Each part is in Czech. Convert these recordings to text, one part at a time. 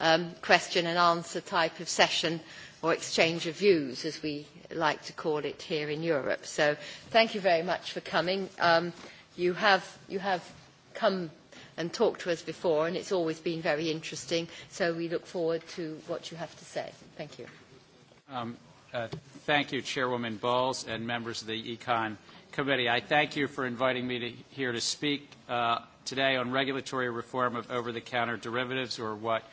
um, question and answer type of session or exchange of views, as we like to call it here in Europe. So thank you very much for coming. Um, you, have, you have come and talked to us before, and it's always been very interesting. So we look forward to what you have to say. Thank you. Um, uh, thank you, Chairwoman Balls, and members of the Econ Committee. I thank you for inviting me to, here to speak uh, today on regulatory reform of over-the-counter derivatives, or what –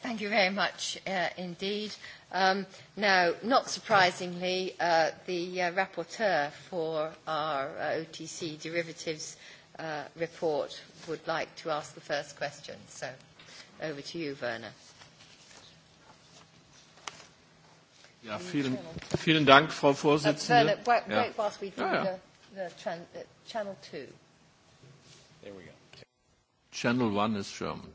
Thank you very much uh, indeed. Um, now, not surprisingly, uh, the uh, rapporteur for our uh, OTC derivatives uh, report would like to ask the first question. So over to you, Werner. Ja, vielen, vielen Dank, Frau Vorsitzende. Uh, Werner, wait, wait yeah. whilst we do ja, ja. the, the tran uh, channel two. There we go. Channel one is German.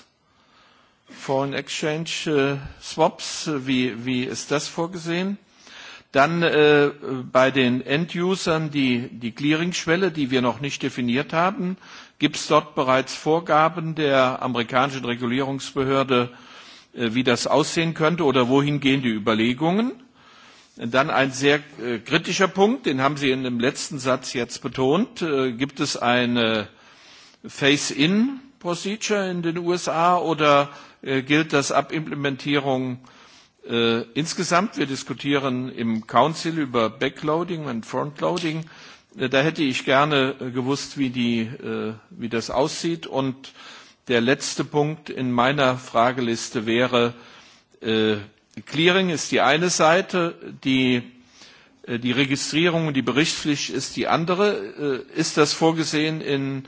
Foreign Exchange äh, Swaps, wie, wie ist das vorgesehen? Dann äh, bei den End-Usern die, die Clearingschwelle, die wir noch nicht definiert haben. Gibt es dort bereits Vorgaben der amerikanischen Regulierungsbehörde, äh, wie das aussehen könnte oder wohin gehen die Überlegungen? Dann ein sehr kritischer Punkt, den haben Sie in dem letzten Satz jetzt betont. gibt es eine Face-in-Procedure in den USA oder Äh, gilt das ab Implementierung äh, insgesamt. Wir diskutieren im Council über Backloading und Frontloading. Äh, da hätte ich gerne äh, gewusst, wie, die, äh, wie das aussieht. Und der letzte Punkt in meiner Frageliste wäre, äh, Clearing ist die eine Seite, die, die Registrierung und die Berichtspflicht ist die andere. Ist das vorgesehen in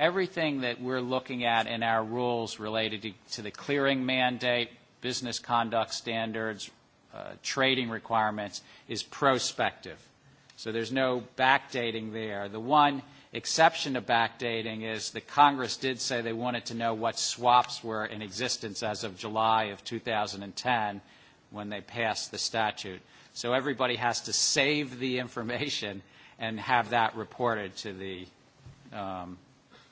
everything that we're looking at in our rules related to, the clearing mandate, business conduct standards, uh, trading requirements is prospective. So there's no backdating there. The one exception to backdating is that Congress did say they wanted to know what swaps were in existence as of July of 2010 when they passed the statute. So everybody has to save the information and have that reported to the um,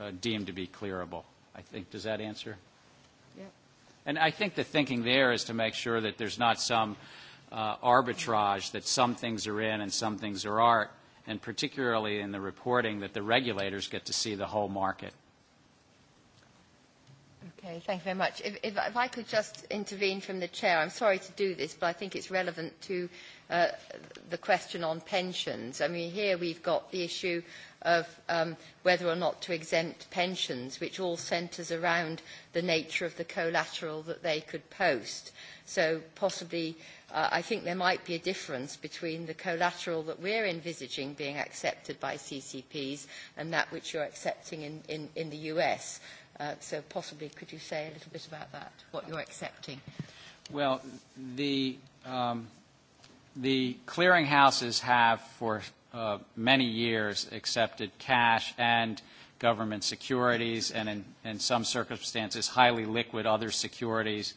Uh, deemed to be clearable. I think does that answer? Yeah. And I think the thinking there is to make sure that there's not some uh, arbitrage that some things are in and some things are art, and particularly in the reporting that the regulators get to see the whole market. Okay, thank you very much. If, if, if I could just intervene from the chair, I'm sorry to do this, but I think it's relevant to Uh, the question on pensions. I mean, here we've got the issue of um, whether or not to exempt pensions, which all centres around the nature of the collateral that they could post. So possibly, uh, I think there might be a difference between the collateral that we're envisaging being accepted by CCPs and that which you're accepting in, in, in the US. Uh, so possibly, could you say a little bit about that, what you're accepting? Well, the um, – the clearinghouses have for uh, many years accepted cash and government securities and in, in some circumstances highly liquid other securities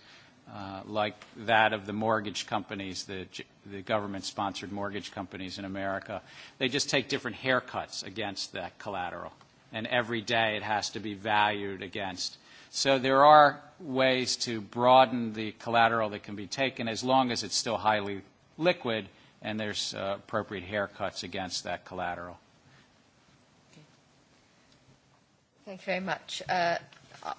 uh, like that of the mortgage companies, the, the government-sponsored mortgage companies in America. They just take different haircuts against that collateral. And every day it has to be valued against So there are ways to broaden the collateral that can be taken as long as it's still highly liquid, and there's uh, appropriate haircuts against that collateral. Okay. Thank you very much. Uh,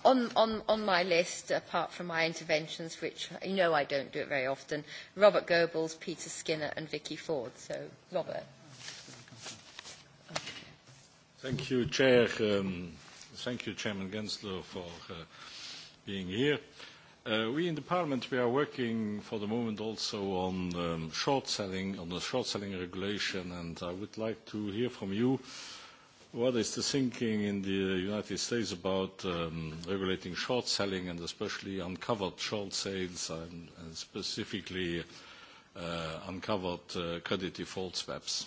on, on, on my list, apart from my interventions, which you know I don't do it very often, Robert Goebbels, Peter Skinner, and Vicky Ford. So, Robert. Thank you, Chair. Um, thank you, Chairman Gensler, for uh, being here. Uh, we in the Parliament, we are working for the moment also on um, short selling, on the short selling regulation, and I would like to hear from you what is the thinking in the United States about um, regulating short selling and especially uncovered short sales and, specifically uh, uncovered uh, credit default swaps?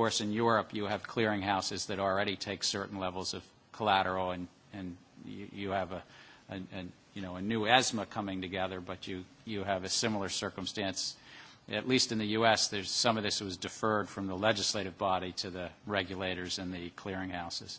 course, in Europe, you have clearinghouses that already take certain levels of collateral, and, and you, you have a, a, a, you know, a new ESMA coming together, but you, you have a similar circumstance. At least in the U.S., there's some of this was deferred from the legislative body to the regulators and the clearinghouses.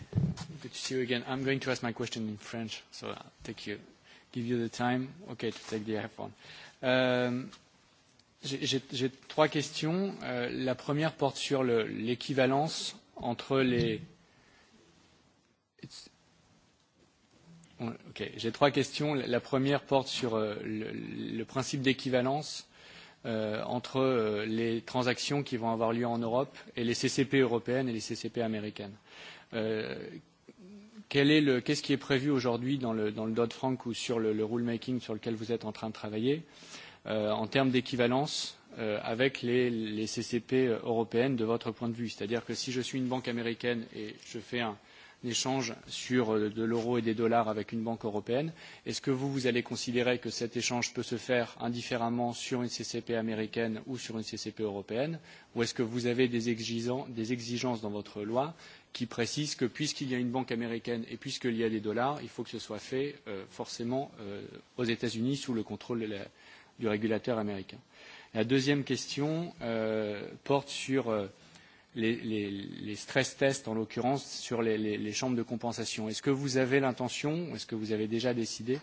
Good to see you again. I'm going to ask my question in French, so I'll take you, give you the time, okay, to take the iPhone. Euh, um, J'ai trois questions. Euh, la première porte sur l'équivalence entre les... It's... Ok, j'ai trois questions. La première porte sur euh, le, le principe d'équivalence euh, entre euh, les transactions qui vont avoir lieu en Europe et les CCP européennes et les CCP américaines. Euh, Qu'est-ce qui est prévu aujourd'hui dans le, dans le Dodd-Frank ou sur le, le rulemaking sur lequel vous êtes en train de travailler euh, en termes d'équivalence euh, avec les, les CCP euh, européennes de votre point de vue C'est-à-dire que si je suis une banque américaine et je fais un, un échange sur euh, de l'euro et des dollars avec une banque européenne, est-ce que vous, vous allez considérer que cet échange peut se faire indifféremment sur une CCP américaine ou sur une CCP européenne Ou est-ce que vous avez des, exigeants, des exigences dans votre loi qui précise que puisqu'il y a une banque américaine et puisqu'il y a des dollars, il faut que ce soit fait euh, forcément euh, aux États-Unis sous le contrôle de la, du régulateur américain. La deuxième question euh, porte sur euh, les, les, les stress tests, en l'occurrence sur les, les, les chambres de compensation. Est-ce que vous avez l'intention, est-ce que vous avez déjà décidé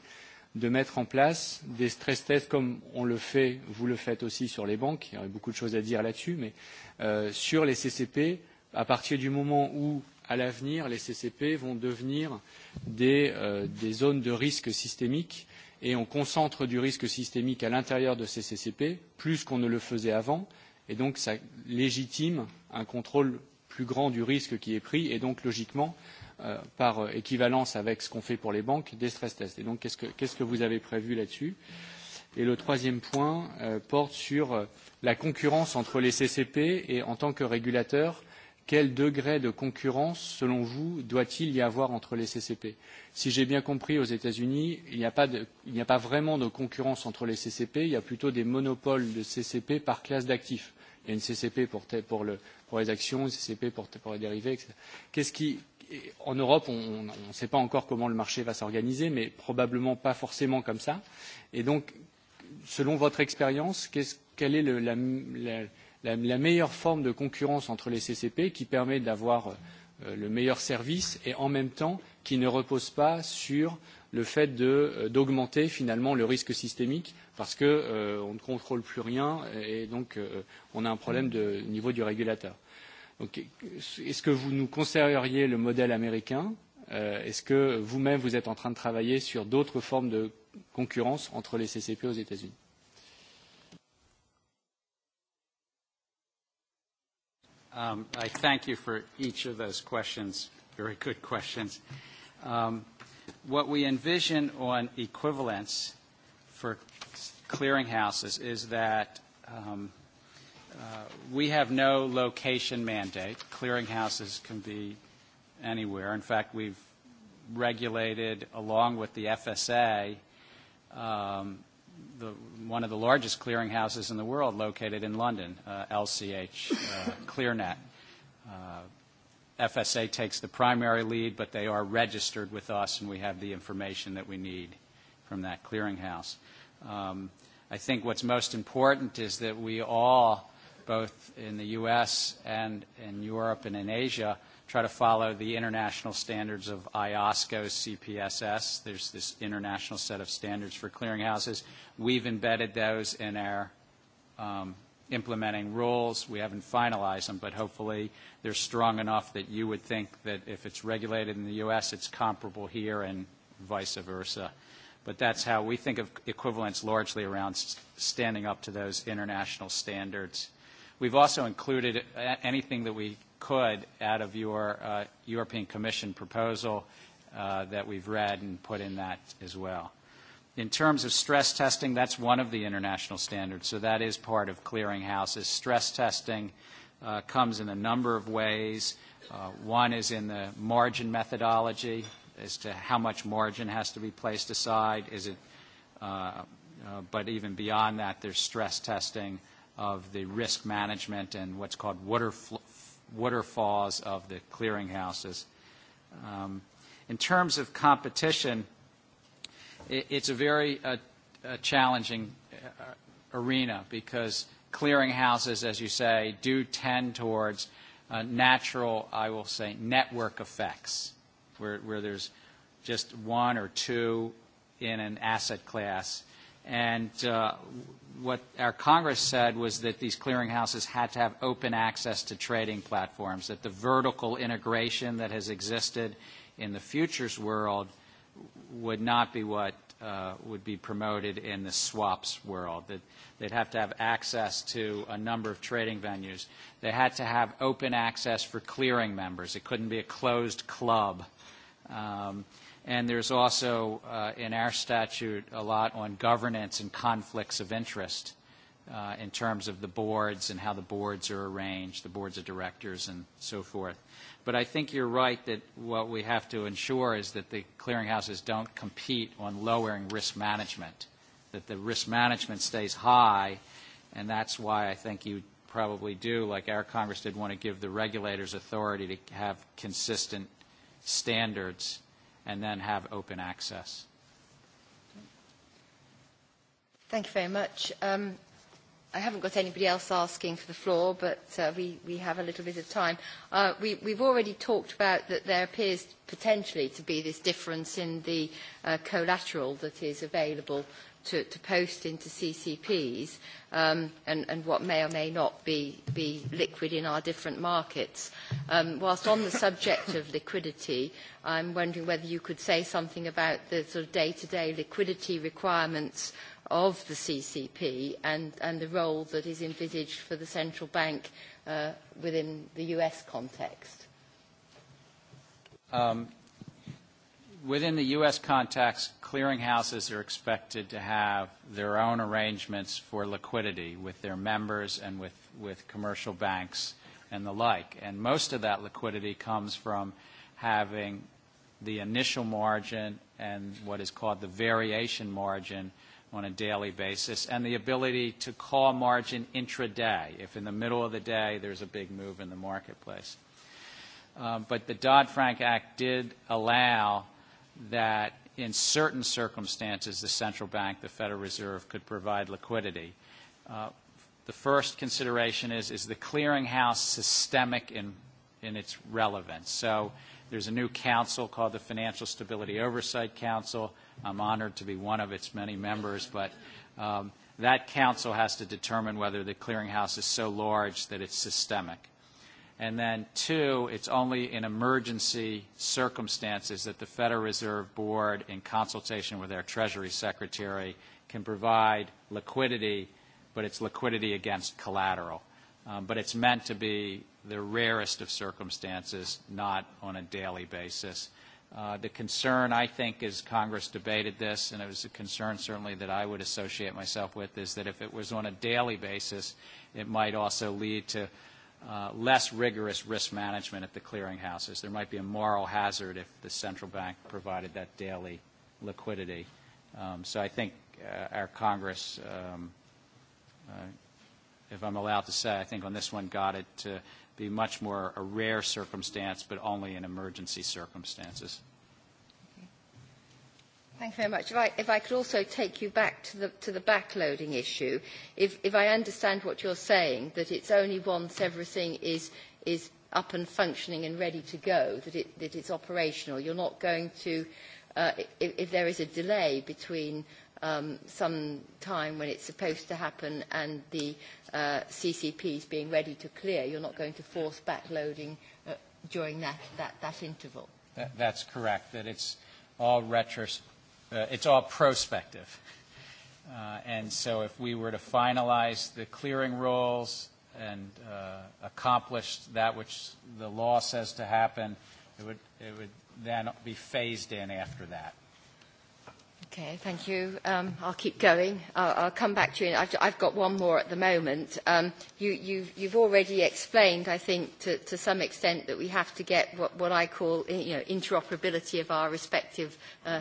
de mettre en place des stress tests comme on le fait, vous le faites aussi sur les banques, il y aurait beaucoup de choses à dire là-dessus, mais euh, sur les CCP à partir du moment où, à l'avenir, les CCP vont devenir des, euh, des zones de risque systémique et on concentre du risque systémique à l'intérieur de ces CCP, plus qu'on ne le faisait avant, et donc ça légitime un contrôle plus grand du risque qui est pris, et donc logiquement, euh, par euh, équivalence avec ce qu'on fait pour les banques, des stress tests. Et donc qu'est-ce que, que vous avez prévu là-dessus Et le troisième point euh, porte sur euh, la concurrence entre les CCP et en tant que régulateur quel degré de concurrence, selon vous, doit-il y avoir entre les CCP Si j'ai bien compris, aux États-Unis, il n'y a, a, pas vraiment de concurrence entre les CCP, il y a plutôt des monopoles de CCP par classe d'actifs. Il y a une CCP pour, pour, le, pour les actions, une CCP pour, pour les dérivés, etc. Qu'est-ce qui, en Europe, on ne sait pas encore comment le marché va s'organiser, mais probablement pas forcément comme ça. Et donc, selon votre expérience, qu quelle est le, la, la la, la meilleure forme de concurrence entre les CCP qui permet d'avoir euh, le meilleur service et en même temps qui ne repose pas sur le fait euh, d'augmenter euh, finalement le risque systémique parce que euh, on ne contrôle plus rien et donc euh, on a un problème de niveau du régulateur. est-ce que vous nous conseilleriez le modèle américain euh, Est-ce que vous-même vous êtes en train de travailler sur d'autres formes de concurrence entre les CCP aux États-Unis Um, I thank you for each of those questions, very good questions. Um, what we envision on equivalence for clearinghouses is that um, uh, we have no location mandate. Clearinghouses can be anywhere. In fact, we've regulated, along with the FSA, um, the, one of the largest clearinghouses in the world located in London, uh, LCH, uh, ClearNet. Uh, FSA takes the primary lead, but they are registered with us, and we have the information that we need from that clearinghouse. Um, I think what's most important is that we all, both in the U.S. and in Europe and in Asia, try to follow the international standards of IOSCO CPSS. There's this international set of standards for clearinghouses. We've embedded those in our um, implementing rules. We haven't finalized them, but hopefully they're strong enough that you would think that if it's regulated in the U.S., it's comparable here and vice versa. But that's how we think of equivalence largely around standing up to those international standards. We've also included anything that we could out of your uh, European Commission proposal uh, that we've read and put in that as well. In terms of stress testing, that's one of the international standards, so that is part of clearinghouses. Stress testing uh, comes in a number of ways. Uh, one is in the margin methodology as to how much margin has to be placed aside. Is it, uh, uh, but even beyond that, there's stress testing of the risk management and what's called water, fl waterfalls of the clearinghouses. Um, in terms of competition, it, it's a very uh, challenging uh, arena because clearinghouses, as you say, do tend towards uh, natural, I will say, network effects, where, where there's just one or two in an asset class And uh, what our Congress said was that these clearinghouses had to have open access to trading platforms, that the vertical integration that has existed in the futures world would not be what uh, would be promoted in the swaps world, that they'd have to have access to a number of trading venues. They had to have open access for clearing members. It couldn't be a closed club. Um, And there's also uh, in our statute a lot on governance and conflicts of interest uh, in terms of the boards and how the boards are arranged, the boards of directors and so forth. But I think you're right that what we have to ensure is that the clearinghouses don't compete on lowering risk management, that the risk management stays high, and that's why I think you probably do, like our Congress did want to give the regulators authority to have consistent standards and then have open access. Thank you very much. Um, I haven't got anybody else asking for the floor, but uh, we, we have a little bit of time. Uh, we, we've already talked about that there appears potentially to be this difference in the uh, collateral that is available to, to post into CCPs um, and, and what may or may not be, be liquid in our different markets. Um, whilst on the subject of liquidity, I'm wondering whether you could say something about the sort of day-to-day -day liquidity requirements of the CCP and, and the role that is envisaged for the central bank uh, within the US context. Um, within the U.S. context, clearinghouses are expected to have their own arrangements for liquidity with their members and with, with commercial banks and the like. And most of that liquidity comes from having the initial margin and what is called the variation margin on a daily basis, and the ability to call margin intraday if in the middle of the day there's a big move in the marketplace. Um, but the Dodd-Frank Act did allow that in certain circumstances the central bank, the Federal Reserve, could provide liquidity. Uh, the first consideration is, is the clearinghouse systemic in, in its relevance? So there's a new council called the Financial Stability Oversight Council. I'm honored to be one of its many members, but um, that council has to determine whether the clearinghouse is so large that it's systemic. And then two, it's only in emergency circumstances that the Federal Reserve Board, in consultation with their Treasury Secretary, can provide liquidity, but it's liquidity against collateral. Um, but it's meant to be the rarest of circumstances, not on a daily basis. Uh, the concern, I think, as Congress debated this, and it was a concern certainly that I would associate myself with, is that if it was on a daily basis, it might also lead to Uh, less rigorous risk management at the clearinghouses. There might be a moral hazard if the central bank provided that daily liquidity. Um, so I think uh, our Congress, um, uh, if I'm allowed to say, I think on this one got it to be much more a rare circumstance, but only in emergency circumstances. Thank you very much. If I, if I could also take you back to the, to the backloading issue, if, if I understand what you're saying, that it's only once everything is, is up and functioning and ready to go, that, it, that it's operational. You're not going to, uh, if, if there is a delay between um, some time when it's supposed to happen and the uh, CCPs being ready to clear, you're not going to force backloading uh, during that, that, that interval. That, that's correct, that it's all retrospective uh, it's all prospective. Uh, and so if we were to finalize the clearing rules and uh, accomplish that which the law says to happen, it would, it would then be phased in after that. Okay, thank you. Um, I'll keep going. I'll, I'll come back to you. I've, I've got one more at the moment. Um, you, you've, you've already explained, I think, to, to some extent that we have to get what, what I call you know, interoperability of our respective uh,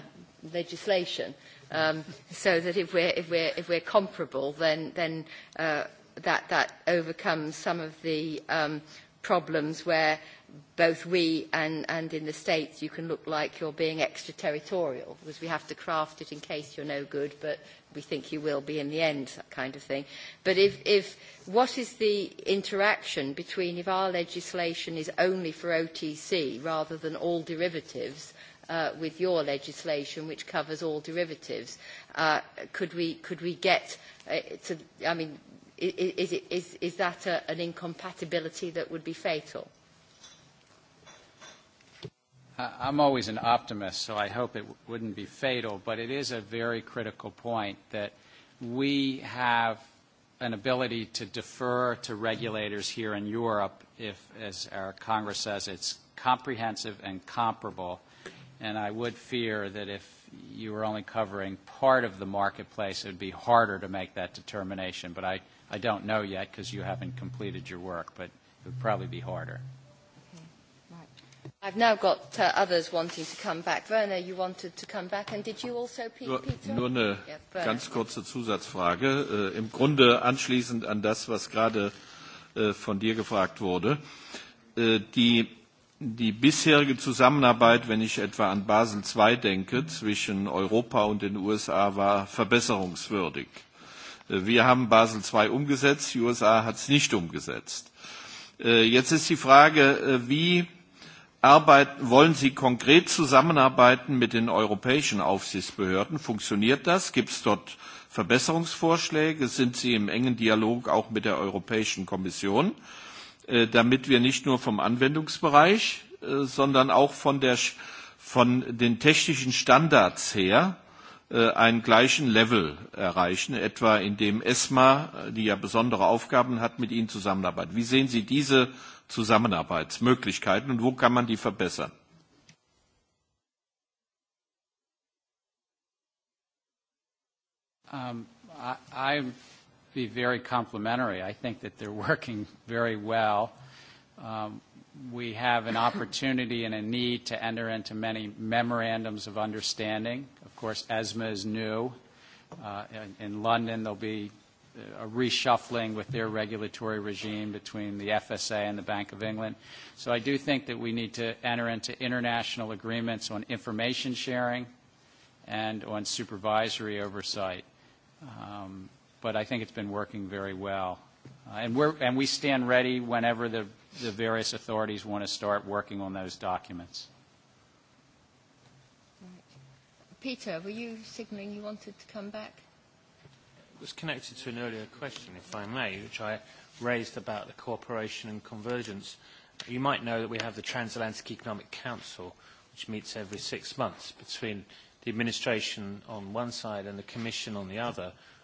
legislation um, so that if we're, if we're, if we're comparable, then, then uh, that, that overcomes some of the um, problems where both we and, and in the States you can look like you're being extraterritorial because we have to craft it in case you're no good, but we think you will be in the end, that kind of thing. But if, if what is the interaction between if our legislation is only for OTC rather than all derivatives uh, with your legislation, which covers all derivatives. Uh, could, we, could we get uh, to, I mean, is, it, is, is that a, an incompatibility that would be fatal? I'm always an optimist, so I hope it wouldn't be fatal, but it is a very critical point that we have an ability to defer to regulators here in Europe if, as our Congress says, it's comprehensive and comparable And I would fear that if you were only covering part of the marketplace, it would be harder to make that determination. But I, I don't know yet because you haven't completed your work, but it would probably be harder. I've now got uh, others wanting to come back. Werner, you wanted to come back, and did you also, Peter? nur, Nur eine yeah, ganz kurze Zusatzfrage. Äh, Im Grunde anschließend an das, was gerade äh, von dir gefragt wurde. Äh, die die bisherige Zusammenarbeit, wenn ich etwa an Basel II denke, zwischen Europa und den USA war verbesserungswürdig. Äh, wir haben Basel II umgesetzt, die USA hat es nicht umgesetzt. Äh, jetzt ist die Frage, äh, wie arbeiten, wollen Sie konkret zusammenarbeiten mit den europäischen Aufsichtsbehörden? Funktioniert das? Gibt es dort Verbesserungsvorschläge? Sind Sie im engen Dialog auch mit der Europäischen Kommission? Äh, Äh, damit wir nicht nur vom Anwendungsbereich, äh, sondern auch von, der, von den technischen Standards her äh, einen gleichen Level erreichen, etwa indem ESMA, die ja besondere Aufgaben hat, mit Ihnen zusammenarbeitet. Wie sehen Sie diese Zusammenarbeitsmöglichkeiten und wo kann man die verbessern? Um, I, I'm be very complementary. I think that they're working very well. Um, we have an opportunity and a need to enter into many memorandums of understanding. Of course, ESMA is new. Uh, in, in London, there'll be a reshuffling with their regulatory regime between the FSA and the Bank of England. So I do think that we need to enter into international agreements on information sharing and on supervisory oversight. Um, but I think it's been working very well. Uh, and, we're, and we stand ready whenever the, the various authorities want to start working on those documents. Peter, were you signaling you wanted to come back? It was connected to an earlier question, if I may, which I raised about the cooperation and convergence. You might know that we have the Transatlantic Economic Council, which meets every six months between the administration on one side and the Commission on the other,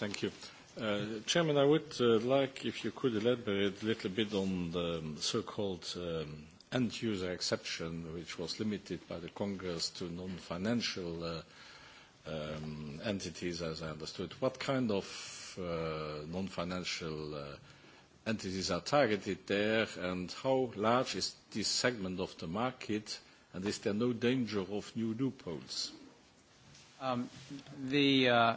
Thank you. Uh, Chairman, I would uh, like if you could elaborate a little bit on the um, so-called um, end-user exception, which was limited by the Congress to non-financial uh, um, entities, as I understood. What kind of uh, non-financial uh, entities are targeted there, and how large is this segment of the market, and is there no danger of new loopholes? Um, the Uh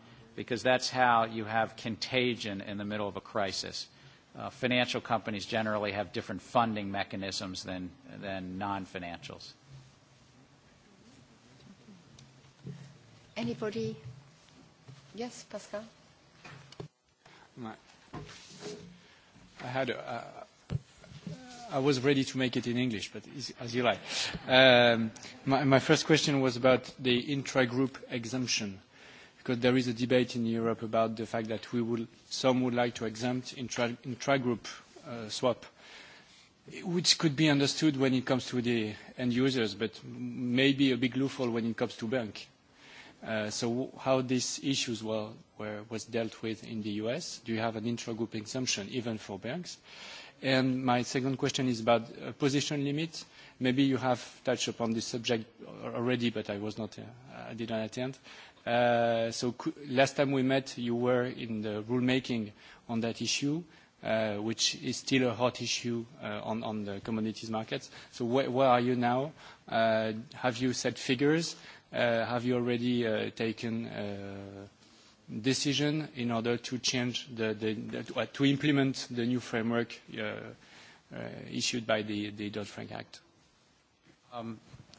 because that's how you have contagion in the middle of a crisis. Uh, financial companies generally have different funding mechanisms than, than non-financials. Anybody? Yes, Pascal? I had uh, I was ready to make it in English, but as you like. Um, my, my first question was about the intra-group exemption because there is a debate in Europe about the fact that we will, some would like to exempt intra, intra-group uh, swap, which could be understood when it comes to the end users, but maybe a big loophole when it comes to bank. Uh, so how these issues were, were, was dealt with in the US? Do you have an intra-group exemption even for banks? And my second question is about uh, position limit. Maybe you have touched upon this subject uh, already, but I was not, uh, I didn't attend. Uh, last time we met, you were in the rulemaking on that issue, uh, which is still a hot issue uh, on, the commodities markets. where are you now? Have you set figures? Have you already taken a decision in order to change the, to implement the new framework issued by the, Dodd-Frank Act? Um,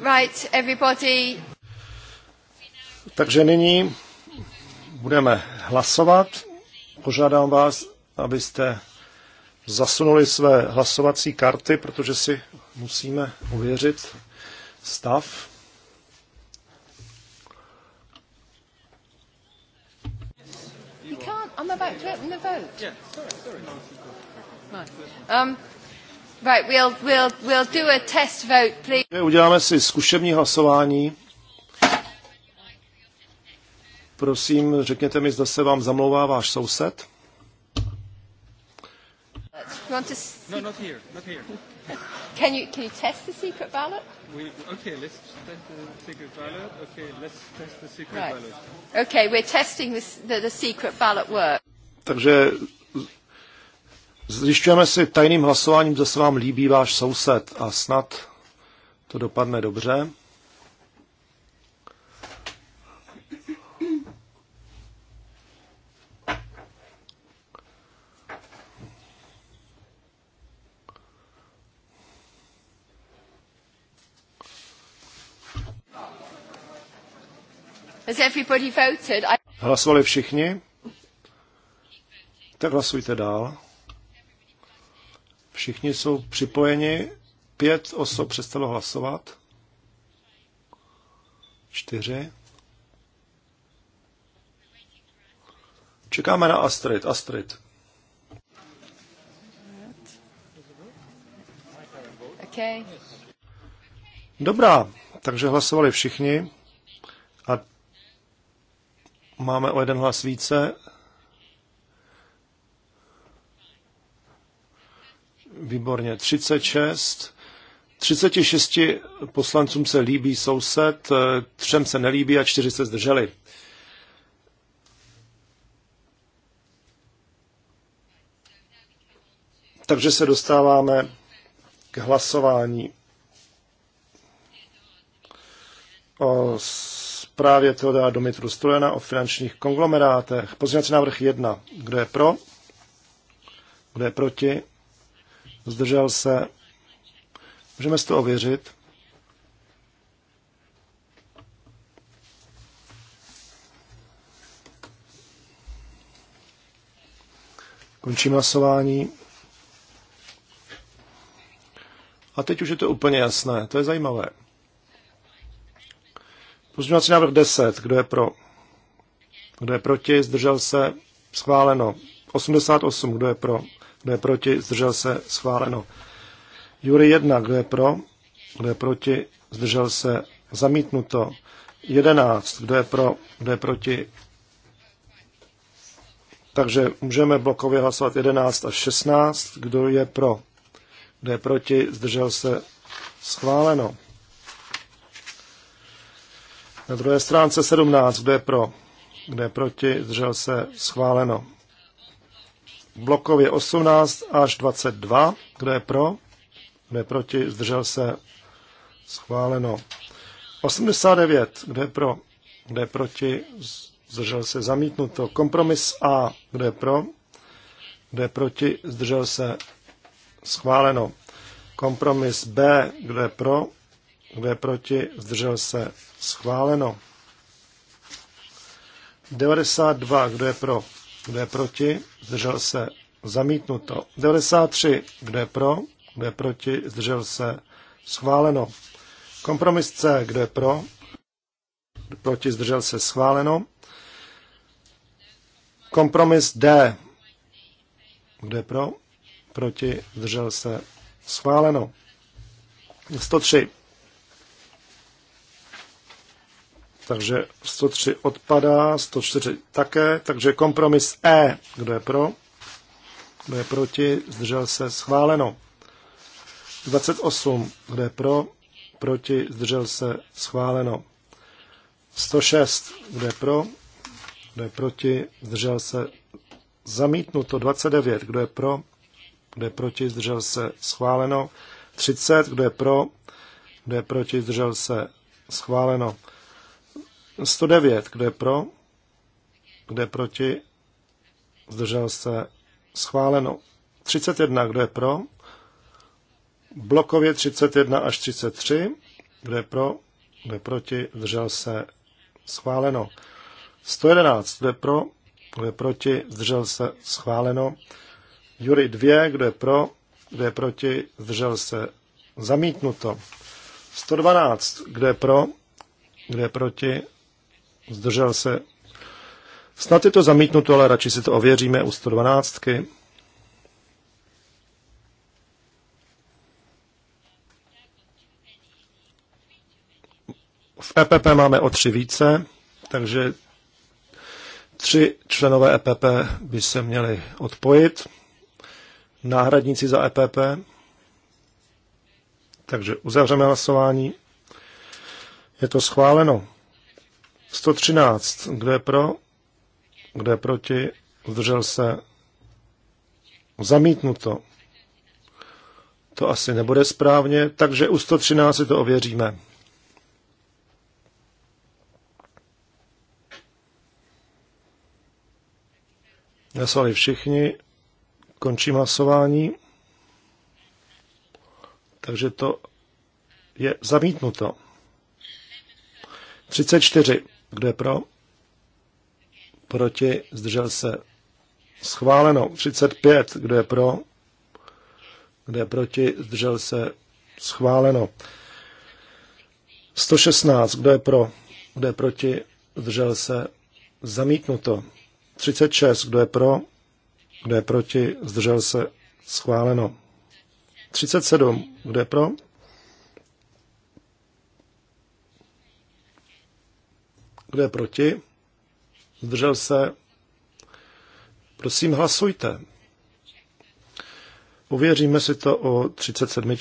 Right, everybody. Takže nyní budeme hlasovat. Požádám vás, abyste zasunuli své hlasovací karty, protože si musíme uvěřit stav. Right, we'll, we'll, we'll do a test vote, please. Uděláme si zkušební hlasování. Prosím, řekněte mi, zda se vám zamlouvá váš soused. No, not here, not here. Can you, can you test the secret ballot? We, okay, let's test the secret ballot. Okay, let's test the secret right. ballot. Okay, we're testing this, the, the secret ballot work. Takže Zjišťujeme si tajným hlasováním, že se vám líbí váš soused a snad to dopadne dobře. Hlasovali všichni? Tak hlasujte dál. Všichni jsou připojeni. Pět osob přestalo hlasovat. Čtyři. Čekáme na Astrid. Astrid. Dobrá, takže hlasovali všichni a máme o jeden hlas více. výborně 36. 36 poslancům se líbí soused, eh, třem se nelíbí a čtyři se zdrželi. Takže se dostáváme k hlasování o zprávě Teodora Domitru Strojena o finančních konglomerátech. Pozměňovací návrh 1. Kdo je pro? Kdo je proti? zdržel se, můžeme si to ověřit. Končím hlasování. A teď už je to úplně jasné, to je zajímavé. Pozměňovací návrh 10, kdo je pro? Kdo je proti? Zdržel se? Schváleno. 88, kdo je pro? kdo je proti, zdržel se, schváleno. Jury 1, kdo je pro, kdo je proti, zdržel se, zamítnuto. 11, kdo je pro, kdo je proti. Takže můžeme blokově hlasovat 11 až 16, kdo je pro, kdo je proti, zdržel se, schváleno. Na druhé stránce 17, kdo je pro, kdo je proti, zdržel se, schváleno blokově 18 až 22. Kdo je pro? Kdo je proti? Zdržel se? Schváleno. 89. Kdo je pro? Kdo je proti? Zdržel se? Zamítnuto. Kompromis A. Kdo je pro? Kdo je proti? Zdržel se? Schváleno. Kompromis B. Kdo je pro? Kdo je proti? Zdržel se? Schváleno. 92. Kdo je pro? Kdo je proti? Zdržel se. Zamítnuto. 93. Kdo je pro? Kdo je proti? Zdržel se. Schváleno. Kompromis C. Kdo je pro? Kdo proti? Zdržel se. Schváleno. Kompromis D. Kdo je pro? Proti? Zdržel se. Schváleno. 103. takže 103 odpadá, 104 také, takže kompromis E. Kdo je pro? Kdo je proti? Zdržel se schváleno. 28. Kdo je pro? Proti? Zdržel se schváleno. 106. Kdo je pro? Kdo je proti? Zdržel se zamítnuto. 29. Kdo je pro? Kdo je proti? Zdržel se schváleno. 30. Kdo je pro? Kdo je proti? Zdržel se schváleno. 109. Kdo je pro? Kdo je proti? Zdržel se. Schváleno. 31. Kdo je pro? Blokově 31 až 33. Kdo je pro? Kdo je proti? Zdržel se. Schváleno. 111. Kdo je pro? Kdo je proti? Zdržel se. Schváleno. Jury 2. Kdo je pro? Kdo je proti? Zdržel se. Zamítnuto. 112. Kdo je pro? Kdo je proti? zdržel se. Snad je to zamítnuto, ale radši si to ověříme u 112. V EPP máme o tři více, takže tři členové EPP by se měli odpojit. Náhradníci za EPP. Takže uzavřeme hlasování. Je to schváleno. 113. Kdo je pro? Kdo je proti? Zdržel se? Zamítnuto. To asi nebude správně, takže u 113 si to ověříme. Nesvali všichni. Končím hlasování. Takže to je zamítnuto. 34. Kdo je pro? Proti? Zdržel se? Schváleno. 35. Kdo je pro? Kdo je proti? Zdržel se? Schváleno. 116. Kdo je pro? Kdo je proti? Zdržel se? Zamítnuto. 36. Kdo je pro? Kdo je proti? Zdržel se? Schváleno. 37. Kdo je pro? Kdo je proti? Zdržel se? Prosím, hlasujte. Uvěříme si to o 37.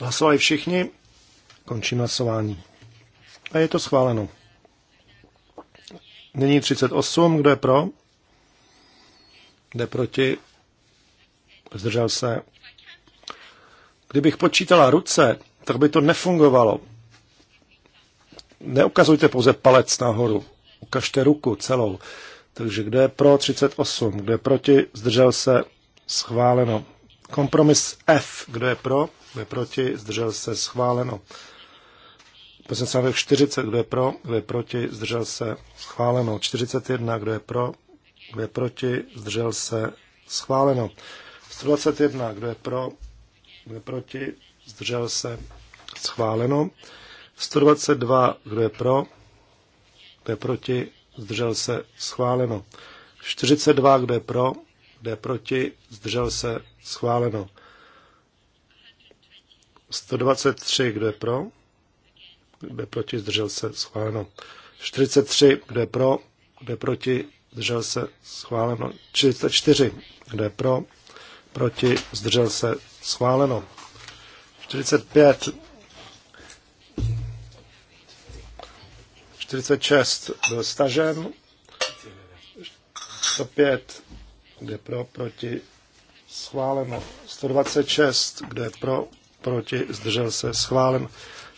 Hlasovali všichni, končím hlasování. A je to schváleno. Nyní 38, kdo je pro? Jde proti, Zdržel se. Kdybych počítala ruce, tak by to nefungovalo. Neukazujte pouze palec nahoru. Ukažte ruku celou. Takže kde je pro 38, kde je proti, zdržel se, schváleno. Kompromis F, kdo je pro, kdo je proti, zdržel se, schváleno. Pozměnce návrh 40, kdo je pro, kdo je proti, zdržel se, schváleno. 41, kdo je pro, kdo je proti, zdržel se, schváleno. 121, kdo je pro, kdo je proti, zdržel se, schváleno. 122, kdo je pro, kdo je proti, zdržel se, schváleno. 42, kdo je pro, kdo je proti, zdržel se, schváleno. 123, kdo je pro, kdo je proti, zdržel se, schváleno. 43, kdo je pro, kdo je proti, zdržel se, schváleno. 44, kdo je pro, proti, zdržel se, schváleno. 45, 46 byl stažen, 105, kde pro, proti, schváleno. 126, kde pro, proti, zdržel se, schválen.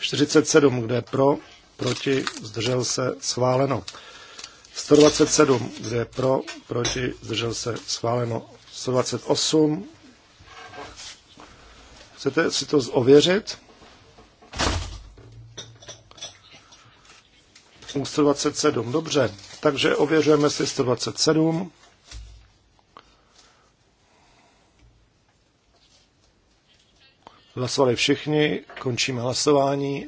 47, kde pro, proti, zdržel se, schváleno. 127, kde pro, proti, zdržel se, schváleno. 128. Chcete si to ověřit? U 127, dobře. Takže ověřujeme si 127. Hlasovali všichni, končíme hlasování.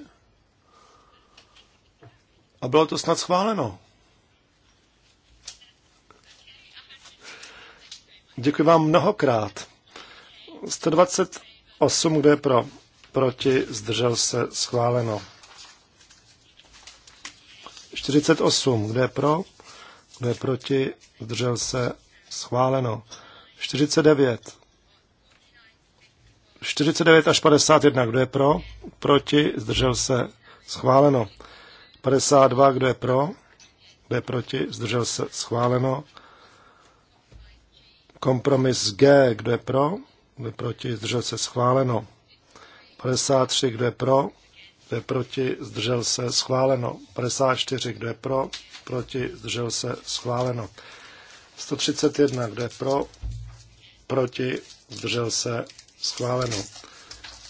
A bylo to snad schváleno. Děkuji vám mnohokrát. 128, kde je pro, proti, zdržel se, schváleno. 48, kde je pro, kde je proti, zdržel se, schváleno. 49, 49 až 51, kdo je pro, proti, zdržel se, schváleno. 52, kdo je pro, kdo je proti, zdržel se, schváleno. Kompromis G, kdo je pro? Kdo je proti? Zdržel se schváleno. 53, kdo je pro? Kdo je proti? Zdržel se schváleno. 54, kdo je pro? Proti? Zdržel se schváleno. 131, kdo je pro? Proti? Zdržel se schváleno.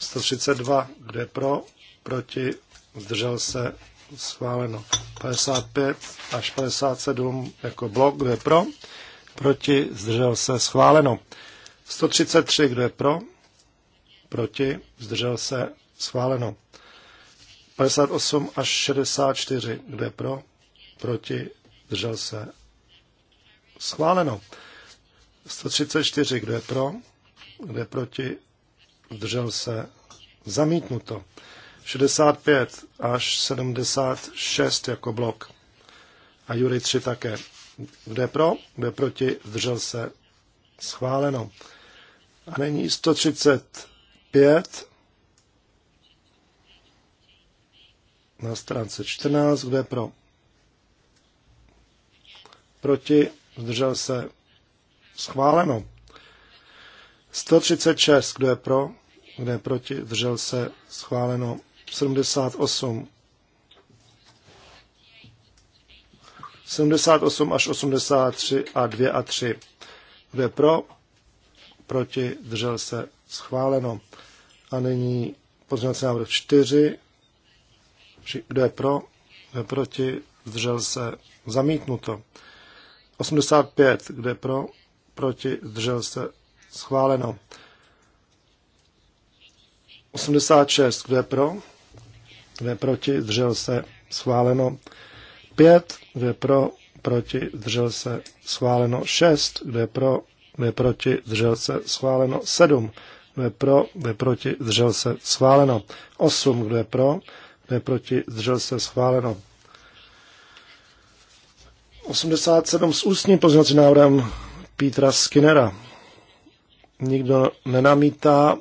132, kdo je pro? Proti? Zdržel se schváleno. 55 až 57 jako blok, kdo je pro? Proti? Zdržel se? Schváleno. 133. Kdo je pro? Proti? Zdržel se? Schváleno. 58 až 64. Kdo je pro? Proti? Zdržel se? Schváleno. 134. Kdo je pro? Kdo je proti? Zdržel se? Zamítnuto. 65 až 76 jako blok. A Jury 3 také. Kdo je pro? Kdo je proti? Zdržel se? Schváleno. A není 135 na stránce 14. Kdo je pro? Proti? Zdržel se? Schváleno. 136. Kdo je pro? Kdo je proti? Zdržel se? Schváleno. 78 78 až 83 a 2 a 3. Kdo je pro? Proti? Držel se? Schváleno. A nyní pozměňovací návrh 4. Kdo je pro? Kdo je proti? Zdržel se? Zamítnuto. 85. Kdo je pro? Proti? Zdržel se? Schváleno. 86. Kdo je pro? Kdo je proti? Zdržel se? Schváleno. 5, kdo je pro, proti, držel se, schváleno 6, kdo je pro, kdo je proti, držel se, schváleno 7, kdo je pro, kdo je proti, držel se, schváleno 8, kdo je pro, kdo je proti, držel se, schváleno 87 s ústním pozměňovacím návrhem Petra Skinnera. Nikdo nenamítá.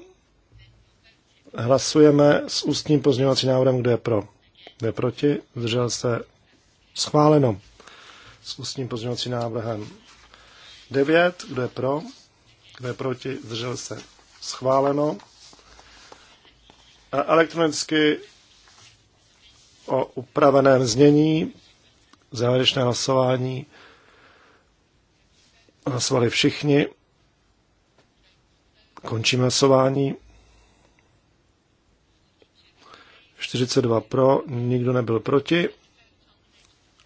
Hlasujeme s ústním pozměňovacím návrhem, kdo je pro. Kdo je proti? Zdržel se Schváleno. S ústním pozměňovacím návrhem. 9. Kdo je pro? Kdo je proti? Zdržel se. Schváleno. A e, elektronicky o upraveném znění závěrečné hlasování hlasovali všichni. Končím hlasování. 42 pro, nikdo nebyl proti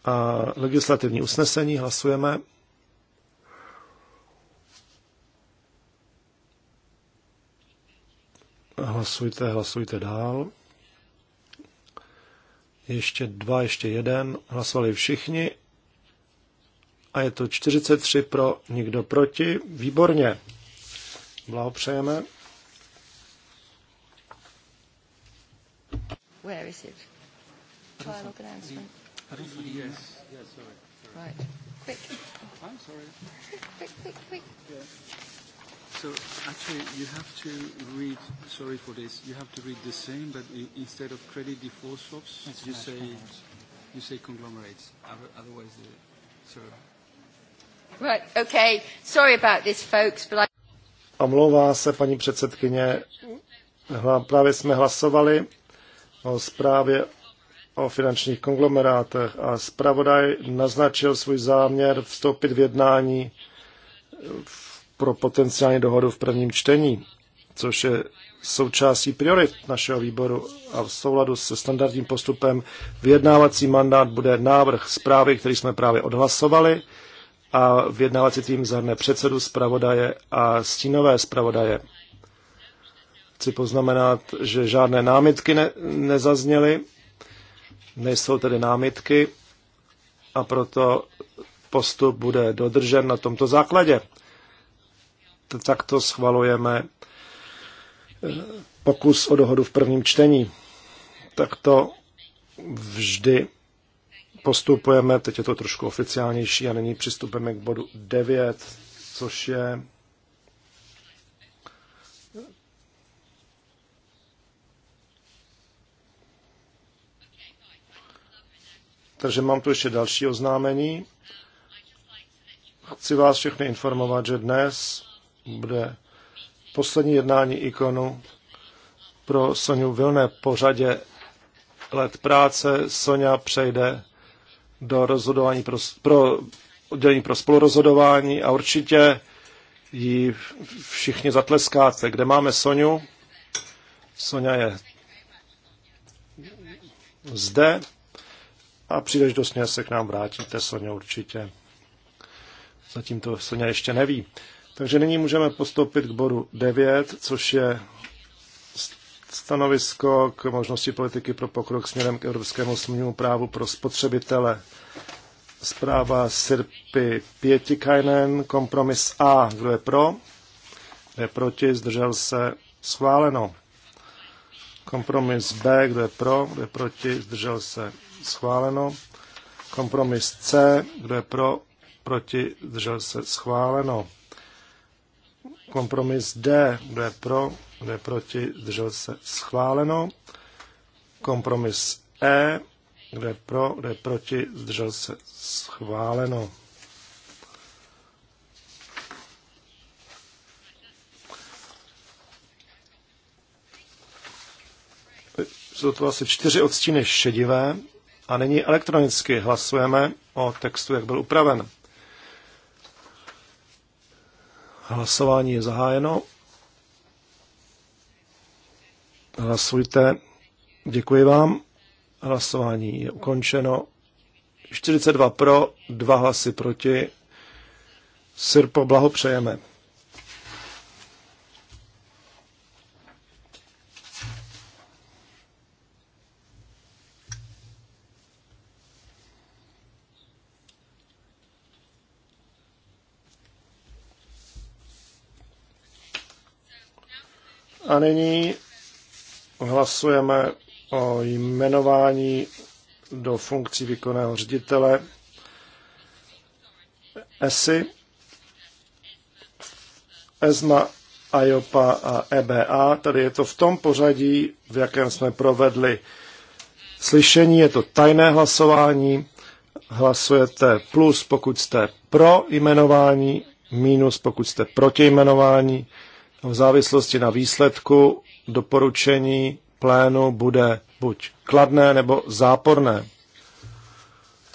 a legislativní usnesení. Hlasujeme. Hlasujte, hlasujte dál. Ještě dva, ještě jeden. Hlasovali všichni. A je to 43 pro, nikdo proti. Výborně. Blahopřejeme. Where is it? Trial announcement. Pardon for the yes. Yeah, sorry. sorry. Right. Quick. I'm sorry. quick, quick, quick. Yeah. So actually, you have to read. Sorry for this. You have to read the same, but instead of credit default swaps, you say you say conglomerates. Otherwise, the, sorry. Right. Okay. Sorry about this, folks, but I. Omlouvá se paní předsedkyně. právě jsme hlasovali o zprávě o finančních konglomerátech a zpravodaj naznačil svůj záměr vstoupit v jednání pro potenciální dohodu v prvním čtení, což je součástí priorit našeho výboru a v souladu se standardním postupem vyjednávací mandát bude návrh zprávy, který jsme právě odhlasovali a vyjednávací tým zahrne předsedu zpravodaje a stínové zpravodaje. Chci poznamenat, že žádné námitky ne- nezazněly Nejsou tedy námitky a proto postup bude dodržen na tomto základě. Tak to schvalujeme eh, pokus o dohodu v prvním čtení. tak to vždy postupujeme, teď je to trošku oficiálnější a nyní přistupujeme k bodu 9, což je Takže mám tu ještě další oznámení. Chci vás všechny informovat, že dnes bude poslední jednání ikonu pro Soniu Vilné pořadě let práce. Sonia přejde do rozhodování pro, pro oddělení pro spolurozhodování a určitě ji všichni zatleskáte. Kde máme Soniu? Sonia je zde a příležitostně se k nám vrátíte, Sonja, určitě. Zatím to Sonja ještě neví. Takže nyní můžeme postoupit k bodu 9, což je stanovisko k možnosti politiky pro pokrok směrem k Evropskému smluvnímu právu pro spotřebitele. Zpráva Sirpy Pětikajnen, kompromis A. Kdo je pro? Kdo je proti? Zdržel se? Schváleno. Kompromis B. Kdo je pro? Kdo je proti? Zdržel se? schváleno. Kompromis C, kdo je pro, proti, zdržel se, schváleno. Kompromis D, kdo je pro, kdo je proti, zdržel se, schváleno. Kompromis E, kdo je pro, kdo je proti, zdržel se, schváleno. Jsou to asi čtyři odstíny šedivé, a nyní elektronicky hlasujeme o textu, jak byl upraven. Hlasování je zahájeno. Hlasujte. Děkuji vám. Hlasování je ukončeno. 42 pro, 2 hlasy proti. Sirpo, blahopřejeme. nyní hlasujeme o jmenování do funkcí výkonného ředitele ESI, ESMA, IOPA a EBA. Tady je to v tom pořadí, v jakém jsme provedli slyšení. Je to tajné hlasování. Hlasujete plus, pokud jste pro jmenování, minus, pokud jste proti jmenování v závislosti na výsledku doporučení plénu bude buď kladné nebo záporné.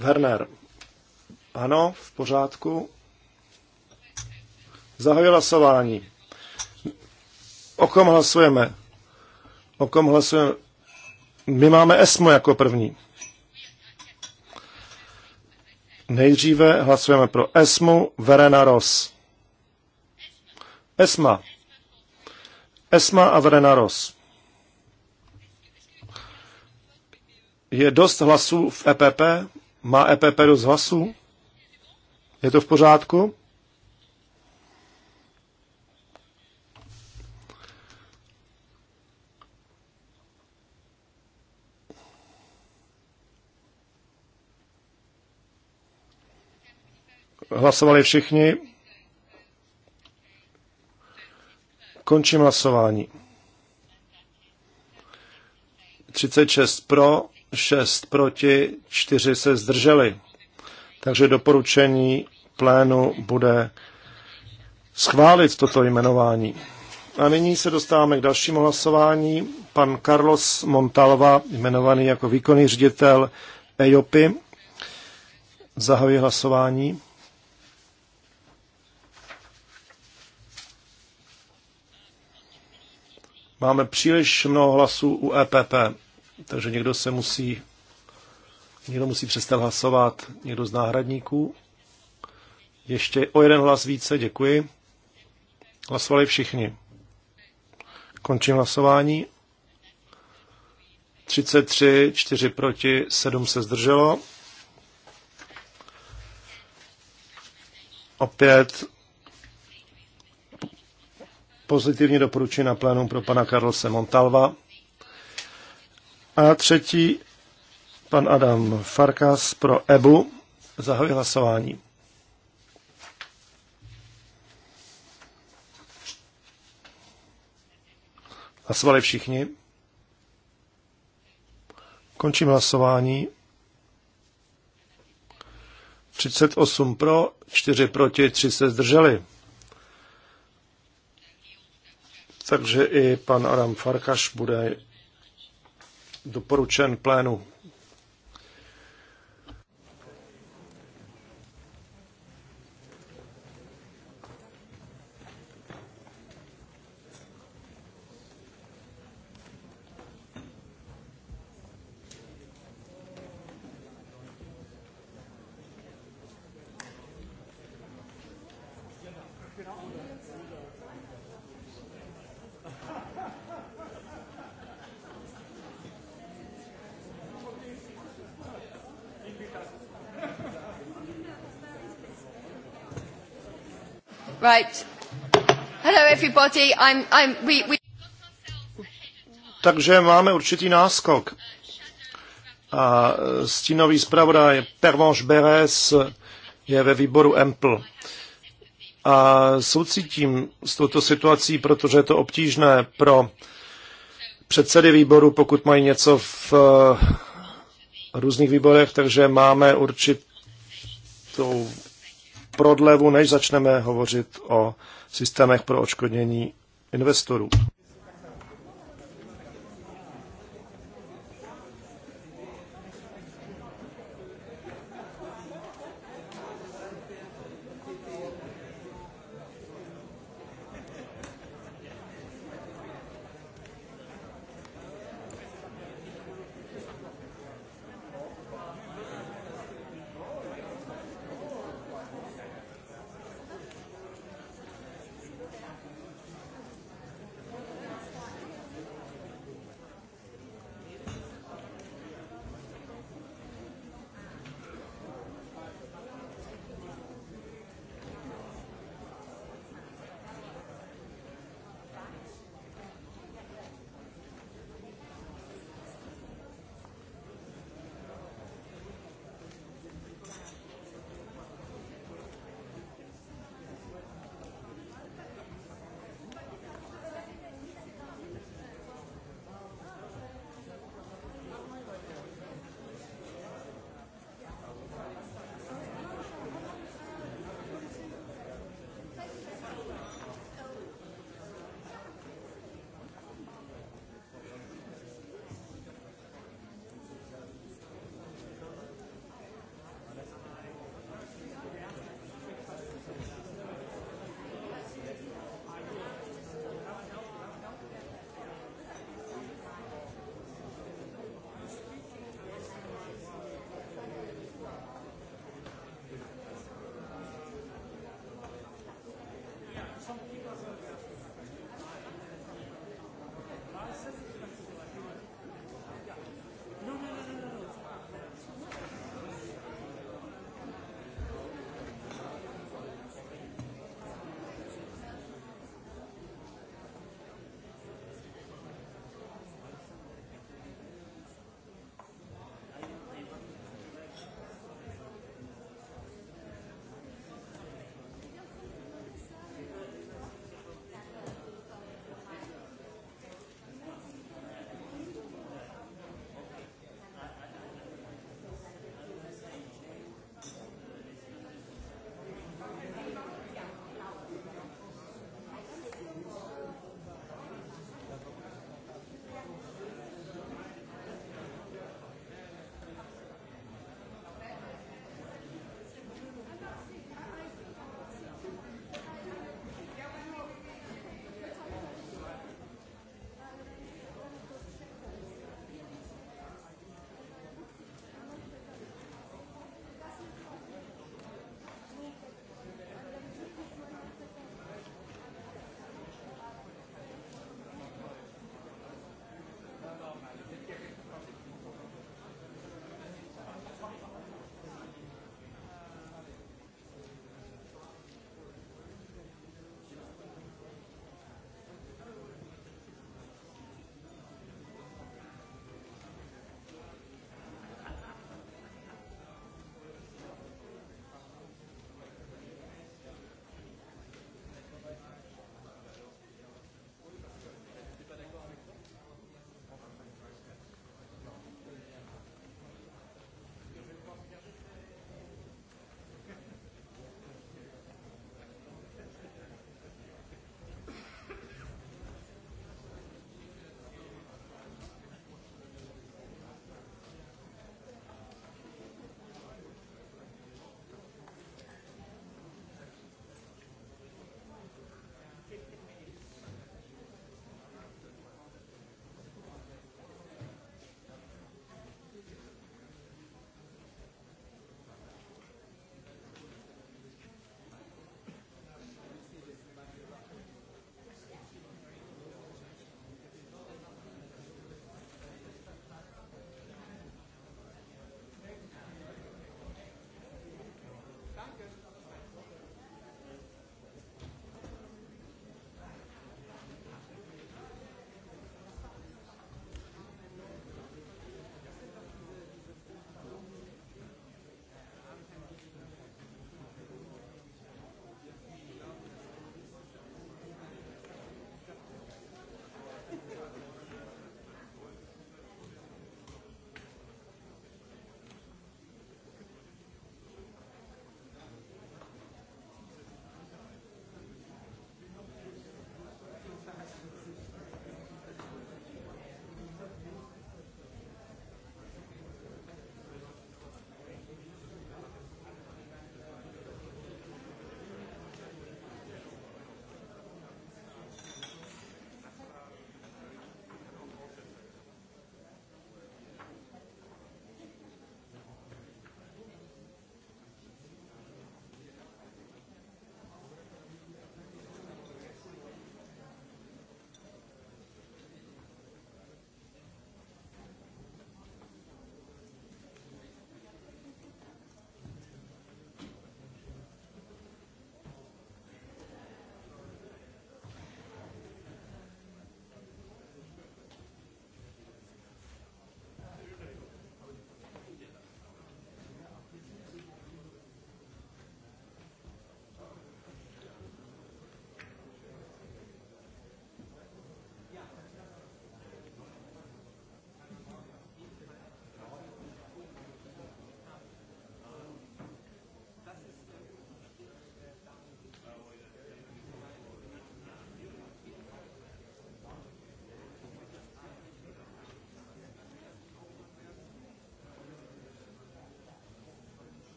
Werner. Ano, v pořádku. Zahajuji hlasování. O kom hlasujeme? O kom hlasujeme? My máme ESMO jako první. Nejdříve hlasujeme pro ESMU Verena Ross. ESMA. ESMA Avrenaros Je dost hlasů v EPP? Má EPP dost hlasů? Je to v pořádku? Hlasovali všichni. Končím hlasování. 36 pro, 6 proti, 4 se zdrželi. Takže doporučení plénu bude schválit toto jmenování. A nyní se dostáváme k dalšímu hlasování. Pan Carlos Montalva, jmenovaný jako výkonný ředitel EIOPy, zahajuje hlasování. Máme příliš mnoho hlasů u EPP, takže někdo se musí, někdo musí přestat hlasovat, někdo z náhradníků. Ještě o jeden hlas více, děkuji. Hlasovali všichni. Končím hlasování. 33, 4 proti, 7 se zdrželo. Opět pozitivní doporučení na plénum pro pana Karlose Montalva. A třetí, pan Adam Farkas pro EBU. Zahajuji hlasování. Hlasovali všichni. Končím hlasování. 38 pro, 4 proti, 3 se zdrželi. Takže i pan Aram Farkaš bude doporučen plénu. Right. Hello everybody. I'm, I'm, we, we... Takže máme určitý náskok. A e, stínový zpravodaj Pervenche Beres je ve výboru EMPL. A soucítím s touto situací, protože je to obtížné pro předsedy výboru, pokud mají něco v e, různých výborech, takže máme určitou prodlevu, než začneme hovořit o systémech pro očkodnění investorů.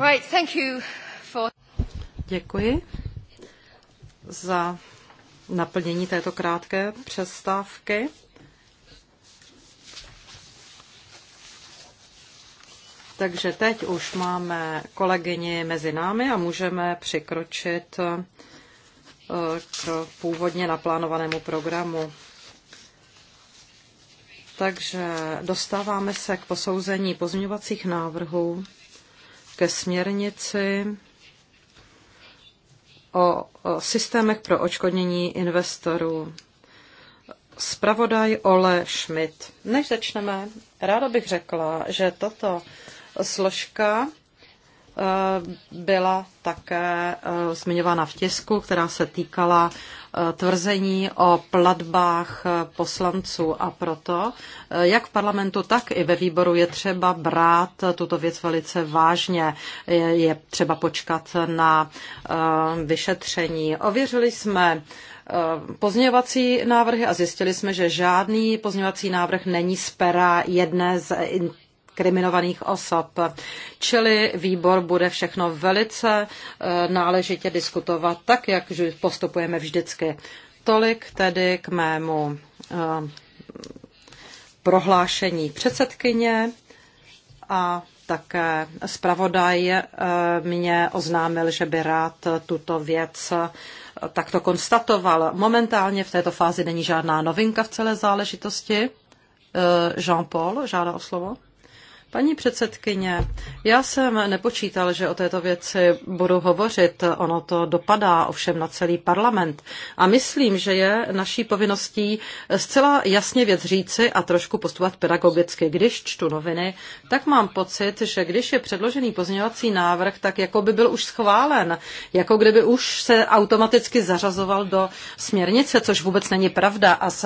Right, thank you for... Děkuji za naplnění této krátké přestávky. Takže teď už máme kolegyni mezi námi a můžeme přikročit eh, k původně naplánovanému programu. Takže dostáváme se k posouzení pozměňovacích návrhů ke směrnici o, systémech pro očkodnění investorů. Spravodaj Ole Schmidt. Než začneme, ráda bych řekla, že tato složka Eh, byla také eh, zmiňována v tisku, která se týkala eh, tvrzení o platbách poslanců a proto, jak v parlamentu, tak i ve výboru je třeba brát tuto věc velice vážně. Je třeba počkat na vyšetření. Ověřili jsme pozměňovací návrhy a zjistili jsme, že žádný pozměňovací návrh není z pera jedné z inkriminovaných osob. Čili výbor bude všechno velice eh, náležitě diskutovat, tak jak postupujeme vždycky. Tolik tedy k mému eh, prohlášení předsedkyně a také zpravodaj eh, mě oznámil, že by rád tuto věc takto konstatoval. Momentálně v této fázi není žádná novinka v celé záležitosti. Jean-Paul žádá o slovo. Paní předsedkyně, já jsem nepočítal, že o této věci budu hovořit. Ono to dopadá ovšem na celý parlament. A myslím, že je naší povinností zcela jasně věc říci a trošku postupovat pedagogicky. Když čtu noviny, tak mám pocit, že když je předložený pozměňovací návrh, tak jako by byl už schválen, jako kdyby už se automaticky zařazoval do směrnice, což vůbec není pravda. A z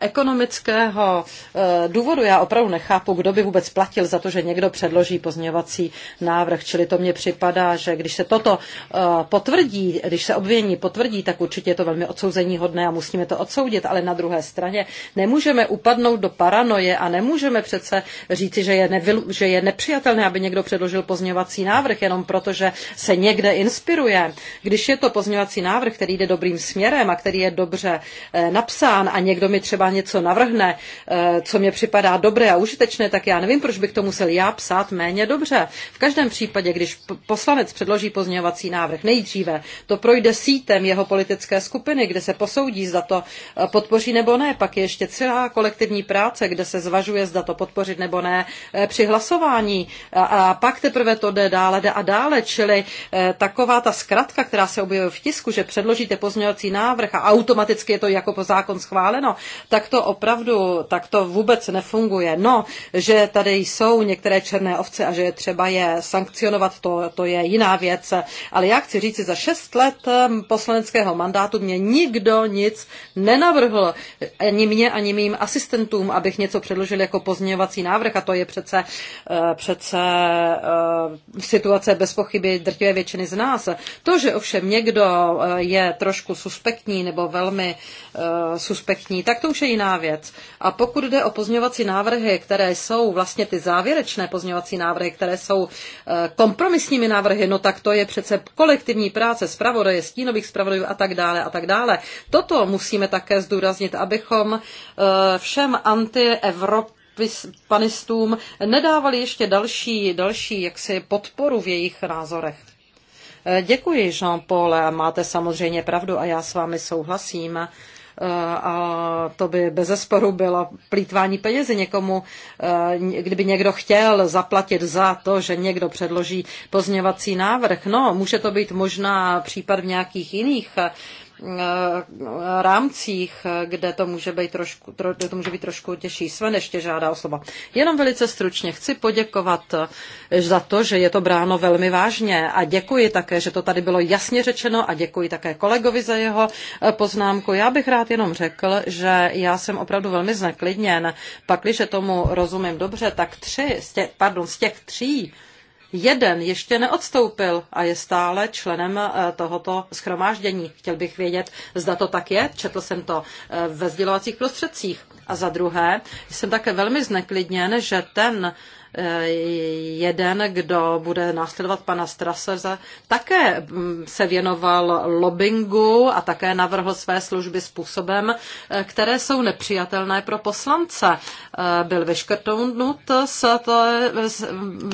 ekonomického eh, důvodu já opravdu nechápu, kdo by vůbec platil za to, že někdo předloží pozměňovací návrh. Čili to mně připadá, že když se toto eh, potvrdí, když se obvinění potvrdí, tak určitě je to velmi odsouzení hodné a musíme to odsoudit, ale na druhé straně nemůžeme upadnout do paranoje a nemůžeme přece říci, že je, nevil, že je nepřijatelné, aby někdo předložil pozměňovací návrh jenom proto, že se někde inspiruje. Když je to pozměňovací návrh, který jde dobrým směrem a který je dobře eh, napsán a někdo mi třeba něco navrhne, eh, co mě připadá dobré a užitečné, tak já nevím, proč by k tomu se musel já psát méně dobře. V každém případě, když poslanec předloží pozměňovací návrh nejdříve, to projde sítem jeho politické skupiny, kde se posoudí, zda to eh, podpoří nebo ne. Pak je ještě celá kolektivní práce, kde se zvažuje, zda to podpořit nebo ne eh, při hlasování. A pak teprve to jde dále, jde a dále, čili eh, taková ta zkratka, která se objevuje v tisku, že předložíte pozměňovací návrh a automaticky je to jako po zákon schváleno, tak to opravdu, tak to vůbec nefunguje. No, že tady jsou některé černé ovce a že je třeba je sankcionovat, to, to je jiná věc. Ale já chci říct, za šest let poslaneckého mandátu mě nikdo nic nenavrhl, ani mě, ani mým asistentům, abych něco předložil jako pozměňovací návrh a to je přece, e, přece e, situace bez pochyby drtivé většiny z nás. To, že ovšem někdo e, je trošku suspektní nebo velmi suspektní, tak to už je jiná věc. A pokud jde o pozměňovací návrhy, které jsou vlastně ty závěry, závěrečné pozměňovací návrhy, které jsou eh, kompromisními návrhy, no tak to je přece kolektivní práce zpravodaje, stínových zpravodajů a tak dále a tak dále. Toto musíme také zdůraznit, abychom eh, všem antievropským panistům nedávali ještě další, další jaksi podporu v jejich názorech. Eh, děkuji, Jean-Paul, máte samozřejmě pravdu a já s vámi souhlasím a to by bez zesporu bylo plítvání penězi někomu, eh, kdyby někdo chtěl zaplatit za to, že někdo předloží pozměvací návrh. No, může to být možná případ v nějakých jiných Eh, rámcích, kde to může být trošku, tro, kde to může být trošku těžší. Sven ještě žádá osoba. Jenom velice stručně chci poděkovat eh, za to, že je to bráno velmi vážně a děkuji také, že to tady bylo jasně řečeno a děkuji také kolegovi za jeho eh, poznámku. Já bych rád jenom řekl, že já jsem opravdu velmi zneklidněn. Pakliže tomu rozumím dobře, tak tři, z těch, pardon, z těch tří Jeden ještě neodstoupil a je stále členem eh, tohoto schromáždění. Chtěl bych vědět, zda to tak je. Četl jsem to eh, ve sdělovacích prostředcích. A za druhé, jsem také velmi zneklidněn, že ten Eh, jeden, kdo bude následovat pana Strasserze, také mm, se věnoval lobbingu a také navrhl své služby způsobem, eh, které jsou nepřijatelné pro poslance. Eh, byl vyškrtnut z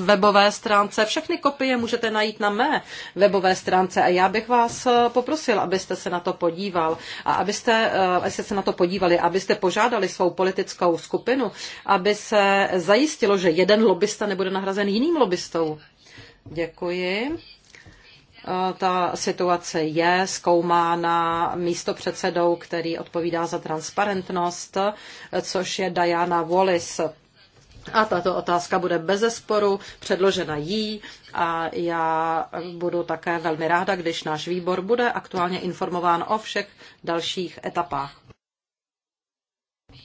webové stránce. Všechny kopie můžete najít na mé webové stránce a já bych vás poprosil, abyste se na to podíval a abyste, abyste se na to podívali, abyste požádali svou politickou skupinu, aby se zajistilo, že jeden lobista nebude nahrazen jiným lobistou. Děkuji. E, ta situace je zkoumána místo předsedou, který odpovídá za transparentnost, což je Diana Wallis. A tato otázka bude bez zesporu předložena jí a já budu také velmi ráda, když náš výbor bude aktuálně informován o všech dalších etapách.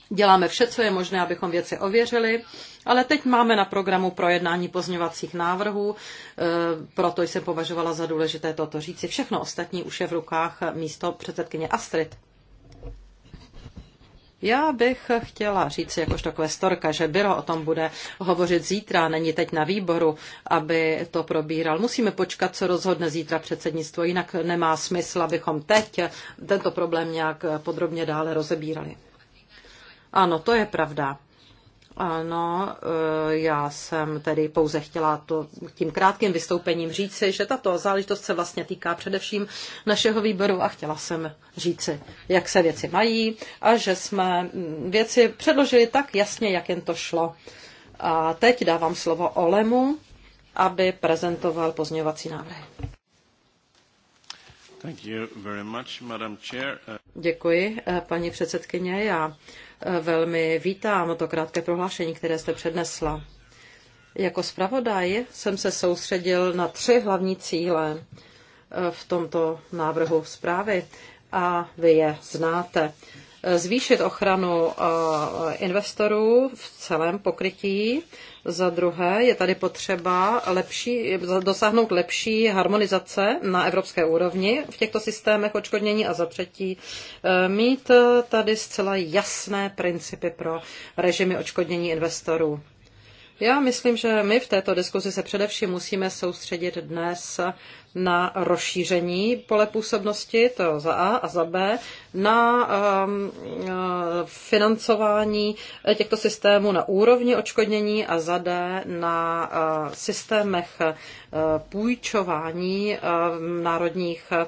Děláme vše, co je možné, abychom věci ověřili, ale teď máme na programu projednání pozňovacích návrhů, e, proto jsem považovala za důležité toto říci. Všechno ostatní už je v rukách místo předsedkyně Astrid. Já bych chtěla říct jakožto kvestorka, že Byro o tom bude hovořit zítra, není teď na výboru, aby to probíral. Musíme počkat, co rozhodne zítra předsednictvo, jinak nemá smysl, abychom teď tento problém nějak podrobně dále rozebírali. Ano, to je pravda. Ano, eh, já jsem tedy pouze chtěla to, tím krátkým vystoupením říci, že tato záležitost se vlastně týká především našeho výboru a chtěla jsem říci, jak se věci mají a že jsme věci předložili tak jasně, jak jen to šlo. A teď dávám slovo Olemu, aby prezentoval pozměňovací návrhy. Děkuji, eh, paní předsedkyně. Já Velmi vítám to krátké prohlášení, které jste přednesla. Jako zpravodaj jsem se soustředil na tři hlavní cíle eh, v tomto návrhu zprávy a vy je znáte zvýšit ochranu eh, investorů v celém pokrytí. Za druhé je tady potřeba lepší, dosáhnout lepší harmonizace na evropské úrovni v těchto systémech odškodnění a za třetí eh, mít tady zcela jasné principy pro režimy odškodnění investorů. Já myslím, že my v této diskuzi se především musíme soustředit dnes na rozšíření pole působnosti, to za A a za B, na um, uh, financování těchto systémů na úrovni očkodnění a za D na uh, systémech uh, půjčování uh, v národních uh,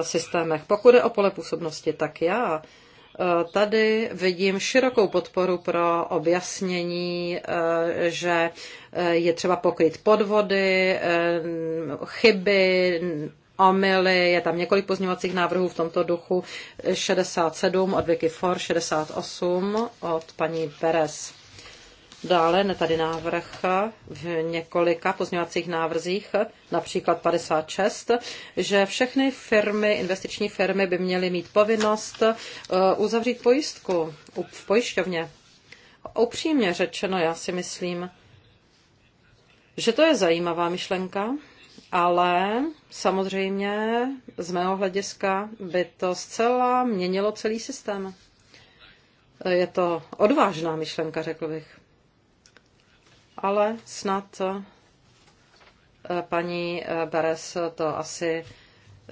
systémech. Pokud je o pole působnosti, tak já uh, Eh, tady vidím širokou podporu pro objasnění, eh, že eh, je třeba pokryt podvody, chyby, omily, je tam několik pozměňovacích návrhů v tomto duchu, 67 od Vicky For, 68 od paní Perez. Dále tady návrh v několika pozměňovacích návrzích, například 56, že všechny firmy, investiční firmy by měly mít povinnost eh, uzavřít pojistku v pojišťovně. Upřímně řečeno, já si myslím, že to je zajímavá myšlenka, ale samozřejmě z mého hlediska by to zcela měnilo celý systém. Je to odvážná myšlenka, řekl bych ale snad eh, paní eh, Beres to asi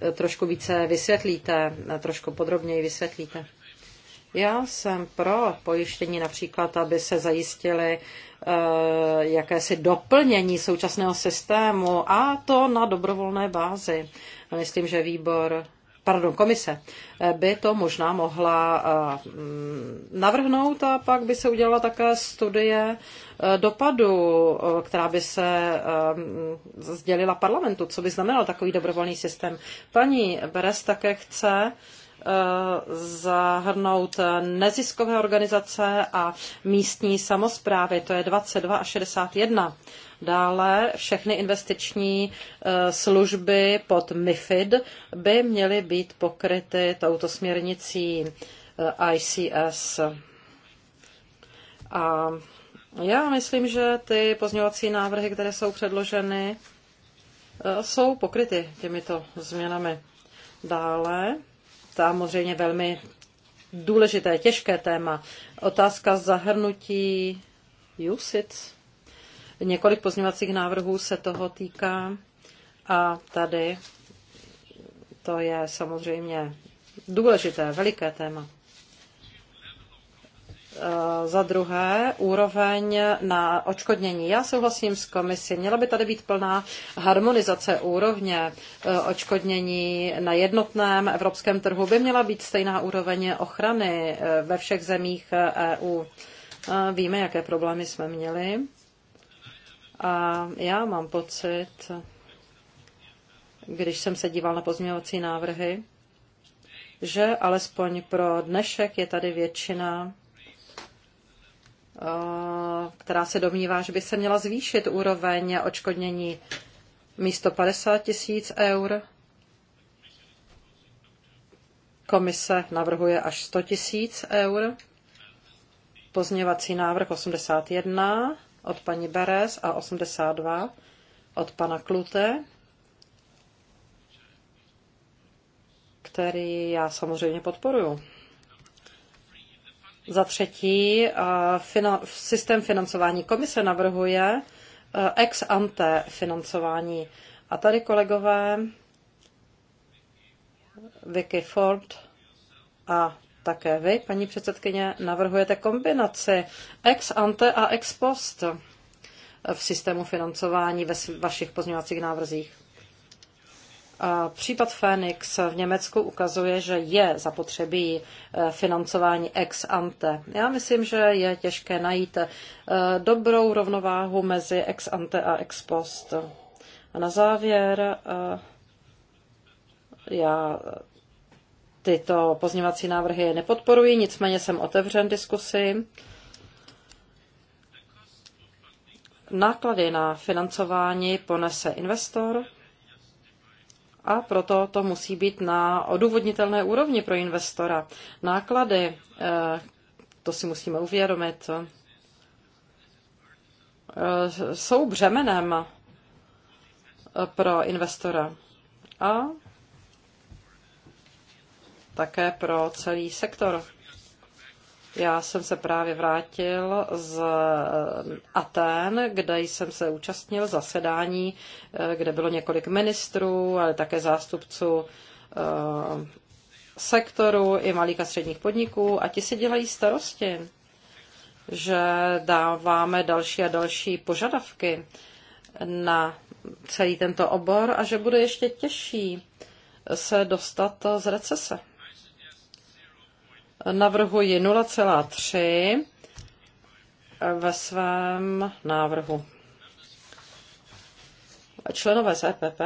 eh, trošku více vysvětlíte, trošku podrobněji vysvětlíte. Já jsem pro pojištění například, aby se zajistili jakési doplnění současného systému a to na dobrovolné bázi. Myslím, že výbor pardon, komise eh, by to možná mohla eh, navrhnout a pak by se udělala také studie eh, dopadu, která by se sdělila parlamentu, co by znamenal takový dobrovolný systém. Paní Beres také chce zahrnout neziskové organizace a místní samozprávy, to je 22 a 61 Dále všechny investiční eh, služby pod MIFID by měly být pokryty touto směrnicí eh, ICS. A já myslím, že ty pozměňovací návrhy, které jsou předloženy, eh, jsou pokryty těmito změnami. Dále, samozřejmě velmi důležité, těžké téma, otázka zahrnutí USIC Několik pozměňovacích návrhů se toho týká a tady to je samozřejmě důležité, veliké téma. E, za druhé, úroveň na očkodnění. Já souhlasím s komisí. Měla by tady být plná harmonizace úrovně e, očkodnění na jednotném evropském trhu. By měla být stejná úroveň ochrany e, ve všech zemích EU. Víme, jaké problémy jsme měli a já mám pocit, když jsem se díval na pozměňovací návrhy, že alespoň pro dnešek je tady většina, která se domnívá, že by se měla zvýšit úroveň očkodnění místo 50 tisíc eur. Komise navrhuje až 100 tisíc eur. Pozměvací návrh 81 od paní Beres a 82 od pana Klute, který já samozřejmě podporuji. Za třetí, eh, systém financování komise navrhuje eh, ex ante financování. A tady kolegové Vicky Ford a také vy, paní předsedkyně, navrhujete kombinaci ex ante a ex post v systému financování ve vašich pozměňovacích návrzích. Případ Fénix v Německu ukazuje, že je zapotřebí eh, financování ex ante. Já myslím, že je těžké najít eh, dobrou rovnováhu mezi ex ante a ex post. A na závěr eh, já tyto pozněvací návrhy nepodporuji, nicméně jsem otevřen diskusi. Náklady na financování ponese investor a proto to musí být na odůvodnitelné úrovni pro investora. Náklady, eh, to si musíme uvědomit, eh, jsou břemenem eh, pro investora. A také pro celý sektor. Já jsem se právě vrátil z eh, Aten, kde jsem se účastnil zasedání, eh, kde bylo několik ministrů, ale také zástupců eh, sektoru i malých a středních podniků a ti si dělají starosti, že dáváme další a další požadavky na celý tento obor a že bude ještě těžší se dostat z recese navrhuji 0,3 ve svém návrhu. Členové z EPP,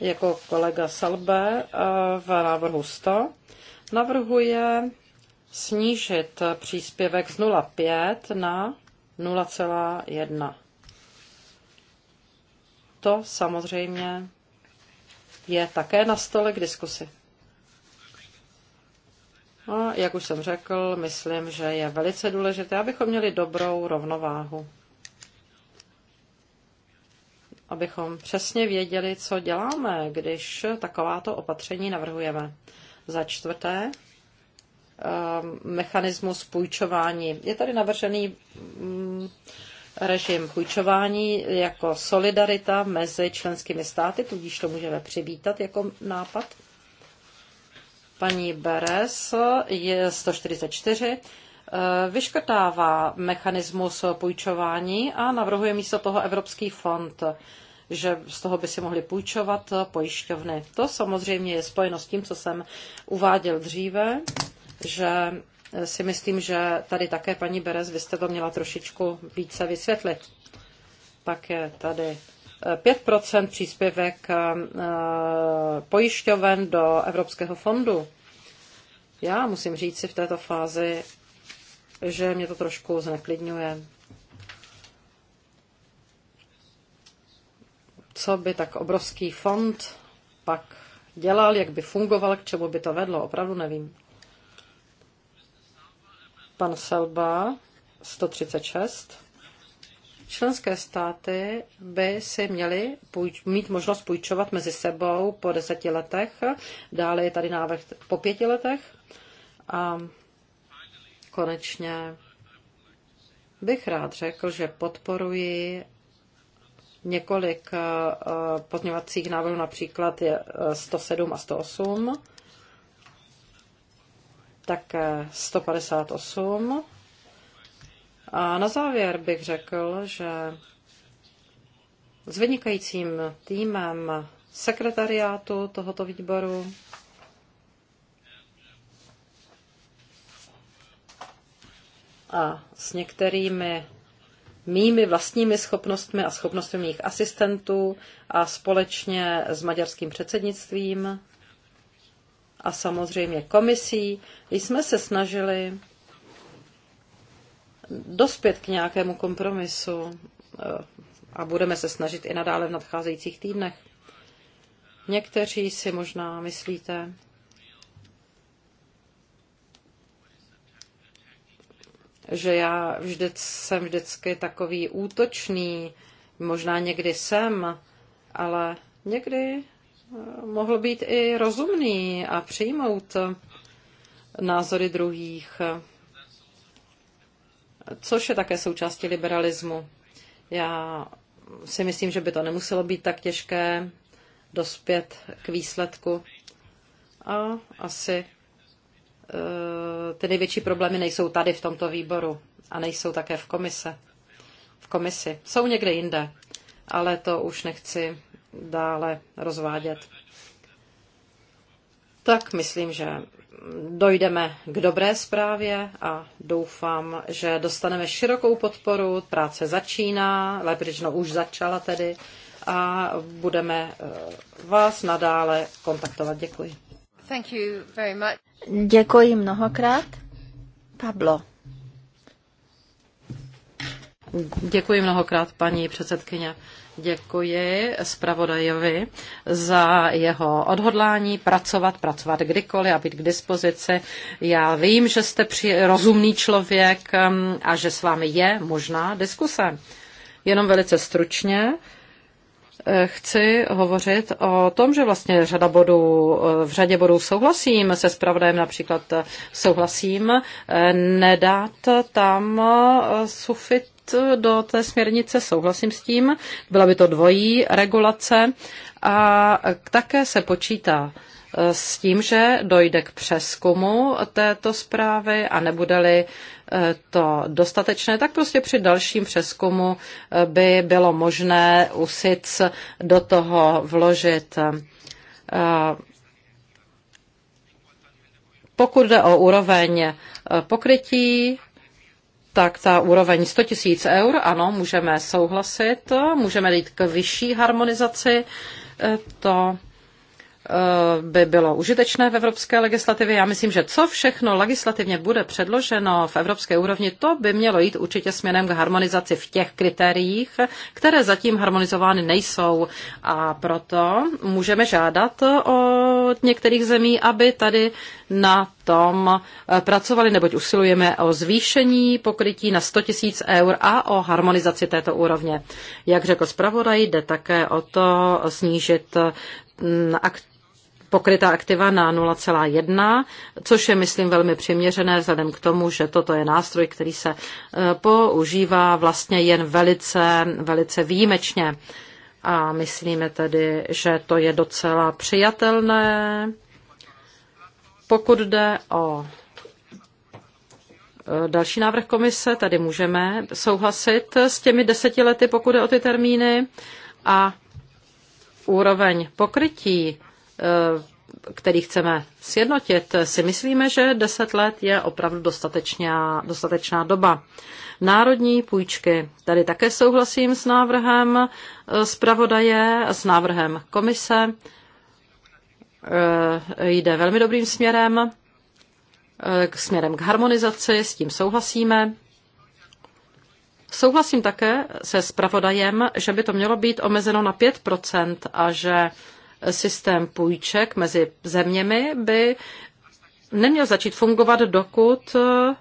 jako kolega Salbe eh, v návrhu 100, navrhuje snížit příspěvek z 0,5 na 0,1. To samozřejmě je také na stole k diskusi. A jak už jsem řekl, myslím, že je velice důležité, abychom měli dobrou rovnováhu. Abychom přesně věděli, co děláme, když takováto opatření navrhujeme. Za čtvrté, eh, mechanismus půjčování. Je tady navržený mm, režim půjčování jako solidarita mezi členskými státy, tudíž to můžeme přivítat jako nápad paní Beres je 144 eh, vyškrtává mechanismus půjčování a navrhuje místo toho Evropský fond, že z toho by si mohli půjčovat pojišťovny. To samozřejmě je spojeno s tím, co jsem uváděl dříve, že si myslím, že tady také paní Beres vy jste to měla trošičku více vysvětlit. Pak je tady 5 příspěvek eh, pojišťoven do Evropského fondu. Já musím říct si v této fázi, že mě to trošku zneklidňuje. Co by tak obrovský fond pak dělal, jak by fungoval, k čemu by to vedlo, opravdu nevím. Pan Selba, 136. Členské státy by si měly půjč, mít možnost půjčovat mezi sebou po deseti letech, dále je tady návrh po pěti letech a konečně bych rád řekl, že podporuji několik eh, pozměňovacích návrhů, například je 107 eh, a 108, také 158 a na závěr bych řekl, že s vynikajícím týmem sekretariátu tohoto výboru a s některými mými vlastními schopnostmi a schopnostmi mých asistentů a společně s maďarským předsednictvím a samozřejmě komisí jsme se snažili dospět k nějakému kompromisu eh, a budeme se snažit i nadále v nadcházejících týdnech. Někteří si možná myslíte, že já vždy, jsem vždycky takový útočný, možná někdy jsem, ale někdy eh, mohl být i rozumný a přijmout názory druhých což je také součástí liberalismu. Já si myslím, že by to nemuselo být tak těžké dospět k výsledku. A asi e, ty největší problémy nejsou tady v tomto výboru a nejsou také v komise. V komisi. Jsou někde jinde, ale to už nechci dále rozvádět tak myslím, že dojdeme k dobré zprávě a doufám, že dostaneme širokou podporu. Práce začíná, Lebrično už začala tedy a budeme eh, vás nadále kontaktovat. Děkuji. Thank you very much. Děkuji mnohokrát. Pablo. Děkuji mnohokrát, paní předsedkyně. Děkuji zpravodajovi za jeho odhodlání pracovat, pracovat kdykoliv a být k dispozici. Já vím, že jste při, rozumný člověk um, a že s vámi je možná diskuse. Jenom velice stručně Eh, chci hovořit o tom, že vlastně řada bodů, eh, v řadě bodů souhlasím se spravodajem, například eh, souhlasím nedát tam sufit do té směrnice, souhlasím s tím, byla by to dvojí regulace a také se počítá s tím, že dojde k přeskumu této zprávy a nebude-li eh, to dostatečné, tak prostě při dalším přeskumu eh, by bylo možné usic do toho vložit. Eh, pokud jde o úroveň pokrytí, tak ta úroveň 100 tisíc eur, ano, můžeme souhlasit, můžeme jít k vyšší harmonizaci, to by bylo užitečné v evropské legislativě. Já myslím, že co všechno legislativně bude předloženo v evropské úrovni, to by mělo jít určitě směrem k harmonizaci v těch kritériích, které zatím harmonizovány nejsou. A proto můžeme žádat od některých zemí, aby tady na tom eh, pracovali, neboť usilujeme o zvýšení pokrytí na 100 tisíc eur a o harmonizaci této úrovně. Jak řekl zpravodaj, jde také o to snížit mm, akt pokrytá aktiva na 0,1, což je, myslím, velmi přiměřené vzhledem k tomu, že toto je nástroj, který se eh, používá vlastně jen velice, velice výjimečně. A myslíme tedy, že to je docela přijatelné. Pokud jde o eh, další návrh komise, tady můžeme souhlasit s těmi deseti lety, pokud jde o ty termíny. A úroveň pokrytí Eh, který chceme sjednotit, si myslíme, že 10 let je opravdu dostatečná, dostatečná doba. Národní půjčky. Tady také souhlasím s návrhem eh, zpravodaje, s návrhem komise. Eh, jde velmi dobrým směrem, směrem k harmonizaci, s tím souhlasíme. Souhlasím také se zpravodajem, že by to mělo být omezeno na 5% a že systém půjček mezi zeměmi by neměl začít fungovat, dokud eh,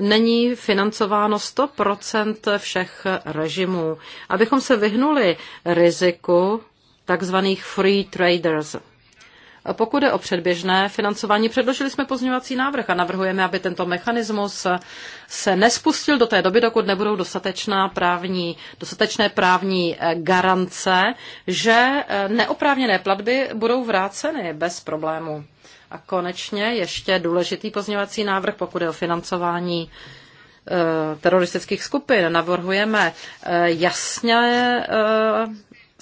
není financováno 100% všech režimů. Abychom se vyhnuli riziku takzvaných free traders – pokud je o předběžné financování, předložili jsme pozměňovací návrh a navrhujeme, aby tento mechanismus se nespustil do té doby, dokud nebudou dostatečná právní, dostatečné právní eh, garance, že eh, neoprávněné platby budou vráceny bez problému. A konečně ještě důležitý pozměňovací návrh, pokud je o financování eh, teroristických skupin. Navrhujeme jasně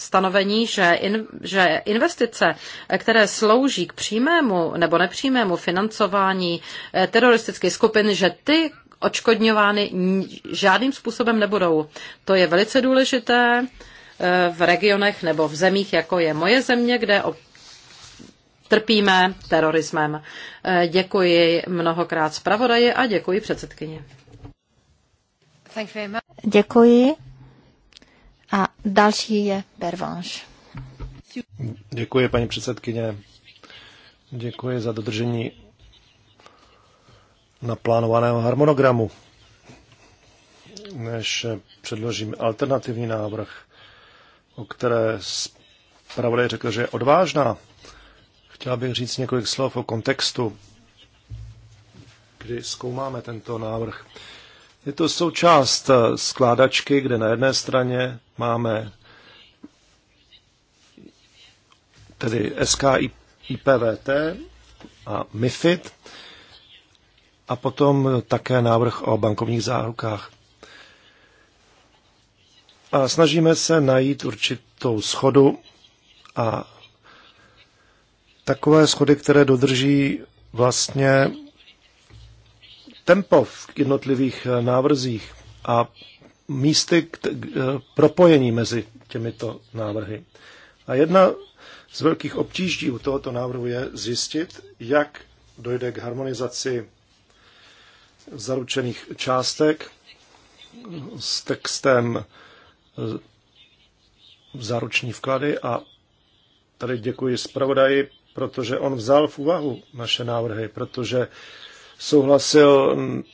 stanovení, že, in, že investice, eh, které slouží k přímému nebo nepřímému financování eh, teroristických skupin, že ty očkodňovány žádným způsobem nebudou. To je velice důležité eh, v regionech nebo v zemích, jako je moje země, kde trpíme terorismem. Děkuji mnohokrát zpravodaji a děkuji předsedkyni. Děkuji. A další je Bervanš. Děkuji, paní předsedkyně. Děkuji za dodržení naplánovaného harmonogramu. Než předložím alternativní návrh, o které zpravodaj řekl, že je odvážná, chtěl bych říct několik slov o kontextu, kdy zkoumáme tento návrh. Je to součást eh, skládačky, kde na jedné straně máme tedy SKIPVT a MIFID a potom také návrh o bankovních zárukách. A snažíme se najít určitou schodu a takové schody, které dodrží vlastně tempo v jednotlivých eh, návrzích a místy k, k, eh, propojení mezi těmito návrhy. A jedna z velkých obtíží u tohoto návrhu je zjistit, jak dojde k harmonizaci zaručených částek s textem eh, záruční vklady a tady děkuji zpravodaji, protože on vzal v úvahu naše návrhy, protože souhlasil mm,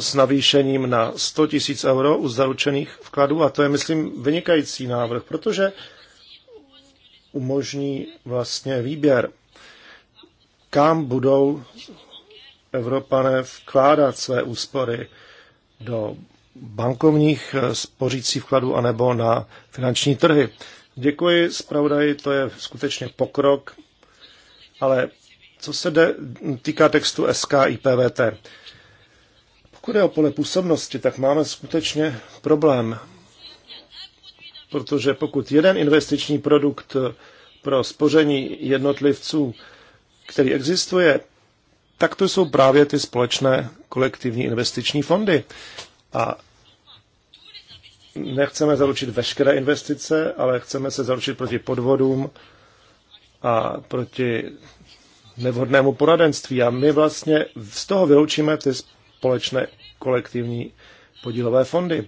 s navýšením na 100 tisíc euro u zaručených vkladů a to je, myslím, vynikající návrh, protože umožní vlastně výběr, kam budou Evropané vkládat své úspory do bankovních eh, spořících vkladů anebo na finanční trhy. Děkuji, zpravodaji, to je skutečně pokrok, ale co se de, týká textu SK IPVT, pokud je o pole působnosti, tak máme skutečně problém, protože pokud jeden investiční produkt pro spoření jednotlivců, který existuje, tak to jsou právě ty společné kolektivní investiční fondy. A nechceme zaručit veškeré investice, ale chceme se zaručit proti podvodům a proti nevhodnému poradenství a my vlastně z toho vyloučíme ty společné kolektivní podílové fondy.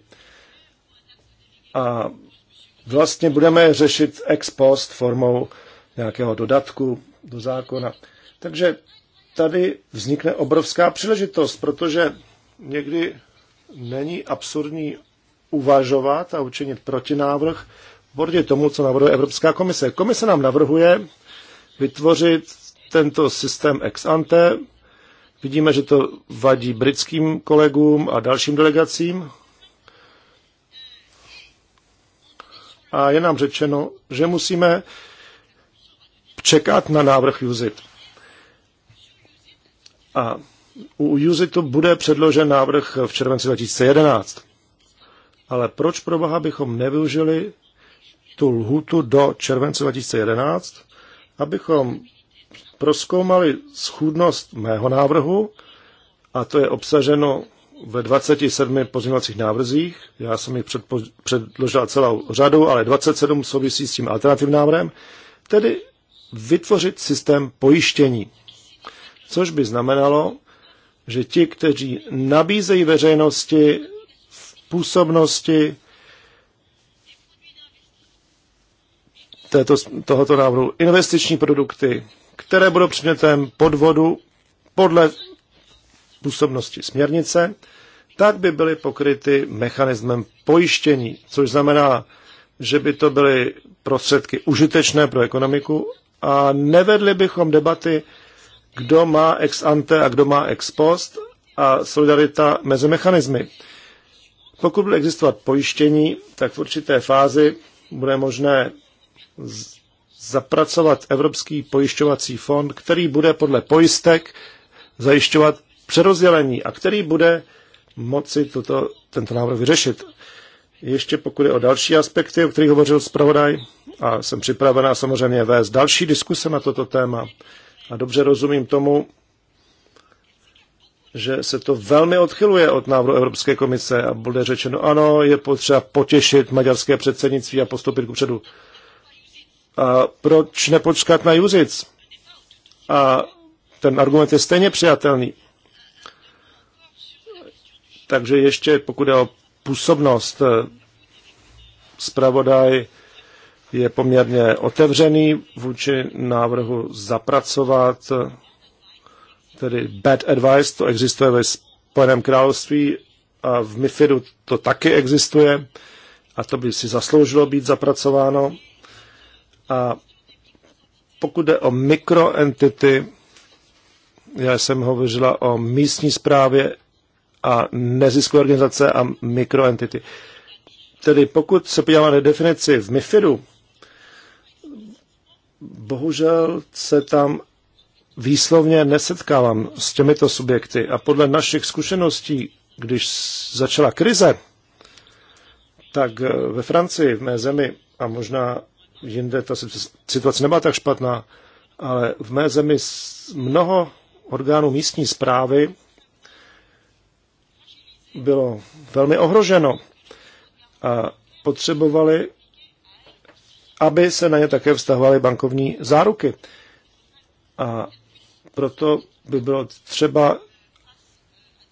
A vlastně budeme řešit ex post formou nějakého dodatku do zákona. Takže tady vznikne obrovská příležitost, protože někdy není absurdní uvažovat a učinit protinávrh v tomu, co navrhuje Evropská komise. Komise nám navrhuje vytvořit tento systém ex ante. Vidíme, že to vadí britským kolegům a dalším delegacím. A je nám řečeno, že musíme čekat na návrh UZIT. A u UZITu bude předložen návrh v červenci 2011. Ale proč pro Boha bychom nevyužili tu lhutu do července 2011, abychom proskoumali schůdnost mého návrhu, a to je obsaženo ve 27 pozměňovacích návrzích. Já jsem jich předpo- předložil celou řadu, ale 27 souvisí s tím alternativním návrhem, tedy vytvořit systém pojištění, což by znamenalo, že ti, kteří nabízejí veřejnosti v působnosti této, tohoto návrhu investiční produkty, které budou předmětem podvodu podle působnosti směrnice, tak by byly pokryty mechanismem pojištění, což znamená, že by to byly prostředky užitečné pro ekonomiku a nevedli bychom debaty, kdo má ex ante a kdo má ex post a solidarita mezi mechanismy. Pokud bude existovat pojištění, tak v určité fázi bude možné zapracovat Evropský pojišťovací fond, který bude podle pojistek zajišťovat přerozdělení a který bude moci toto, tento návrh vyřešit. Ještě pokud je o další aspekty, o kterých hovořil zpravodaj, a jsem připravená samozřejmě vést další diskuse na toto téma. A dobře rozumím tomu, že se to velmi odchyluje od návrhu Evropské komise a bude řečeno, ano, je potřeba potěšit maďarské předsednictví a postupit k předu. A proč nepočkat na Juzic? A ten argument je stejně přijatelný. Takže ještě pokud je o působnost, eh, zpravodaj je poměrně otevřený vůči návrhu zapracovat eh, tedy bad advice, to existuje ve Spojeném království a v MIFIDu to taky existuje a to by si zasloužilo být zapracováno a pokud jde o mikroentity, já jsem hovořila o místní správě a neziskové organizace a mikroentity. Tedy pokud se podíváme na definici v MIFIDu, bohužel se tam výslovně nesetkávám s těmito subjekty a podle našich zkušeností, když začala krize, tak ve Francii, v mé zemi a možná jinde ta situace nebyla tak špatná, ale v mé zemi mnoho orgánů místní zprávy bylo velmi ohroženo a potřebovali, aby se na ně také vztahovaly bankovní záruky. A proto by bylo třeba,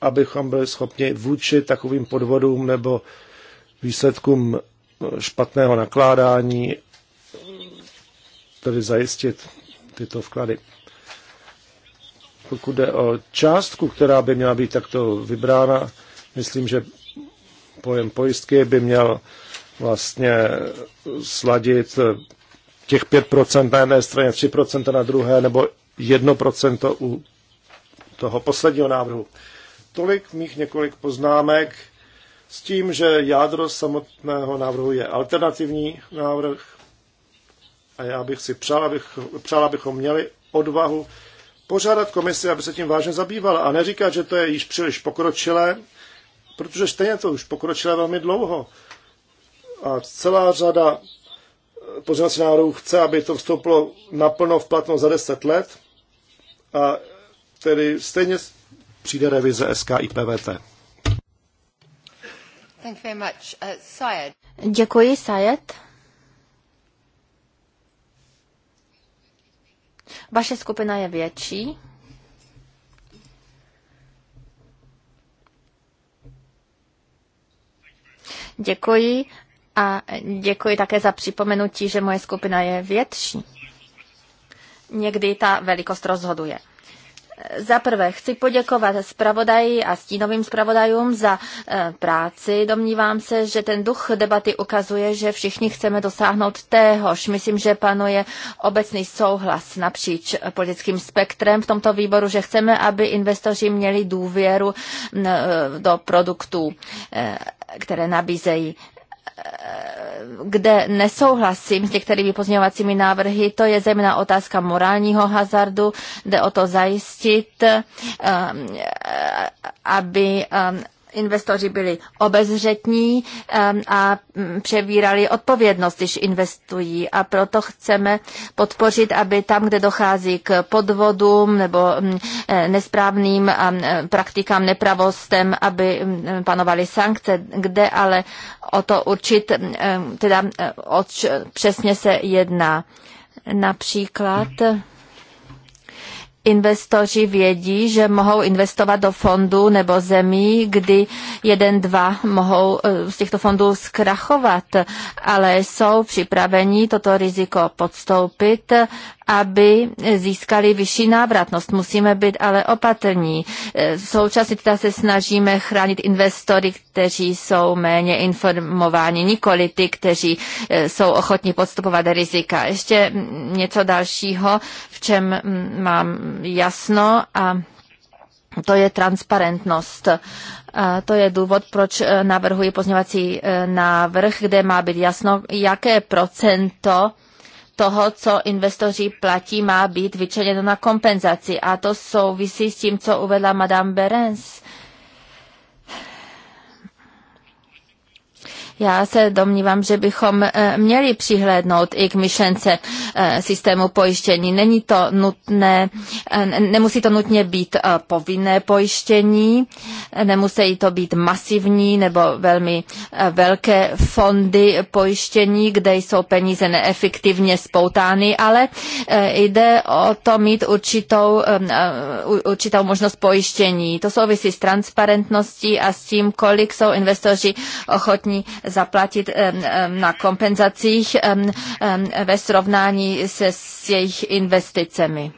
abychom byli schopni vůči takovým podvodům nebo výsledkům špatného nakládání tedy zajistit tyto vklady. Pokud jde o částku, která by měla být takto vybrána, myslím, že pojem pojistky by měl vlastně sladit těch 5% na jedné straně, 3% na druhé, nebo 1% u toho posledního návrhu. Tolik mých několik poznámek s tím, že jádro samotného návrhu je alternativní návrh, a já bych si přál, abych, přál abychom měli odvahu požádat komisi, aby se tím vážně zabývala a neříkat, že to je již příliš pokročilé, protože stejně to už pokročilé velmi dlouho. A celá řada pozornosti národů chce, aby to vstoupilo naplno v platnost za 10 let a tedy stejně přijde revize SKIPVT. i PVT. Uh, Děkuji, Sayed. Vaše skupina je větší. Děkuji a děkuji také za připomenutí, že moje skupina je větší. Někdy ta velikost rozhoduje. Za prvé chci poděkovat zpravodaji a stínovým zpravodajům za eh, práci. Domnívám se, že ten duch debaty ukazuje, že všichni chceme dosáhnout téhož. Myslím, že panuje obecný souhlas napříč politickým spektrem v tomto výboru, že chceme, aby investoři měli důvěru do produktů eh, které nabízejí kde nesouhlasím s některými pozměňovacími návrhy, to je zejména otázka morálního hazardu. Jde o to zajistit, eh, aby eh, investoři byli obezřetní a mm, převírali odpovědnost, když investují. A proto chceme podpořit, aby tam, kde dochází k podvodům nebo mm, e, nesprávným mm, e, praktikám, nepravostem, aby e, panovaly sankce, kde ale o to určit, teda o přesně se jedná. Například investoři vědí, že mohou investovat do fondů nebo zemí, kdy jeden, dva mohou eh, z těchto fondů zkrachovat, ale jsou připraveni toto riziko podstoupit, aby získali vyšší návratnost. Musíme být ale opatrní. Eh, současně teda se snažíme chránit investory, kteří jsou méně informováni, nikoli ty, kteří eh, jsou ochotní podstupovat rizika. Ještě mm, něco dalšího, v čem mm, mám jasno a to je transparentnost. A to je důvod, proč eh, navrhuji pozměvací eh, návrh, kde má být jasno, jaké procento toho, co investoři platí, má být vyčleněno na kompenzaci. A to souvisí s tím, co uvedla Madame Berens Já se domnívám, že bychom eh, měli přihlédnout i k myšlence eh, systému pojištění. Není to nutné, eh, nemusí to nutně být povinné pojištění, nemusí to být masivní nebo velmi velké fondy pojištění, kde jsou peníze neefektivně spoutány, ale jde o to mít určitou, určitou možnost pojištění. To souvisí s transparentností a s tím, kolik jsou investoři ochotní zaplatit eh, eh, na kompenzacích eh, ve srovnání se s jejich investicemi.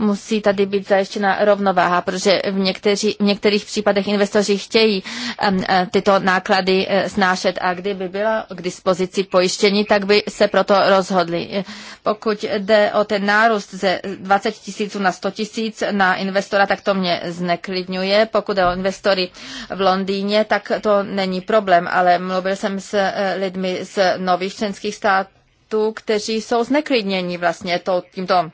Musí tady být zajištěna rovnováha, protože v, někteří, v některých případech investoři chtějí e, tyto náklady e, snášet a kdyby byla k dispozici pojištění, tak by se proto rozhodli. E, pokud jde o ten nárůst ze 20 tisíců na 100 tisíc na investora, tak to mě zneklidňuje. Pokud jde o investory v Londýně, tak to není problém, ale mluvil jsem s lidmi z nových členských států, kteří jsou zneklidněni vlastně tímto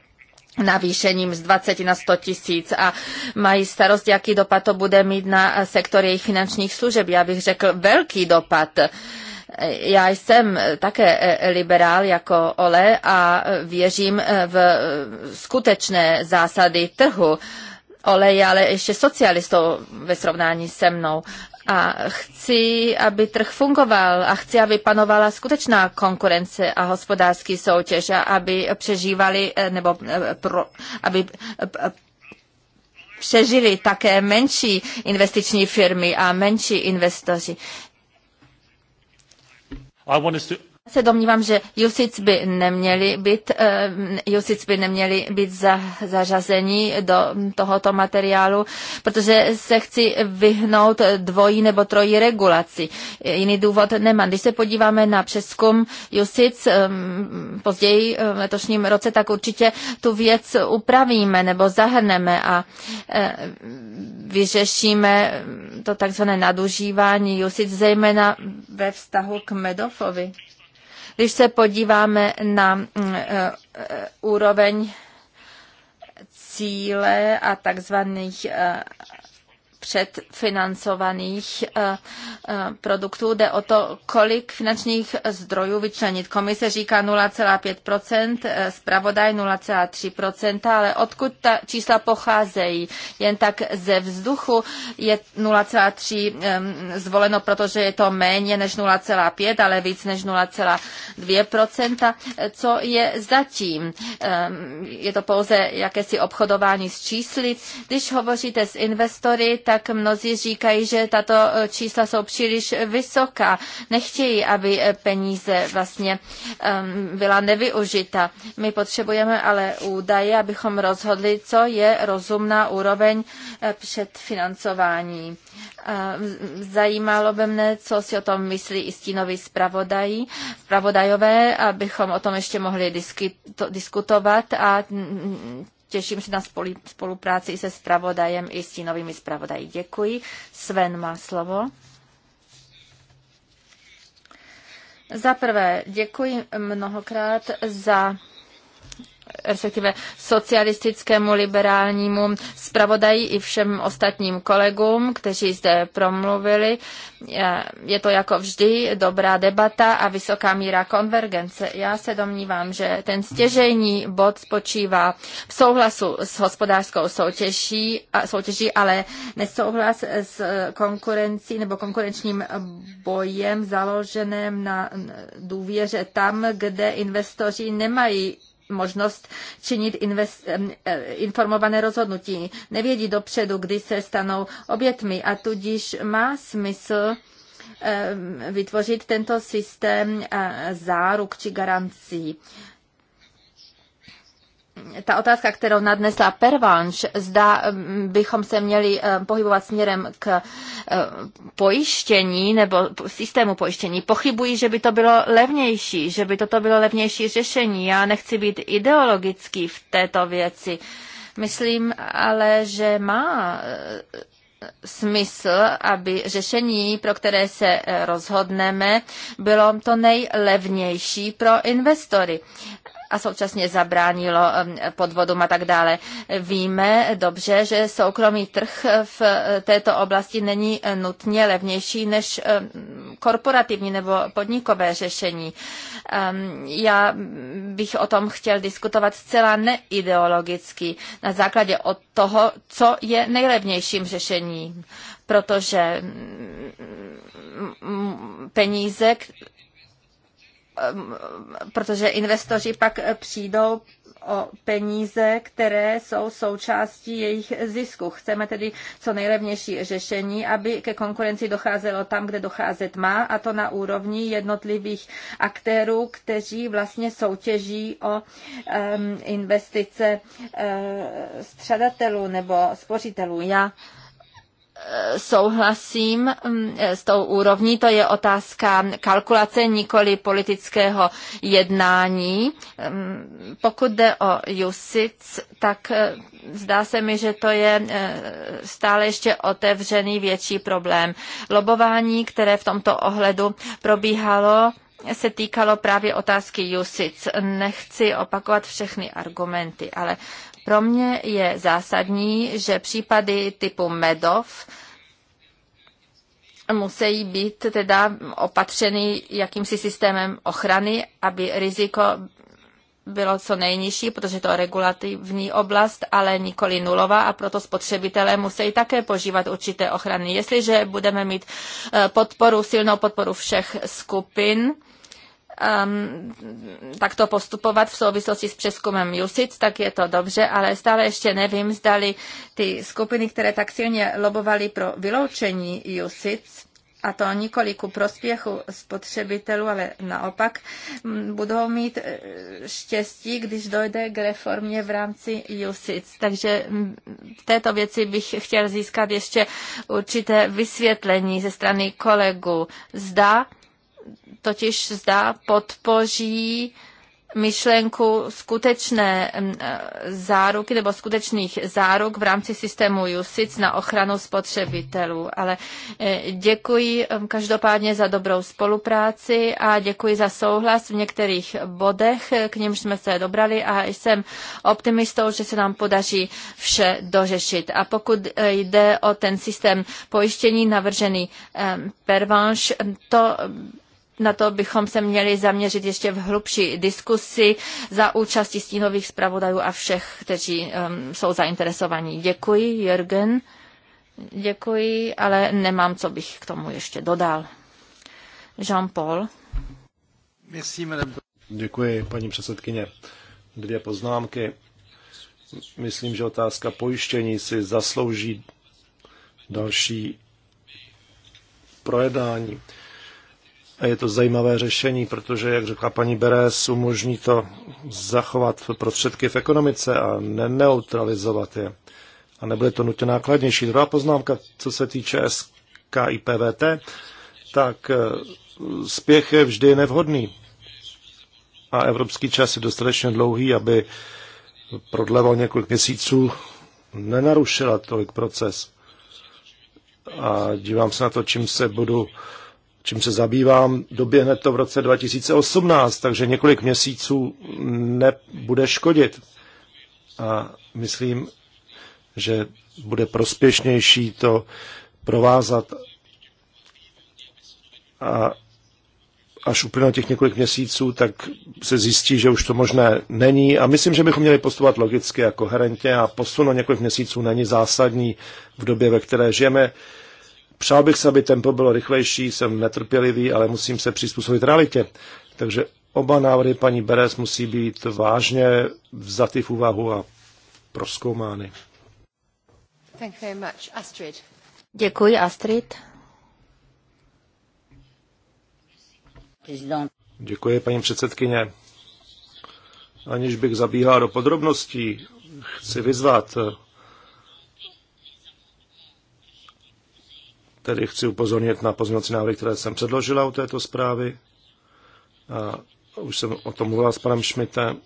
navýšením z 20 na 100 tisíc a mají starost, jaký dopad to bude mít na sektor jejich finančních služeb. Já bych řekl velký dopad. Já jsem také eh, liberál jako Ole a věřím eh, v skutečné zásady trhu. Ole je ale ještě socialistou ve srovnání se mnou a chci, aby trh fungoval a chci, aby panovala skutečná konkurence a hospodářský soutěž a aby přežívali eh, nebo eh, pro, aby eh, přežili také menší investiční firmy a menší investoři. I want us to se domnívám, že Jusic by neměli být, Jusic eh, by neměli být za, zařazeni do tohoto materiálu, protože se chci vyhnout dvojí nebo trojí regulaci. Jiný důvod nemám. Když se podíváme na přeskum Jusic eh, později eh, v letošním roce, tak určitě tu věc upravíme nebo zahrneme a vyřešíme to takzvané nadužívání Jusic, zejména ve vztahu k Medofovi. Když se podíváme na mm, eh, úroveň cíle a takzvaných eh, předfinancovaných eh, eh, produktů. Jde o to, kolik finančních zdrojů vyčlenit. Komise říká 0,5%, eh, zpravodaj 0,3%, ale odkud ta čísla pocházejí? Jen tak ze vzduchu je 0,3 zvoleno, protože je to méně než 0,5, ale víc než 0,2%. Co je zatím? Je to pouze jakési obchodování s čísly. Když hovoříte s investory, tak tak mnozí říkají, že tato e, čísla jsou příliš vysoká. Nechtějí, aby e, peníze vlastně byla nevyužita. My potřebujeme ale údaje, abychom rozhodli, co je rozumná úroveň e, předfinancování. Zajímalo by mne, co si o tom myslí i stínoví zpravodaj, zpravodajové, abychom o tom ještě mohli diskutovat a těším se na spolupráci se spravodajem i s novými spravodají. Děkuji. Sven má slovo. Za prvé, děkuji mnohokrát za respektive socialistickému liberálnímu zpravodaji i všem ostatním kolegům, kteří zde promluvili. Je to jako vždy dobrá debata a vysoká míra konvergence. Já se domnívám, že ten stěžejní bod spočívá v souhlasu s hospodářskou soutěží, soutěží ale nesouhlas s konkurencí nebo konkurenčním bojem založeném na důvěře tam, kde investoři nemají možnost činit invest, e, informované rozhodnutí. Nevědí dopředu, kdy se stanou obětmi a tudíž má smysl vytvořit tento systém záruk či garancí ta otázka, kterou nadnesla Pervanš, zda mm, bychom se měli eh, pohybovat směrem k eh, pojištění nebo systému pojištění. Pochybuji, že by to bylo levnější, že by toto bylo levnější řešení. Já nechci být ideologický v této věci. Myslím ale, že má eh, smysl, aby řešení, pro které se rozhodneme, bylo to nejlevnější pro investory a současně zabránilo podvodům a tak dále. Víme dobře, že soukromý trh v této oblasti není nutně levnější než korporativní nebo podnikové řešení. Já bych o tom chtěl diskutovat zcela neideologicky na základě od toho, co je nejlevnějším řešením protože peníze, Ehm, protože investoři pak přijdou o peníze, které jsou součástí jejich zisku. Chceme tedy co nejlevnější řešení, aby ke konkurenci docházelo tam, kde docházet má, a to na úrovni jednotlivých aktérů, kteří vlastně soutěží o um, investice uh, střadatelů nebo spořitelů. Já souhlasím mm, s tou úrovní, to je otázka kalkulace, nikoli politického jednání. Mm, pokud jde o Jusic, tak e, zdá se mi, že to je e, stále ještě otevřený větší problém. Lobování, které v tomto ohledu probíhalo, se týkalo právě otázky Jusic. Nechci opakovat všechny argumenty, ale pro mě je zásadní, že případy typu Medov musí být teda opatřeny jakýmsi systémem ochrany, aby riziko bylo co nejnižší, protože to je regulativní oblast, ale nikoli nulová a proto spotřebitelé musí také požívat určité ochrany. Jestliže budeme mít eh, podporu, silnou podporu všech skupin, um, takto postupovat v souvislosti s přeskumem Jusic, tak je to dobře, ale stále ještě nevím, zdali ty skupiny, které tak silně lobovaly pro vyloučení Jusic, a to nikoli ku prospěchu spotřebitelů, ale naopak budou mít e, štěstí, když dojde k reformě v rámci USIC. Takže v této věci bych chtěl získat ještě určité vysvětlení ze strany kolegů. Zda totiž zdá podpoří myšlenku skutečné mm, e, záruky nebo skutečných záruk v rámci systému JUSIC na ochranu spotřebitelů. Ale e, děkuji každopádně za dobrou spolupráci a děkuji za souhlas v některých bodech, e, k němž jsme se dobrali a jsem optimistou, že se nám podaří vše dořešit. A pokud jde o ten systém pojištění navržený pervanš, to na to bychom se měli zaměřit ještě v hlubší diskusi za účasti stínových zpravodajů a všech, kteří um, jsou zainteresovaní. Děkuji, Jürgen. Děkuji, ale nemám, co bych k tomu ještě dodal. Jean-Paul. Děkuji, paní předsedkyně. Dvě poznámky. Myslím, že otázka pojištění si zaslouží další projednání. A je to zajímavé řešení, protože, jak řekla paní Beres, umožní to zachovat prostředky v ekonomice a neneutralizovat je. A nebude to nutně nákladnější. Druhá poznámka, co se týče SKIPVT, tak eh, spěch je vždy nevhodný. A evropský čas je dostatečně dlouhý, aby prodleval několik měsíců, nenarušila tolik proces. A dívám se na to, čím se budu čím se zabývám, doběhne to v roce 2018, takže několik měsíců nebude škodit. A myslím, že bude prospěšnější to provázat a až uplynou těch několik měsíců, tak se zjistí, že už to možné není. A myslím, že bychom měli postupovat logicky a koherentně a posun o několik měsíců není zásadní v době, ve které žijeme. Přál bych se, aby tempo bylo rychlejší, jsem netrpělivý, ale musím se přizpůsobit realitě. Takže oba návrhy paní Beres musí být vážně vzaty v úvahu a proskoumány. Thank you very much. Astrid. Děkuji, Astrid. Děkuji, paní předsedkyně. Aniž bych zabíhal do podrobností, chci vyzvat Tedy chci upozornit na pozměňovací návrhy, které jsem předložila u této zprávy. A už jsem o tom mluvila s panem Šmitem.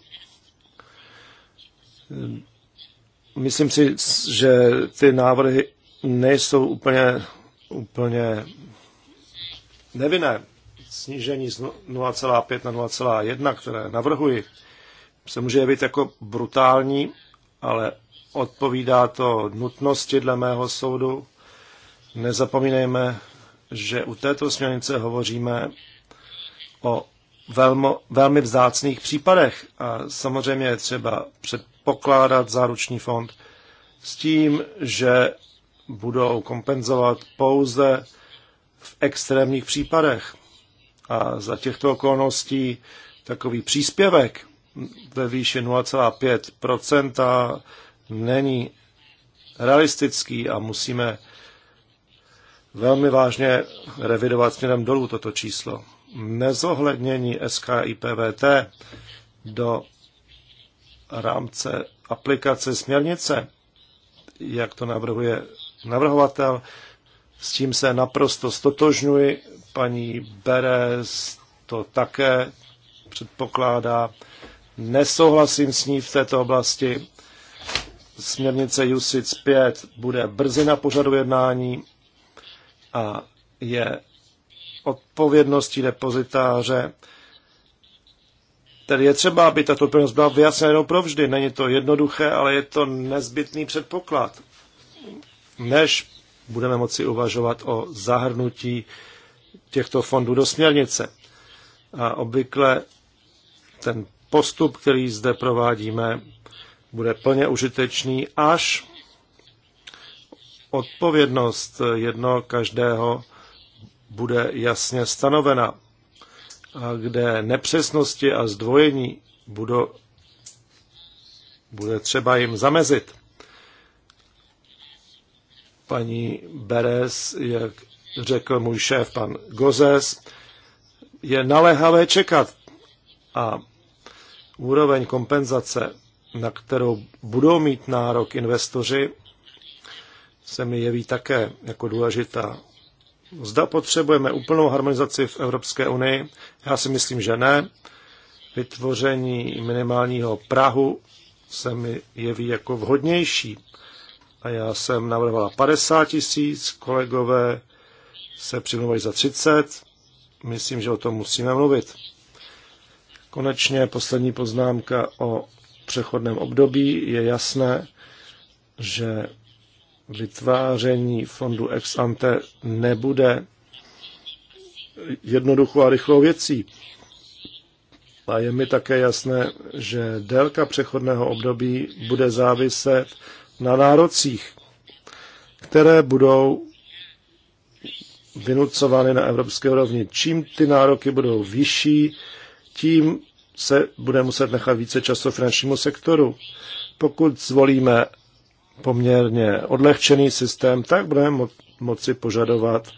Myslím si, že ty návrhy nejsou úplně, úplně nevinné. Snížení z 0,5 na 0,1, které navrhuji, se může jevit jako brutální, ale odpovídá to nutnosti dle mého soudu Nezapomínejme, že u této směrnice hovoříme o velmo, velmi vzácných případech a samozřejmě je třeba předpokládat záruční fond s tím, že budou kompenzovat pouze v extrémních případech. A za těchto okolností takový příspěvek ve výši 0,5 není realistický a musíme velmi vážně revidovat směrem dolů toto číslo. Nezohlednění SKIPVT do rámce aplikace směrnice, jak to navrhuje navrhovatel, s tím se naprosto stotožňuji. Paní Beres to také předpokládá. Nesouhlasím s ní v této oblasti. Směrnice USIC 5 bude brzy na pořadu jednání a je odpovědností depozitáře. Tedy je třeba, aby tato odpovědnost byla vyjasněna provždy. Není to jednoduché, ale je to nezbytný předpoklad. Než budeme moci uvažovat o zahrnutí těchto fondů do směrnice. A obvykle ten postup, který zde provádíme, bude plně užitečný, až odpovědnost jedno každého bude jasně stanovena a kde nepřesnosti a zdvojení budou, bude třeba jim zamezit. Paní Beres, jak řekl můj šéf pan Gozes, je naléhavé čekat a úroveň kompenzace, na kterou budou mít nárok investoři, se mi jeví také jako důležitá. Zda potřebujeme úplnou harmonizaci v Evropské unii? Já si myslím, že ne. Vytvoření minimálního Prahu se mi jeví jako vhodnější. A já jsem navrhovala 50 tisíc, kolegové se přimluvali za 30. Myslím, že o tom musíme mluvit. Konečně poslední poznámka o přechodném období. Je jasné, že vytváření fondu ex ante nebude jednoduchou a rychlou věcí. A je mi také jasné, že délka přechodného období bude záviset na nárocích, které budou vynucovány na evropské úrovni. Čím ty nároky budou vyšší, tím se bude muset nechat více času finančnímu sektoru. Pokud zvolíme poměrně odlehčený systém, tak budeme mo- moci požadovat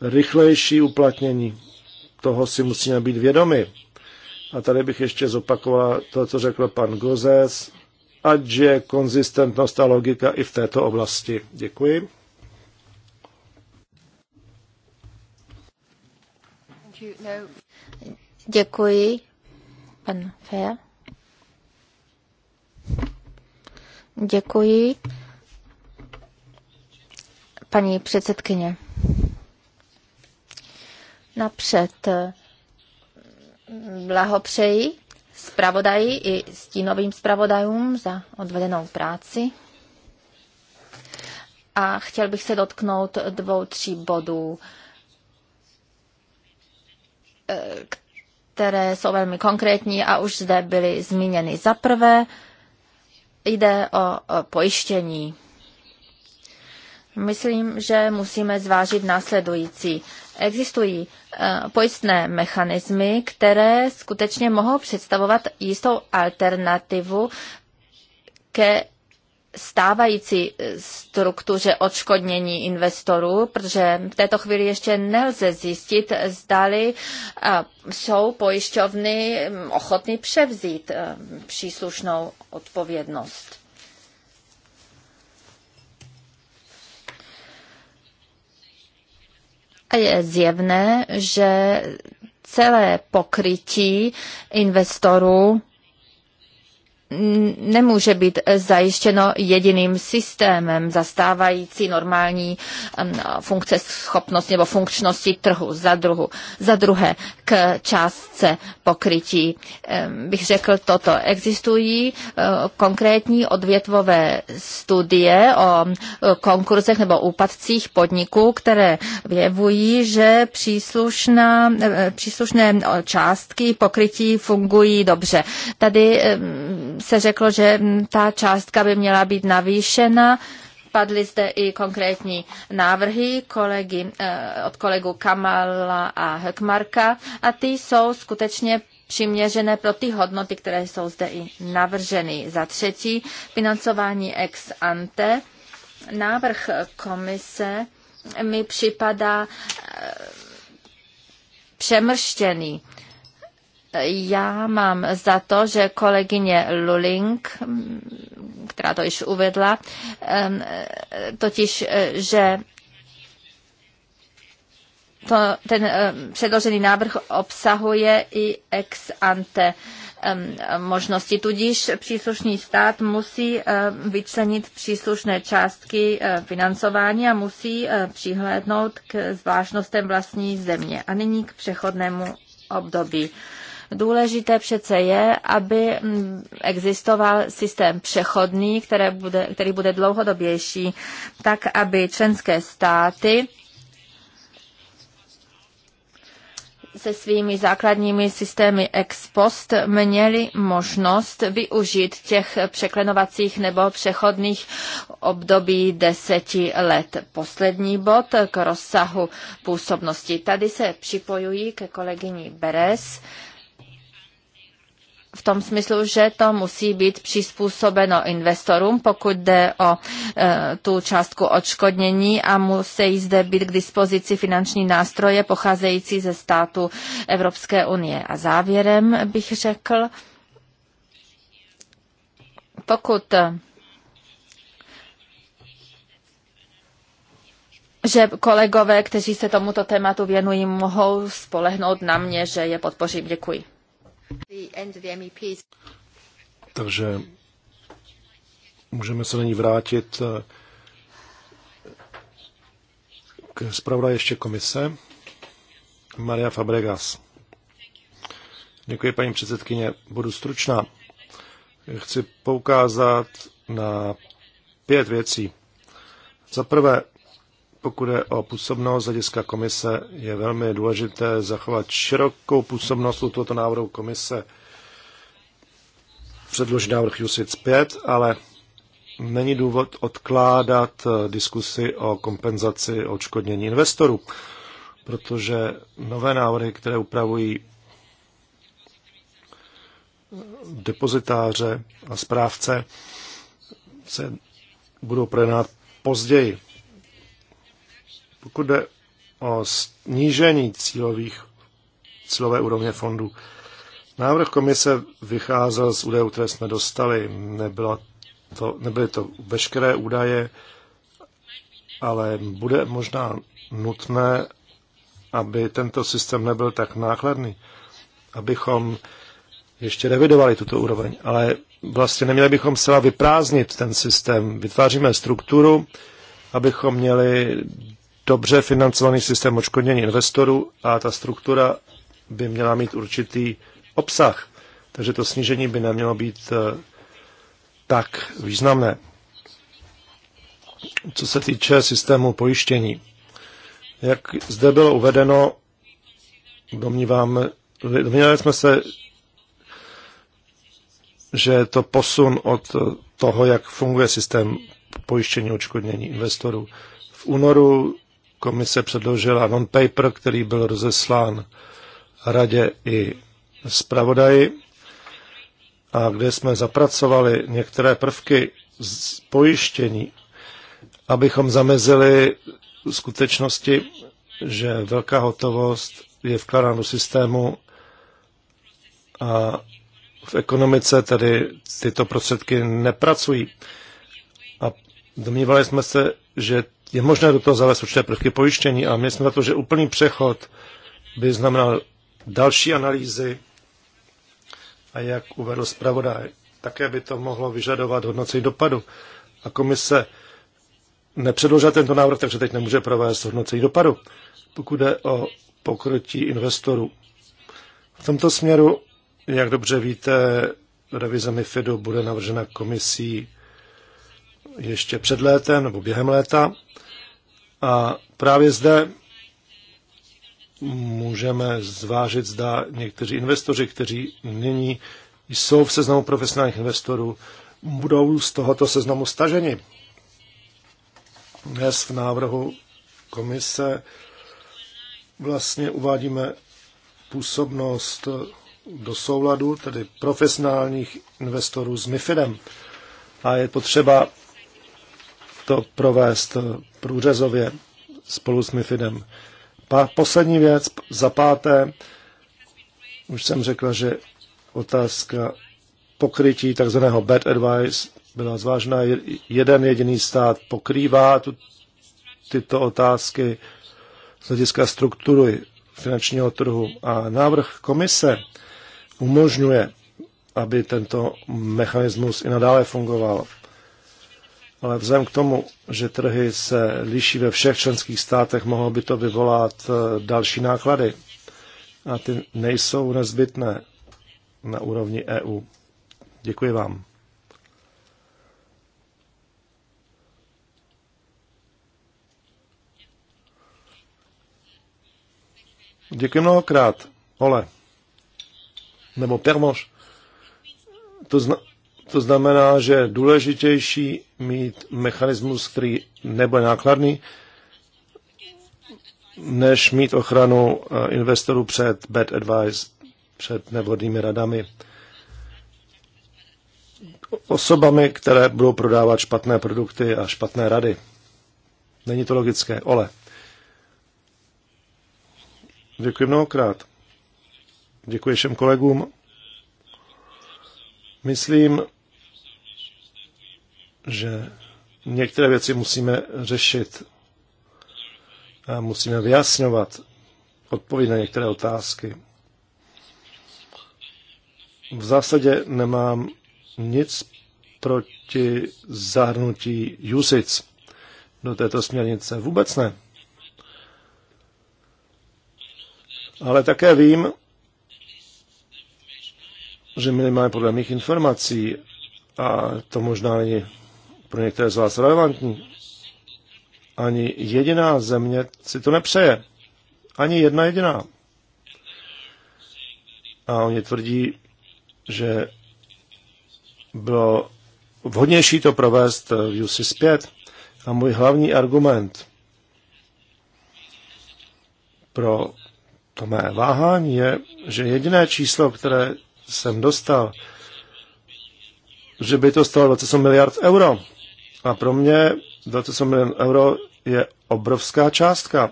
rychlejší uplatnění. Toho si musíme být vědomi. A tady bych ještě zopakoval to, co řekl pan Gozes, ať je konzistentnost a logika i v této oblasti. Děkuji. Děkuji, pan Fea. Děkuji. Paní předsedkyně. Napřed eh, blahopřeji zpravodaji i stínovým zpravodajům za odvedenou práci. A chtěl bych se dotknout dvou, tří bodů, eh, které jsou velmi konkrétní a už zde byly zmíněny. Za prvé, jde o pojištění. Myslím, že musíme zvážit následující. Existují eh, pojistné mechanismy, které skutečně mohou představovat jistou alternativu ke stávající struktuře odškodnění investorů, protože v této chvíli ještě nelze zjistit, zdali jsou pojišťovny ochotny převzít e, příslušnou odpovědnost. A je zjevné, že celé pokrytí investorů nemůže být eh, zajištěno jediným systémem zastávající normální funkce schopnost nebo funkčnosti trhu za, druhu. za druhé k částce pokrytí. Bych řekl toto. Existují eh, konkrétní odvětvové studie o eh, konkurzech nebo úpadcích podniků, které věvují, že příslušná, příslušné částky pokrytí fungují dobře. Tady se řeklo, že mm, ta částka by měla být navýšena. Padly zde i konkrétní návrhy kolegy, eh, od kolegu Kamala a Hökmarka a ty jsou skutečně přiměřené pro ty hodnoty, které jsou zde i navrženy. Za třetí, financování ex ante. Návrh komise mi připadá eh, přemrštěný. Já mám za to, že kolegyně Luling, která to již uvedla, totiž, že to, ten předložený návrh obsahuje i ex ante možnosti. Tudíž příslušný stát musí vyčlenit příslušné částky financování a musí přihlédnout k zvláštnostem vlastní země. A nyní k přechodnému období. Důležité přece je, aby existoval systém přechodný, které bude, který bude dlouhodobější, tak aby členské státy se svými základními systémy ex post měli možnost využít těch překlenovacích nebo přechodných období deseti let. Poslední bod k rozsahu působnosti. Tady se připojují ke kolegyni Beres v tom smyslu, že to musí být přizpůsobeno investorům, pokud jde o e, tu částku odškodnění a musí zde být k dispozici finanční nástroje pocházející ze státu Evropské unie. A závěrem bych řekl, pokud e, že kolegové, kteří se tomuto tématu věnují, mohou spolehnout na mě, že je podpořím. Děkuji. Takže můžeme se na ní vrátit eh, k zpravodaj ještě komise. Maria Fabregas. Děkuji, paní předsedkyně. Budu stručná. Chci poukázat na pět věcí. Za prvé, pokud je o působnost hlediska komise, je velmi důležité zachovat širokou působnost u tohoto návrhu komise. Předloží návrh USIC 5, ale není důvod odkládat eh, diskusy o kompenzaci odškodnění investorů, protože nové návrhy, které upravují eh, depozitáře a správce, se budou projednávat později. Pokud jde o snížení cílových, cílové úrovně fondů, návrh komise vycházel z údajů, které jsme dostali. Nebyla to, nebyly to veškeré údaje, ale bude možná nutné, aby tento systém nebyl tak nákladný, abychom ještě revidovali tuto úroveň, ale vlastně neměli bychom zcela vyprázdnit ten systém. Vytváříme strukturu, abychom měli dobře financovaný systém očkodnění investorů a ta struktura by měla mít určitý obsah. Takže to snížení by nemělo být eh, tak významné. Co se týče systému pojištění, jak zde bylo uvedeno, domníváme, domnívali jsme se, že je to posun od toho, jak funguje systém pojištění očkodnění investorů. V únoru Komise předložila non-paper, který byl rozeslán radě i zpravodaji, a kde jsme zapracovali některé prvky z pojištění, abychom zamezili skutečnosti, že velká hotovost je vkládána do systému a v ekonomice tedy tyto prostředky nepracují. A domnívali jsme se, že je možné do toho zavést určité prvky pojištění a myslím, na to, že úplný přechod by znamenal další analýzy a jak uvedl zpravodaj, také by to mohlo vyžadovat hodnocení dopadu. A komise nepředložila tento návrh, takže teď nemůže provést hodnocení dopadu, pokud jde o pokrytí investorů. V tomto směru, jak dobře víte, revize MIFIDu bude navržena komisí ještě před létem nebo během léta. A právě zde můžeme zvážit, zda někteří investoři, kteří nyní jsou v seznamu profesionálních investorů, budou z tohoto seznamu staženi. Dnes v návrhu komise vlastně uvádíme působnost do souladu, tedy profesionálních investorů s MIFIDem. A je potřeba to provést průřezově spolu s MIFIDem. Pa, poslední věc, za páté, už jsem řekla, že otázka pokrytí tzv. bad advice byla zvážena. Jeden jediný stát pokrývá tu, tyto otázky z hlediska struktury finančního trhu a návrh komise umožňuje, aby tento mechanismus i nadále fungoval ale vzhledem k tomu, že trhy se liší ve všech členských státech, mohlo by to vyvolat eh, další náklady. A ty nejsou nezbytné na úrovni EU. Děkuji vám. Děkuji mnohokrát, Ole. Nebo Permoš. To znamená, to znamená, že je důležitější mít mechanismus, který nebude nákladný, než mít ochranu eh, investorů před bad advice, před nevhodnými radami osobami, které budou prodávat špatné produkty a špatné rady. Není to logické. Ole. Děkuji mnohokrát. Děkuji všem kolegům. Myslím, že některé věci musíme řešit a musíme vyjasňovat odpovědi na některé otázky. V zásadě nemám nic proti zahrnutí Jusic do této směrnice. Vůbec ne. Ale také vím, že minimálně podle mých informací, a to možná není pro některé z vás relevantní. Ani jediná země si to nepřeje. Ani jedna jediná. A oni tvrdí, že bylo vhodnější to provést v UC zpět. A můj hlavní argument pro to mé váhání je, že jediné číslo, které jsem dostal, že by to stalo 20 miliard euro. A pro mě 27 milionů euro je obrovská částka.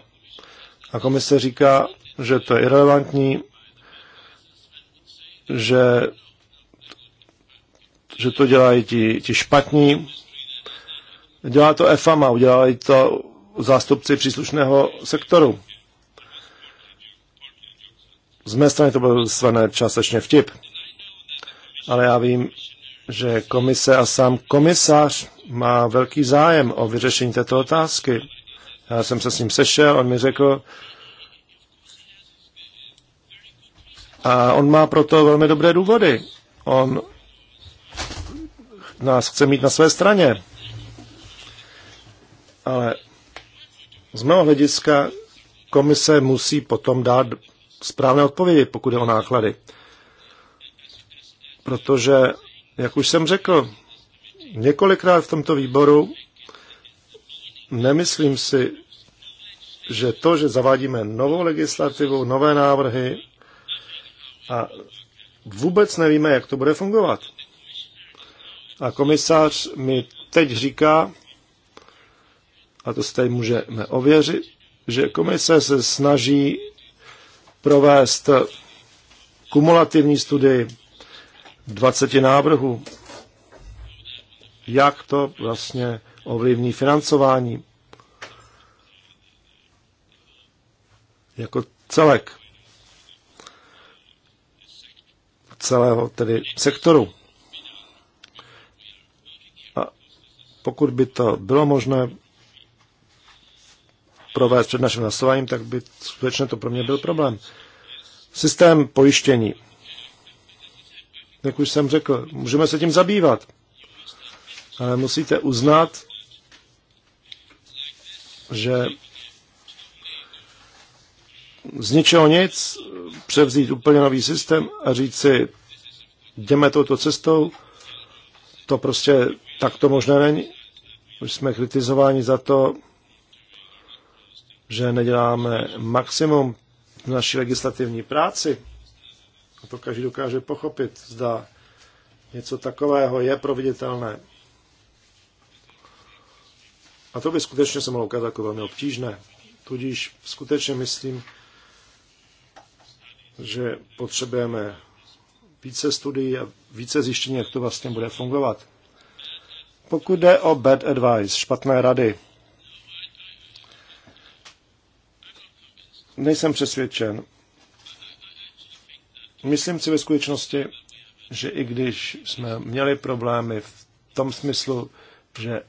A komise říká, že to je irrelevantní, že, že to dělají ti, ti špatní. Dělá to EFAMA, udělají to zástupci příslušného sektoru. Z mé strany to byl svané částečně vtip. Ale já vím, že komise a sám komisař má velký zájem o vyřešení této otázky. Já jsem se s ním sešel, on mi řekl, a on má proto velmi dobré důvody. On nás chce mít na své straně. Ale z mého hlediska komise musí potom dát správné odpovědi, pokud je o náklady. Protože jak už jsem řekl několikrát v tomto výboru, nemyslím si, že to, že zavádíme novou legislativu, nové návrhy a vůbec nevíme, jak to bude fungovat. A komisář mi teď říká, a to se můžeme ověřit, že komise se snaží provést kumulativní studii 20 návrhů. Jak to vlastně ovlivní financování jako celek celého tedy sektoru. A pokud by to bylo možné provést před naším hlasováním, tak by skutečně to pro mě byl problém. Systém pojištění jak už jsem řekl, můžeme se tím zabývat. Ale musíte uznat, že z ničeho nic převzít úplně nový systém a říct si, jdeme touto cestou, to prostě tak to možné není. Už jsme kritizováni za to, že neděláme maximum v naší legislativní práci. A to každý dokáže pochopit, zda něco takového je providitelné. A to by skutečně se mohlo ukázat jako velmi obtížné. Tudíž skutečně myslím, že potřebujeme více studií a více zjištění, jak to vlastně bude fungovat. Pokud jde o bad advice, špatné rady, nejsem přesvědčen, Myslím si ve skutečnosti, že i když jsme měli problémy v tom smyslu, že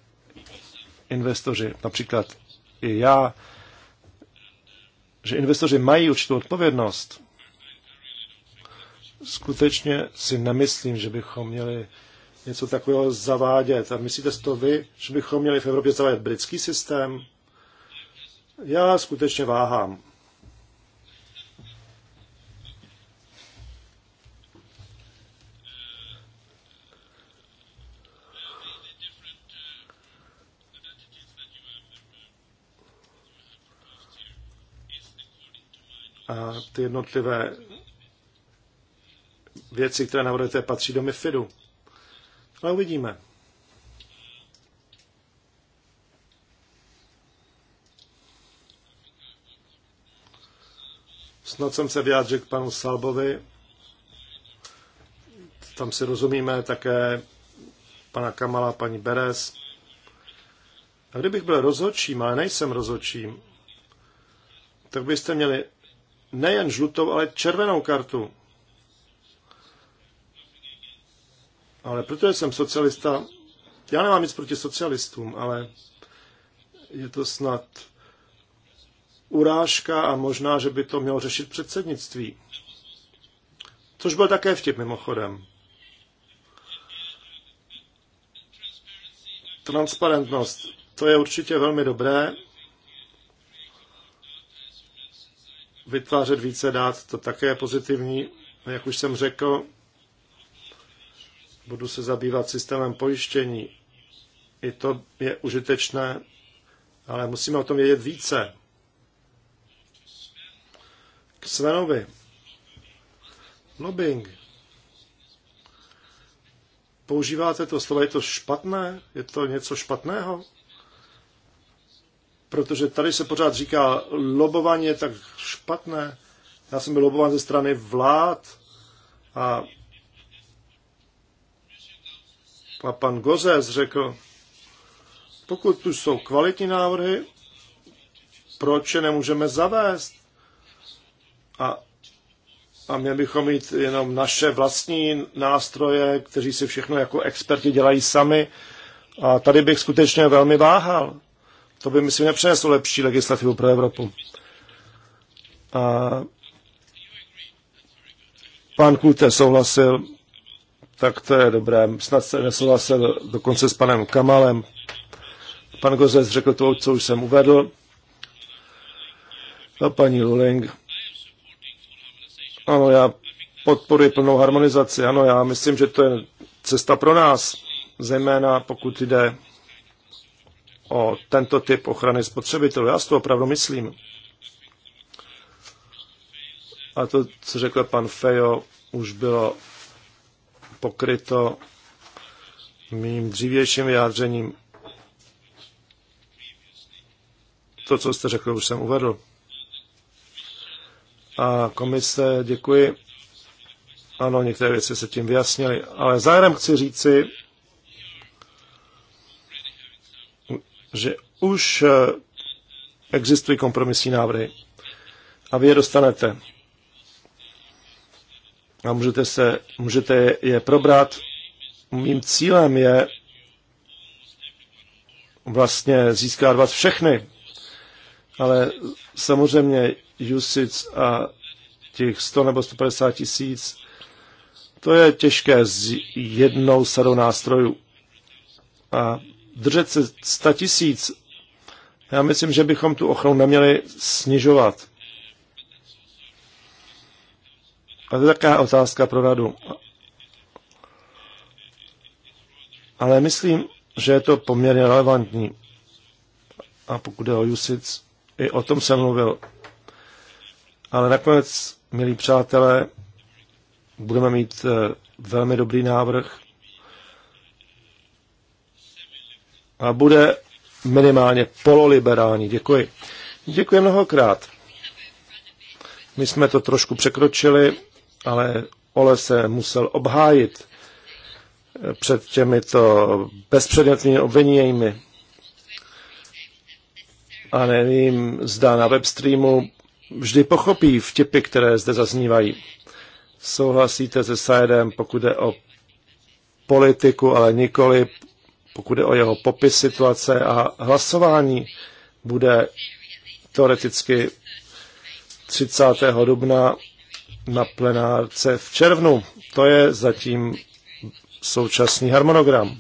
investoři, například i já, že investoři mají určitou odpovědnost, skutečně si nemyslím, že bychom měli něco takového zavádět. A myslíte si to vy, že bychom měli v Evropě zavádět britský systém? Já skutečně váhám. A ty jednotlivé věci, které navrhujete, patří do MIFIDu. Ale uvidíme. Snad jsem se vyjádřil k panu Salbovi. Tam si rozumíme také pana Kamala, paní Beres. A kdybych byl rozhodčím, ale nejsem rozhodčím, tak byste měli nejen žlutou, ale červenou kartu. Ale protože jsem socialista, já nemám nic proti socialistům, ale je to snad urážka a možná, že by to mělo řešit předsednictví. Což byl také vtip mimochodem. Transparentnost. To je určitě velmi dobré, vytvářet více dát, to také je pozitivní. Jak už jsem řekl, budu se zabývat systémem pojištění. I to je užitečné, ale musíme o tom vědět více. K Svenovi. Lobbying. Používáte to slovo, je to špatné? Je to něco špatného? protože tady se pořád říká, lobování je tak špatné. Já jsem byl lobován ze strany vlád a, a pan Gozes řekl, pokud tu jsou kvalitní návrhy, proč je nemůžeme zavést? A, a měli bychom mít jenom naše vlastní nástroje, kteří si všechno jako experti dělají sami. A tady bych skutečně velmi váhal. To by, myslím, nepřineslo lepší legislativu pro Evropu. A pan Kulte souhlasil, tak to je dobré. Snad se nesouhlasil dokonce s panem Kamalem. Pan Gozes řekl to, co už jsem uvedl. A paní Luling. Ano, já podporuji plnou harmonizaci. Ano, já myslím, že to je cesta pro nás, zejména pokud jde o tento typ ochrany spotřebitelů. Já si to opravdu myslím. A to, co řekl pan Fejo, už bylo pokryto mým dřívějším vyjádřením. To, co jste řekl, už jsem uvedl. A komise, děkuji. Ano, některé věci se tím vyjasnily, ale zároveň chci říci, že už eh, existují kompromisní návrhy a vy je dostanete. A můžete, se, můžete je probrat. Mým cílem je vlastně získat vás všechny. Ale samozřejmě Jusic a těch 100 nebo 150 tisíc, to je těžké s jednou sadou nástrojů. A držet se 100 tisíc, já myslím, že bychom tu ochranu neměli snižovat. A to je taková otázka pro radu. Ale myslím, že je to poměrně relevantní. A pokud je o Jusic, i o tom jsem mluvil. Ale nakonec, milí přátelé, budeme mít eh, velmi dobrý návrh a bude minimálně pololiberální. Děkuji. Děkuji mnohokrát. My jsme to trošku překročili, ale Ole se musel obhájit před těmito bezpředmětnými obviněními. A nevím, zda na webstreamu vždy pochopí vtipy, které zde zaznívají. Souhlasíte se Saidem, pokud jde o politiku, ale nikoli pokud je o jeho popis situace a hlasování, bude teoreticky 30. dubna na plenárce v červnu. To je zatím současný harmonogram.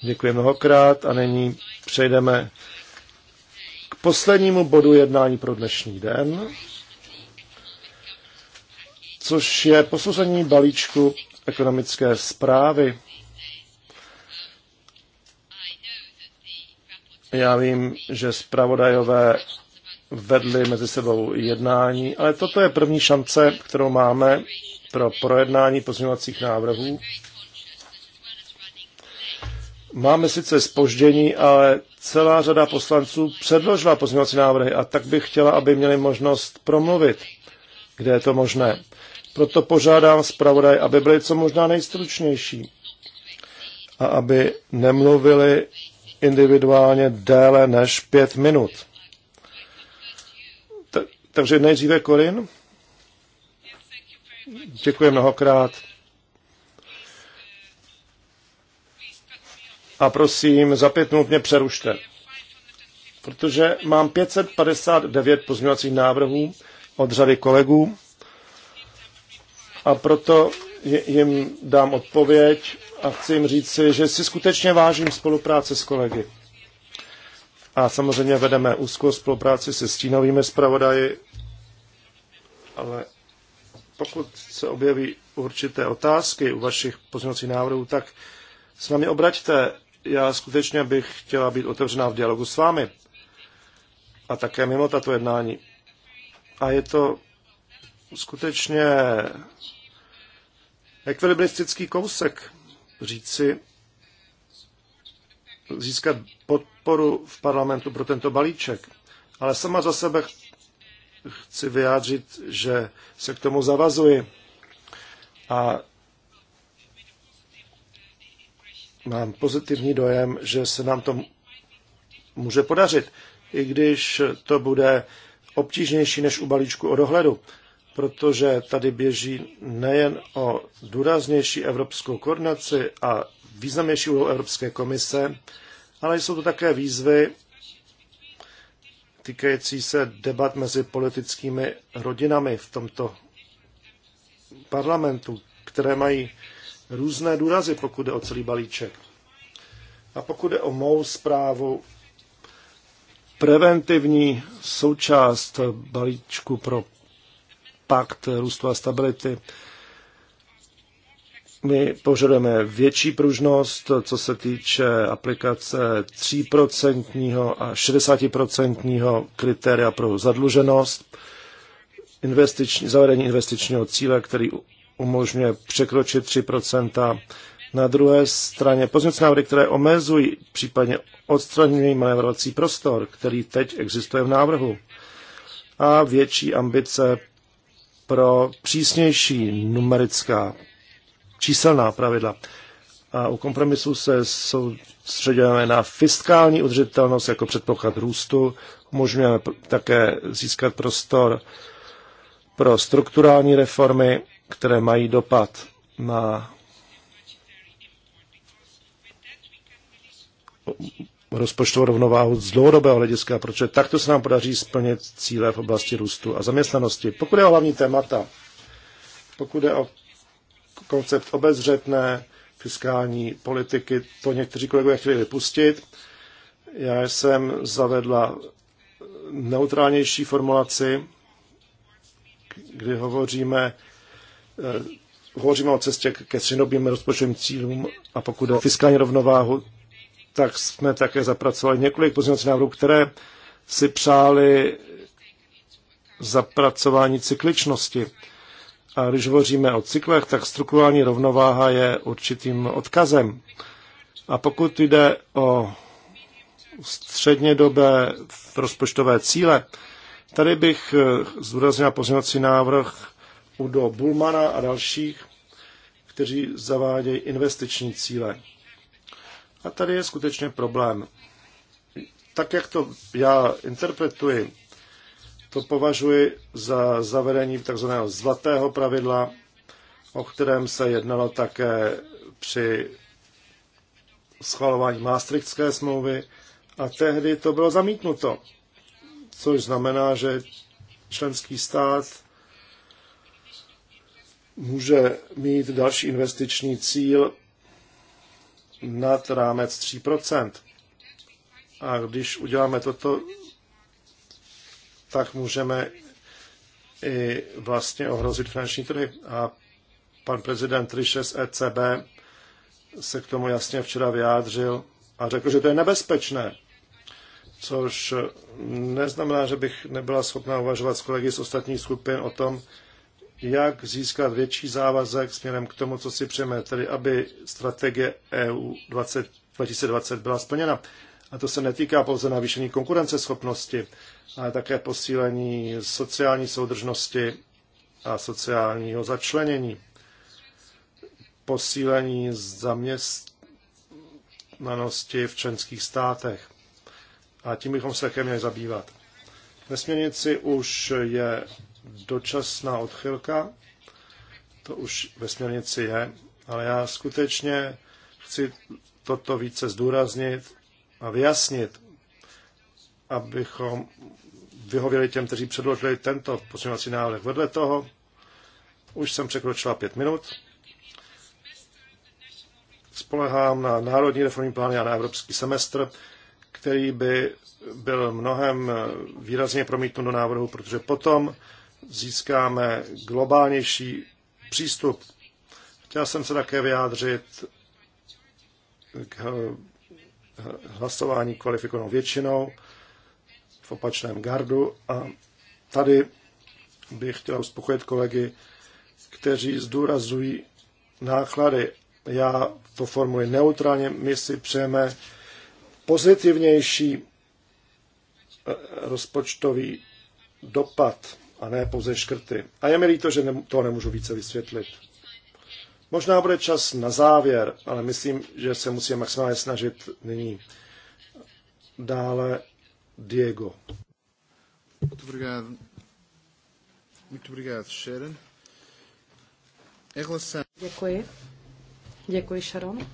Děkuji mnohokrát a nyní přejdeme k poslednímu bodu jednání pro dnešní den, což je posouzení balíčku ekonomické zprávy. Já vím, že zpravodajové vedli mezi sebou jednání, ale toto je první šance, kterou máme pro projednání pozměňovacích návrhů. Máme sice spoždění, ale celá řada poslanců předložila pozměňovací návrhy a tak bych chtěla, aby měli možnost promluvit, kde je to možné. Proto požádám zpravodaj, aby byli co možná nejstručnější a aby nemluvili individuálně déle než pět minut. Takže nejdříve Korin. Děkuji mnohokrát. A prosím, za pět minut mě přerušte, protože mám 559 pozměňovacích návrhů od řady kolegů a proto jim dám odpověď a chci jim říci, že si skutečně vážím spolupráce s kolegy. A samozřejmě vedeme úzkou spolupráci se stínovými zpravodaji, ale pokud se objeví určité otázky u vašich pozměňovacích návrhů, tak s na obraťte. Já skutečně bych chtěla být otevřená v dialogu s vámi a také mimo tato jednání. A je to skutečně ekvilibristický kousek říci, získat podporu v parlamentu pro tento balíček. Ale sama za sebe chci vyjádřit, že se k tomu zavazuji a mám pozitivní dojem, že se nám to může podařit, i když to bude obtížnější než u balíčku o dohledu protože tady běží nejen o důraznější evropskou koordinaci a významnější úlohu Evropské komise, ale jsou to také výzvy týkající se debat mezi politickými rodinami v tomto parlamentu, které mají různé důrazy, pokud jde o celý balíček. A pokud jde o mou zprávu, preventivní součást balíčku pro pakt růstu a stability. My požadujeme větší pružnost, co se týče aplikace 3% a 60% kritéria pro zadluženost, investiční, zavedení investičního cíle, který umožňuje překročit 3%. Na druhé straně pozměnce návrhy, které omezují, případně odstraňují manévrovací prostor, který teď existuje v návrhu. A větší ambice pro přísnější numerická číselná pravidla. A u kompromisu se soustředujeme na fiskální udržitelnost jako předpoklad růstu. Umožňujeme také získat prostor pro strukturální reformy, které mají dopad na rozpočtovou rovnováhu z dlouhodobého hlediska, protože takto se nám podaří splnit cíle v oblasti růstu a zaměstnanosti. Pokud je o hlavní témata, pokud je o koncept obezřetné fiskální politiky, to někteří kolegové chtěli vypustit. Já jsem zavedla neutrálnější formulaci, kdy hovoříme, eh, hovoříme o cestě ke střednodobým rozpočtovým cílům a pokud o fiskální rovnováhu, tak jsme také zapracovali několik pozměňovacích návrhů, které si přáli zapracování cykličnosti. A když hovoříme o cyklech, tak strukturální rovnováha je určitým odkazem. A pokud jde o střednědobé rozpočtové cíle, tady bych zúraznil pozměňovací návrh Udo Bulmana a dalších, kteří zavádějí investiční cíle. A tady je skutečně problém. Tak, jak to já interpretuji, to považuji za zavedení tzv. zlatého pravidla, o kterém se jednalo také při schvalování Maastrichtské smlouvy a tehdy to bylo zamítnuto, což znamená, že členský stát může mít další investiční cíl nad rámec 3%. A když uděláme toto, tak můžeme i vlastně ohrozit finanční trhy. A pan prezident Trichet z ECB se k tomu jasně včera vyjádřil a řekl, že to je nebezpečné. Což neznamená, že bych nebyla schopná uvažovat s kolegy z ostatních skupin o tom, jak získat větší závazek směrem k tomu, co si přejeme, tedy aby strategie EU 20, 2020 byla splněna. A to se netýká pouze navýšení konkurenceschopnosti, ale také posílení sociální soudržnosti a sociálního začlenění, posílení zaměstnanosti v členských státech. A tím bychom se také měli zabývat. Ve směrnici už je dočasná odchylka, to už ve směrnici je, ale já skutečně chci toto více zdůraznit a vyjasnit, abychom vyhověli těm, kteří předložili tento pozměňovací návrh. Vedle toho už jsem překročila pět minut. Spolehám na národní reformní plány a na evropský semestr, který by byl mnohem výrazně promítnut do návrhu, protože potom získáme globálnější přístup. Chtěl jsem se také vyjádřit k hlasování kvalifikovanou většinou v opačném gardu a tady bych chtěl uspokojit kolegy, kteří zdůrazují náklady. Já to formuluji neutrálně, my si přejeme pozitivnější e, rozpočtový dopad a ne pouze škrty. A je mi líto, že to nemůžu více vysvětlit. Možná bude čas na závěr, ale myslím, že se musíme maximálně snažit nyní. Dále Diego. Muito obrigado. Muito obrigado, Sharon. Em relação... Děkuji. Děkuji, Sharon.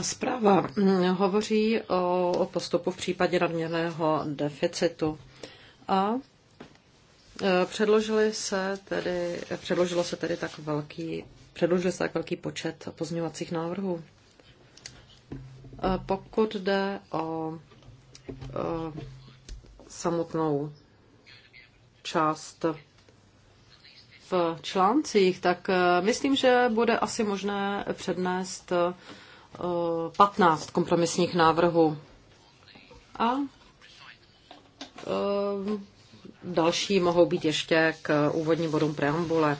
Zpráva mm, hovoří o postupu v případě nadměrného deficitu a e, předložili se tedy, předložilo se tedy tak velký, předložil se tak velký počet pozměňovacích návrhů. E, pokud jde o, o e, samotnou část v článcích, tak myslím, že bude asi možné přednést 15 kompromisních návrhů a eh, další mohou být ještě k úvodním bodům preambule.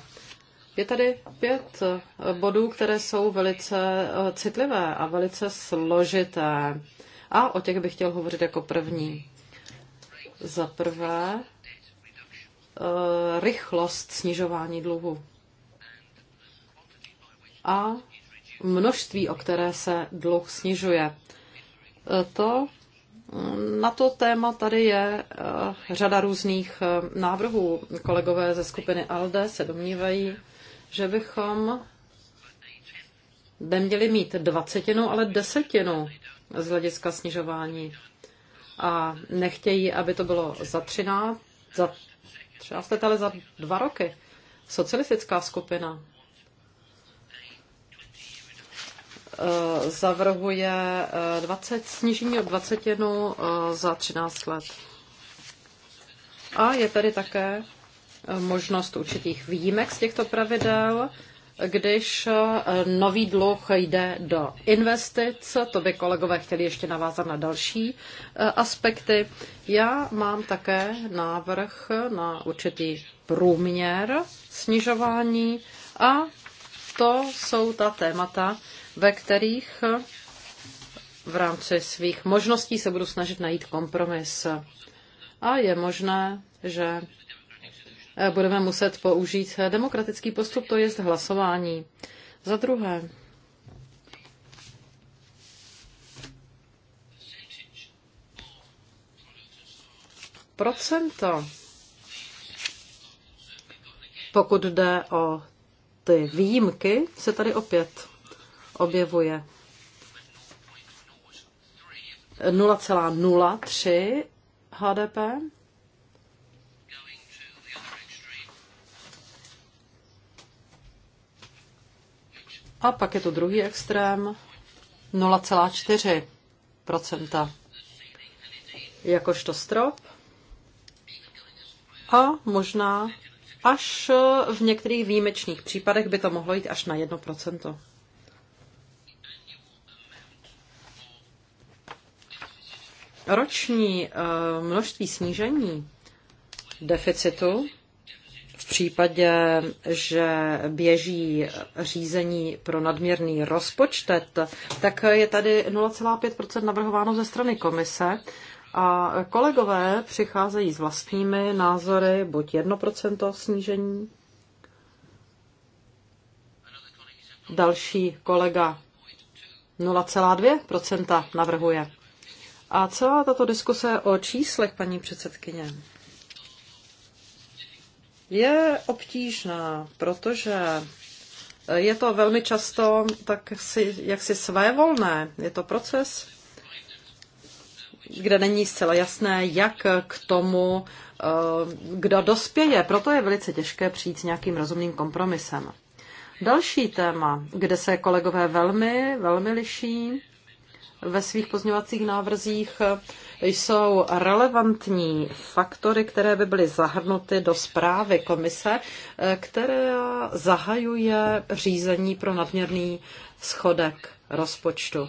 Je tady pět eh, bodů, které jsou velice eh, citlivé a velice složité. A o těch bych chtěl hovořit jako první. Za prvé, rychlost snižování dluhu a množství, o které se dluh snižuje. E, to mm, na to téma tady je e, řada různých e, návrhů. Kolegové ze skupiny ALDE se domnívají, že bychom neměli mít dvacetinu, ale desetinu z hlediska snižování. A nechtějí, aby to bylo za třináct, za třináct let, ale za dva roky. Socialistická skupina Eh, zavrhuje 20, eh, snížení o 21 eh, za 13 let. A je tady také možnost určitých výjimek z těchto pravidel, když nový dluh jde do investic, to by kolegové chtěli ještě navázat na další aspekty. Já mám také návrh na určitý průměr snižování a to jsou ta témata, ve kterých v rámci svých možností se budu snažit najít kompromis. A je možné, že budeme muset použít demokratický postup, to je hlasování. Za druhé, procento, pokud jde o ty výjimky, se tady opět objevuje. 0,03 HDP. A pak je to druhý extrém, 0,4 jakožto strop. A možná až v některých výjimečných případech by to mohlo jít až na 1 roční eh, množství snížení deficitu v případě, že běží řízení pro nadměrný rozpočtet, tak je tady 0,5 navrhováno ze strany komise. A kolegové přicházejí s vlastními názory, buď 1% snížení. Další kolega 0,2% navrhuje. A celá tato diskuse o číslech, paní předsedkyně, je obtížná, protože je to velmi často tak si, jaksi svévolné. Je to proces, kde není zcela jasné, jak k tomu, eh, kdo dospěje. Proto je velice těžké přijít s nějakým rozumným kompromisem. Další téma, kde se kolegové velmi, velmi liší, ve svých pozměňovacích návrzích eh, jsou relevantní faktory, které by byly zahrnuty do zprávy komise, eh, která zahajuje řízení pro nadměrný schodek rozpočtu.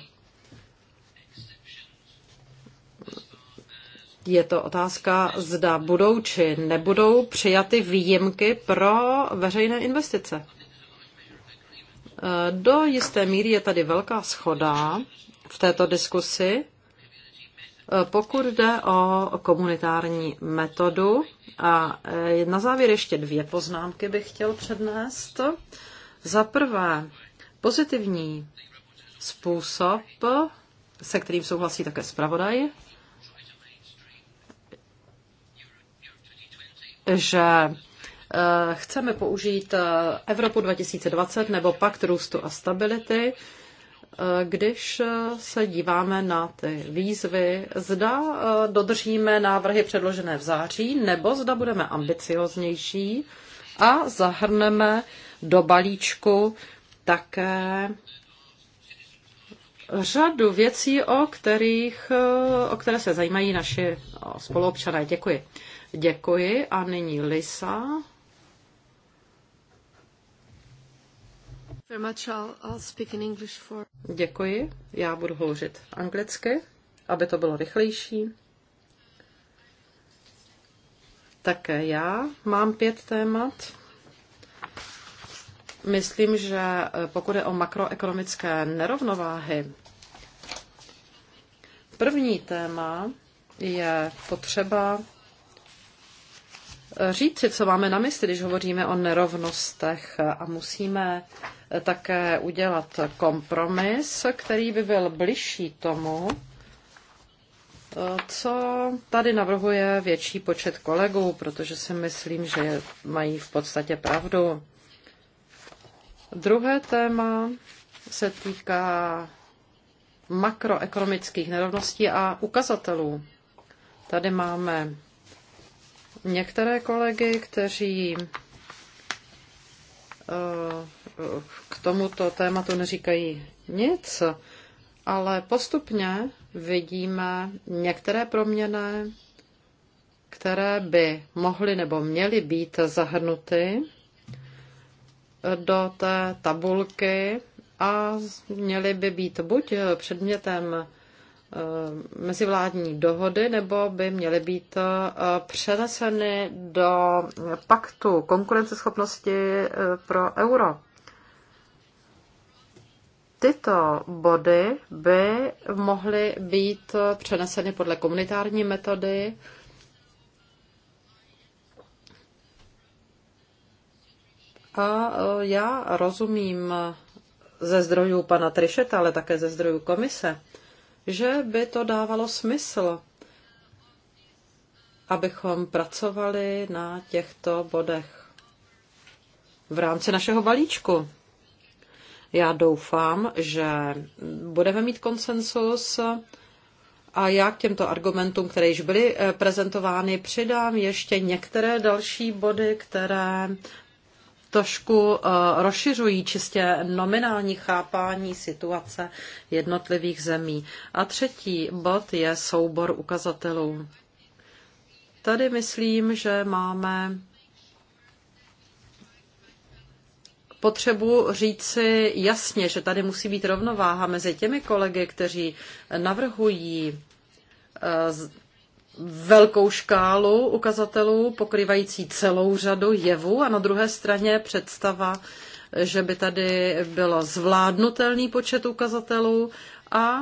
Je to otázka, zda budou či nebudou přijaty výjimky pro veřejné investice. Eh, do jisté míry je tady velká schoda v této diskusi. Eh, pokud jde o komunitární metodu, a eh, na závěr ještě dvě poznámky bych chtěl přednést. Za prvé, pozitivní způsob, se kterým souhlasí také zpravodaj, že eh, chceme použít Evropu 2020 nebo Pakt růstu a stability když se díváme na ty výzvy, zda e, dodržíme návrhy předložené v září, nebo zda budeme ambicioznější a zahrneme do balíčku také řadu věcí, o, kterých, e, o které se zajímají naši spoluobčané. Děkuji. Děkuji a nyní Lisa Děkuji, já budu hovořit anglicky, aby to bylo rychlejší. Také já mám pět témat. Myslím, že eh, pokud je o makroekonomické nerovnováhy, první téma je potřeba říci, co máme na mysli, když hovoříme o nerovnostech a musíme také udělat kompromis, který by byl bližší tomu, co tady navrhuje větší počet kolegů, protože si myslím, že mají v podstatě pravdu. Druhé téma se týká makroekonomických nerovností a ukazatelů. Tady máme některé kolegy, kteří eh, k tomuto tématu neříkají nic, ale postupně vidíme některé proměny, které by mohly nebo měly být zahrnuty do té tabulky a měly by být buď předmětem Eh, mezivládní dohody nebo by měly být eh, přeneseny do paktu konkurenceschopnosti eh, pro euro. Tyto body by mohly být přeneseny podle komunitární metody a já rozumím ze zdrojů pana Trišeta, ale také ze zdrojů komise, že by to dávalo smysl, abychom pracovali na těchto bodech v rámci našeho balíčku. Já doufám, že budeme mít konsensus a já k těmto argumentům, které již byly eh, prezentovány, přidám ještě některé další body, které trošku eh, rozšiřují čistě nominální chápání situace jednotlivých zemí. A třetí bod je soubor ukazatelů. Tady myslím, že máme potřebu říci jasně, že tady musí být rovnováha mezi těmi kolegy, kteří navrhují eh, velkou škálu ukazatelů, pokrývající celou řadu jevů a na druhé straně představa, že by tady bylo zvládnutelný počet ukazatelů a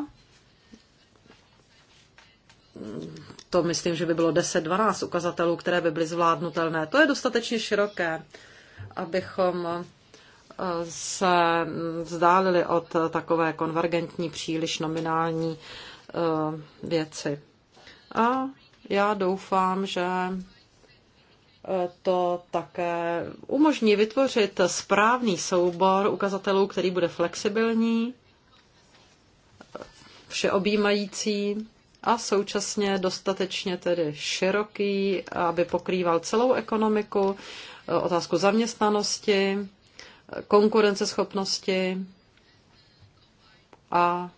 to myslím, že by bylo 10-12 ukazatelů, které by byly zvládnutelné. To je dostatečně široké, abychom eh, se vzdálili od takové konvergentní, příliš nominální eh, věci. A já doufám, že eh, to také umožní vytvořit správný soubor ukazatelů, který bude flexibilní, všeobjímající a současně dostatečně tedy široký, aby pokrýval celou ekonomiku, eh, otázku zaměstnanosti, eh, konkurenceschopnosti a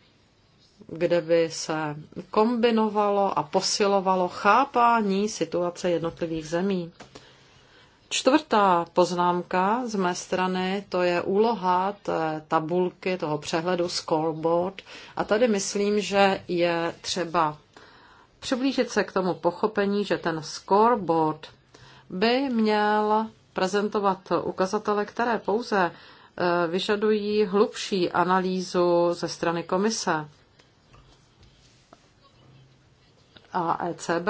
kde by se kombinovalo a posilovalo chápání situace jednotlivých zemí. Čtvrtá poznámka z mé strany, to je úloha té tabulky, toho přehledu scoreboard. A tady myslím, že je třeba přiblížit se k tomu pochopení, že ten scoreboard by měl prezentovat ukazatele, které pouze eh, vyžadují hlubší analýzu ze strany komise. a ECB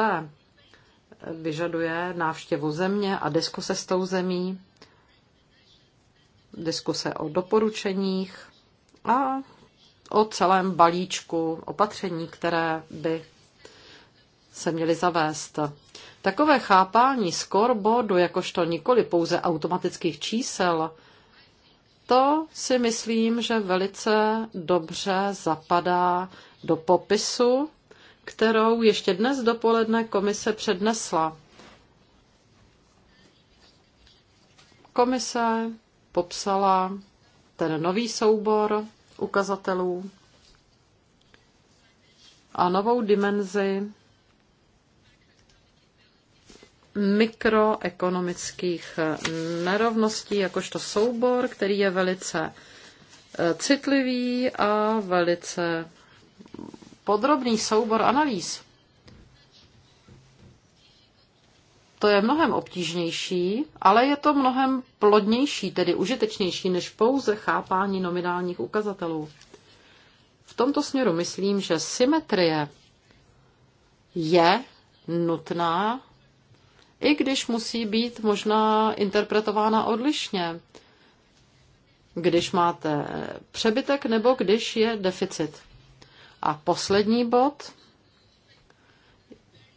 vyžaduje návštěvu země a diskuse s tou zemí, diskuse o doporučeních a o celém balíčku opatření, které by se měly zavést. Takové chápání scoreboardu jakožto nikoli pouze automatických čísel, to si myslím, že velice dobře zapadá do popisu kterou ještě dnes dopoledne komise přednesla. Komise popsala ten nový soubor ukazatelů a novou dimenzi mikroekonomických nerovností, jakožto soubor, který je velice eh, citlivý a velice podrobný soubor analýz. To je mnohem obtížnější, ale je to mnohem plodnější, tedy užitečnější, než pouze chápání nominálních ukazatelů. V tomto směru myslím, že symetrie je nutná, i když musí být možná interpretována odlišně, když máte přebytek nebo když je deficit. A poslední bod.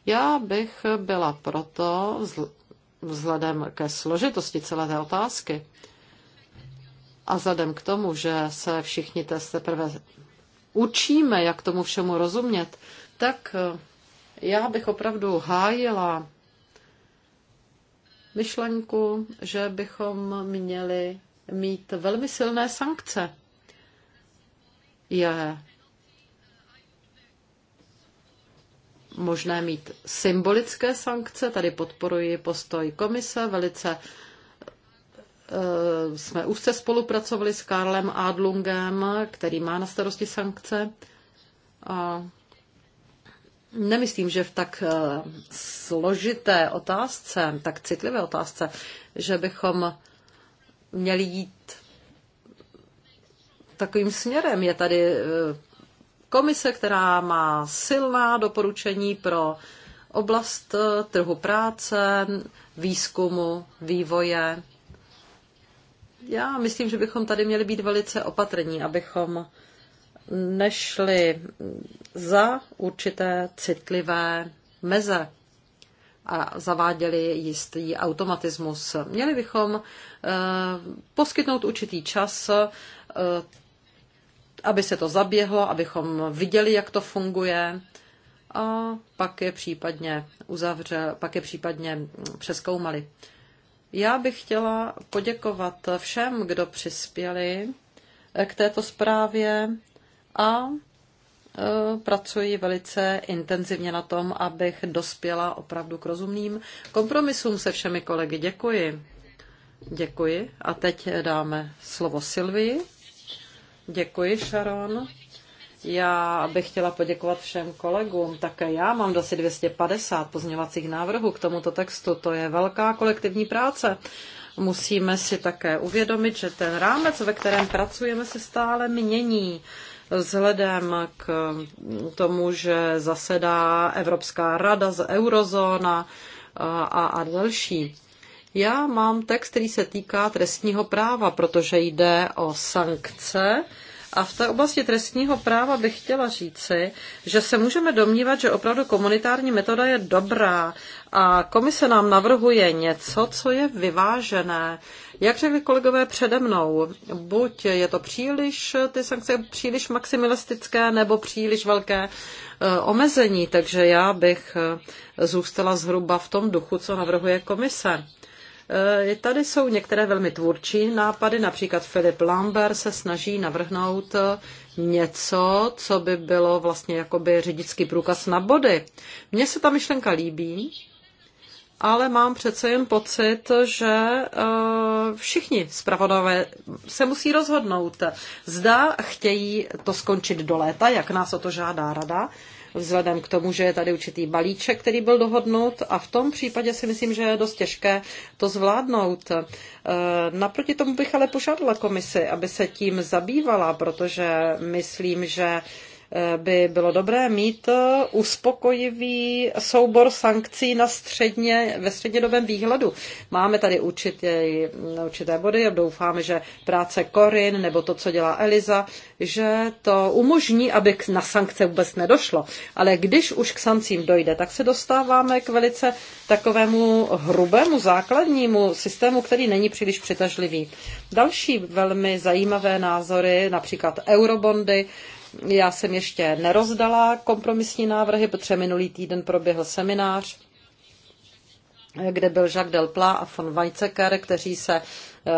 Já bych byla proto, vzhledem ke složitosti celé té otázky a vzhledem k tomu, že se všichni teprve učíme, jak tomu všemu rozumět, tak eh, já bych opravdu hájila myšlenku, že bychom měli mít velmi silné sankce. Je možné mít symbolické sankce. Tady podporuji postoj komise. Velice e, jsme úzce spolupracovali s Karlem Adlungem, který má na starosti sankce. A Nemyslím, že v tak e, složité otázce, tak citlivé otázce, že bychom měli jít takovým směrem. Je tady e, komise, která má silná doporučení pro oblast eh, trhu práce, výzkumu, vývoje. Já myslím, že bychom tady měli být velice opatrní, abychom nešli za určité citlivé meze a zaváděli jistý automatismus. Měli bychom eh, poskytnout určitý čas eh, aby se to zaběhlo, abychom viděli, jak to funguje a pak je případně uzavře, pak je případně přeskoumali. Já bych chtěla poděkovat všem, kdo přispěli eh, k této zprávě a eh, pracuji velice intenzivně na tom, abych dospěla opravdu k rozumným kompromisům se všemi kolegy. Děkuji. Děkuji. A teď dáme slovo Silvii. Děkuji, Sharon. Já bych chtěla poděkovat všem kolegům. Také já mám asi 250 pozměňovacích návrhů k tomuto textu. To je velká kolektivní práce. Musíme si také uvědomit, že ten rámec, ve kterém pracujeme, se stále mění vzhledem k tomu, že zasedá Evropská rada z eurozóna a, a další. Já mám text, který se týká trestního práva, protože jde o sankce. A v té oblasti trestního práva bych chtěla říci, že se můžeme domnívat, že opravdu komunitární metoda je dobrá a komise nám navrhuje něco, co je vyvážené. Jak řekli kolegové přede mnou, buď je to příliš, ty sankce příliš maximalistické nebo příliš velké eh, omezení, takže já bych eh, zůstala zhruba v tom duchu, co navrhuje komise. Eh, tady jsou některé velmi tvůrčí nápady, například Philip Lambert se snaží navrhnout eh, něco, co by bylo vlastně jakoby řidičský průkaz na body. Mně se ta myšlenka líbí, ale mám přece jen pocit, že eh, všichni zpravodové se musí rozhodnout, zda chtějí to skončit do léta, jak nás o to žádá rada, vzhledem k tomu, že je tady určitý balíček, který byl dohodnut a v tom případě si myslím, že je dost těžké to zvládnout. E, naproti tomu bych ale požádala komisi, aby se tím zabývala, protože myslím, že by bylo dobré mít uspokojivý soubor sankcí na středně, ve střednědobém výhledu. Máme tady určitě, mm, určité body a doufáme, že práce Korin nebo to, co dělá Eliza, že to umožní, aby na sankce vůbec nedošlo. Ale když už k sankcím dojde, tak se dostáváme k velice takovému hrubému základnímu systému, který není příliš přitažlivý. Další velmi zajímavé názory, například eurobondy, já jsem ještě nerozdala kompromisní návrhy, protože minulý týden proběhl seminář, kde byl Jacques Delpla a von Weizsäcker, kteří se eh,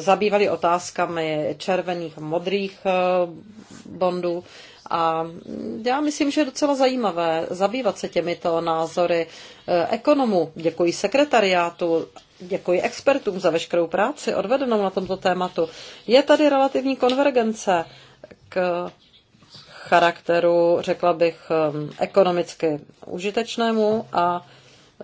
zabývali otázkami červených, a modrých eh, bondů. A já myslím, že je docela zajímavé zabývat se těmito názory eh, ekonomů. Děkuji sekretariátu, děkuji expertům za veškerou práci odvedenou na tomto tématu. Je tady relativní konvergence charakteru, řekla bych, um, ekonomicky užitečnému a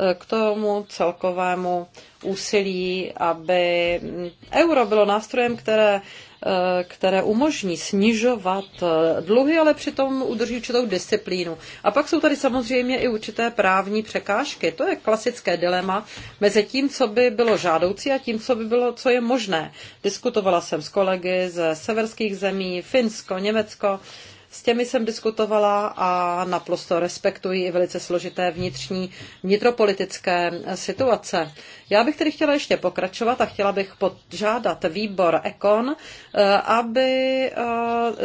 eh, k tomu celkovému úsilí, aby mm, euro bylo nástrojem, které Eh, které umožní snižovat eh, dluhy, ale přitom udrží určitou disciplínu. A pak jsou tady samozřejmě i určité právní překážky. To je klasické dilema mezi tím, co by bylo žádoucí a tím, co by bylo, co je možné. Diskutovala jsem s kolegy ze severských zemí, Finsko, Německo, s těmi jsem diskutovala a naprosto respektuji i velice složité vnitřní vnitropolitické situace. Já bych tedy chtěla ještě pokračovat a chtěla bych požádat výbor Ekon, eh, aby eh,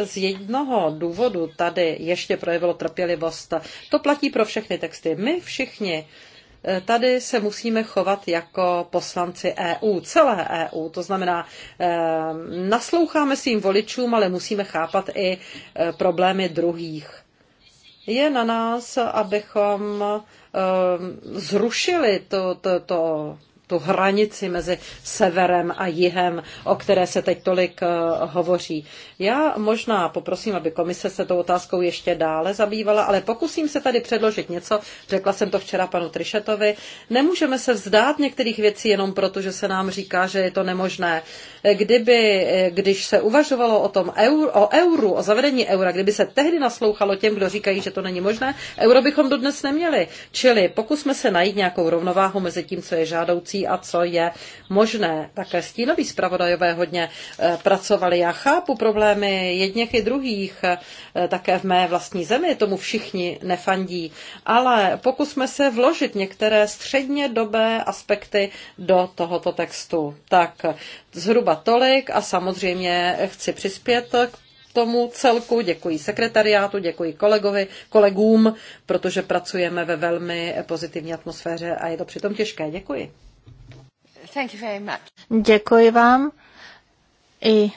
z jednoho důvodu tady ještě projevilo trpělivost. To platí pro všechny texty. My všichni Eh, tady se musíme chovat jako poslanci EU, celé EU. To znamená, eh, nasloucháme svým voličům, ale musíme chápat i eh, problémy druhých. Je na nás, abychom zrušili to, to, to tu hranici mezi severem a jihem, o které se teď tolik eh, hovoří. Já možná poprosím, aby komise se tou otázkou ještě dále zabývala, ale pokusím se tady předložit něco. Řekla jsem to včera panu Trišetovi. Nemůžeme se vzdát některých věcí jenom proto, že se nám říká, že je to nemožné. Kdyby, eh, když se uvažovalo o tom eur, o euru, o zavedení eura, kdyby se tehdy naslouchalo těm, kdo říkají, že to není možné, euro bychom dodnes neměli. Čili pokusme se najít nějakou rovnováhu mezi tím, co je žádoucí věcí a co je možné. Také stínoví zpravodajové hodně eh, pracovali. Já chápu problémy jedněch i druhých, eh, také v mé vlastní zemi, tomu všichni nefandí, ale pokusme se vložit některé středně dobé aspekty do tohoto textu. Tak zhruba tolik a samozřejmě chci přispět k tomu celku, děkuji sekretariátu, děkuji kolegovi, kolegům, protože pracujeme ve velmi pozitivní atmosféře a je to přitom těžké. Děkuji. Děkuji vám i e,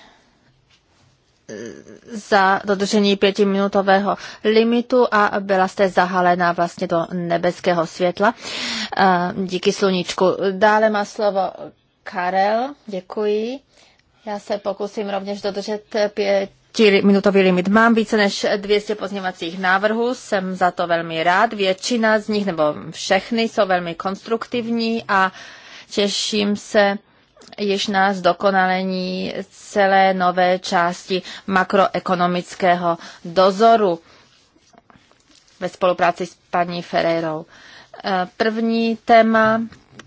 za dodržení pětiminutového limitu a byla jste zahalena vlastně do nebeského světla. E, díky sluníčku. Dále má slovo Karel. Děkuji. Já se pokusím rovněž dodržet pět minutový limit. Mám více než 200 pozněvacích návrhů, jsem za to velmi rád. Většina z nich, nebo všechny, jsou velmi konstruktivní a uh, Těším se již na zdokonalení celé nové části makroekonomického dozoru ve spolupráci s paní Ferrerou. Eh, první téma,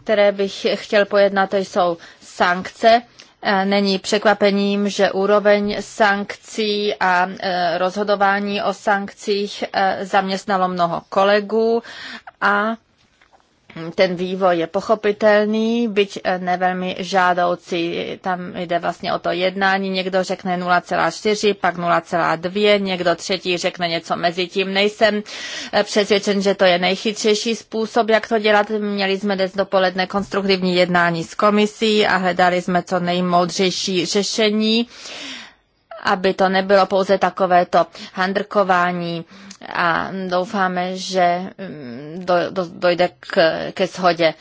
které bych chtěl pojednat, to jsou sankce. Eh, není překvapením, že úroveň sankcí a eh, rozhodování o sankcích zaměstnalo mnoho kolegů a ten vývoj je pochopitelný, byť eh, nevelmi žádoucí. Tam jde vlastně o to jednání. Někdo řekne 0,4, pak 0,2, někdo třetí řekne něco mezi tím. Nejsem eh, přesvědčen, že to je nejchytřejší způsob, jak to dělat. Měli jsme dnes dopoledne konstruktivní jednání s komisí a hledali jsme co nejmoudřejší řešení aby to nebylo pouze takovéto handrkování a doufáme, že mm, do, do, dojde k, ke shodě.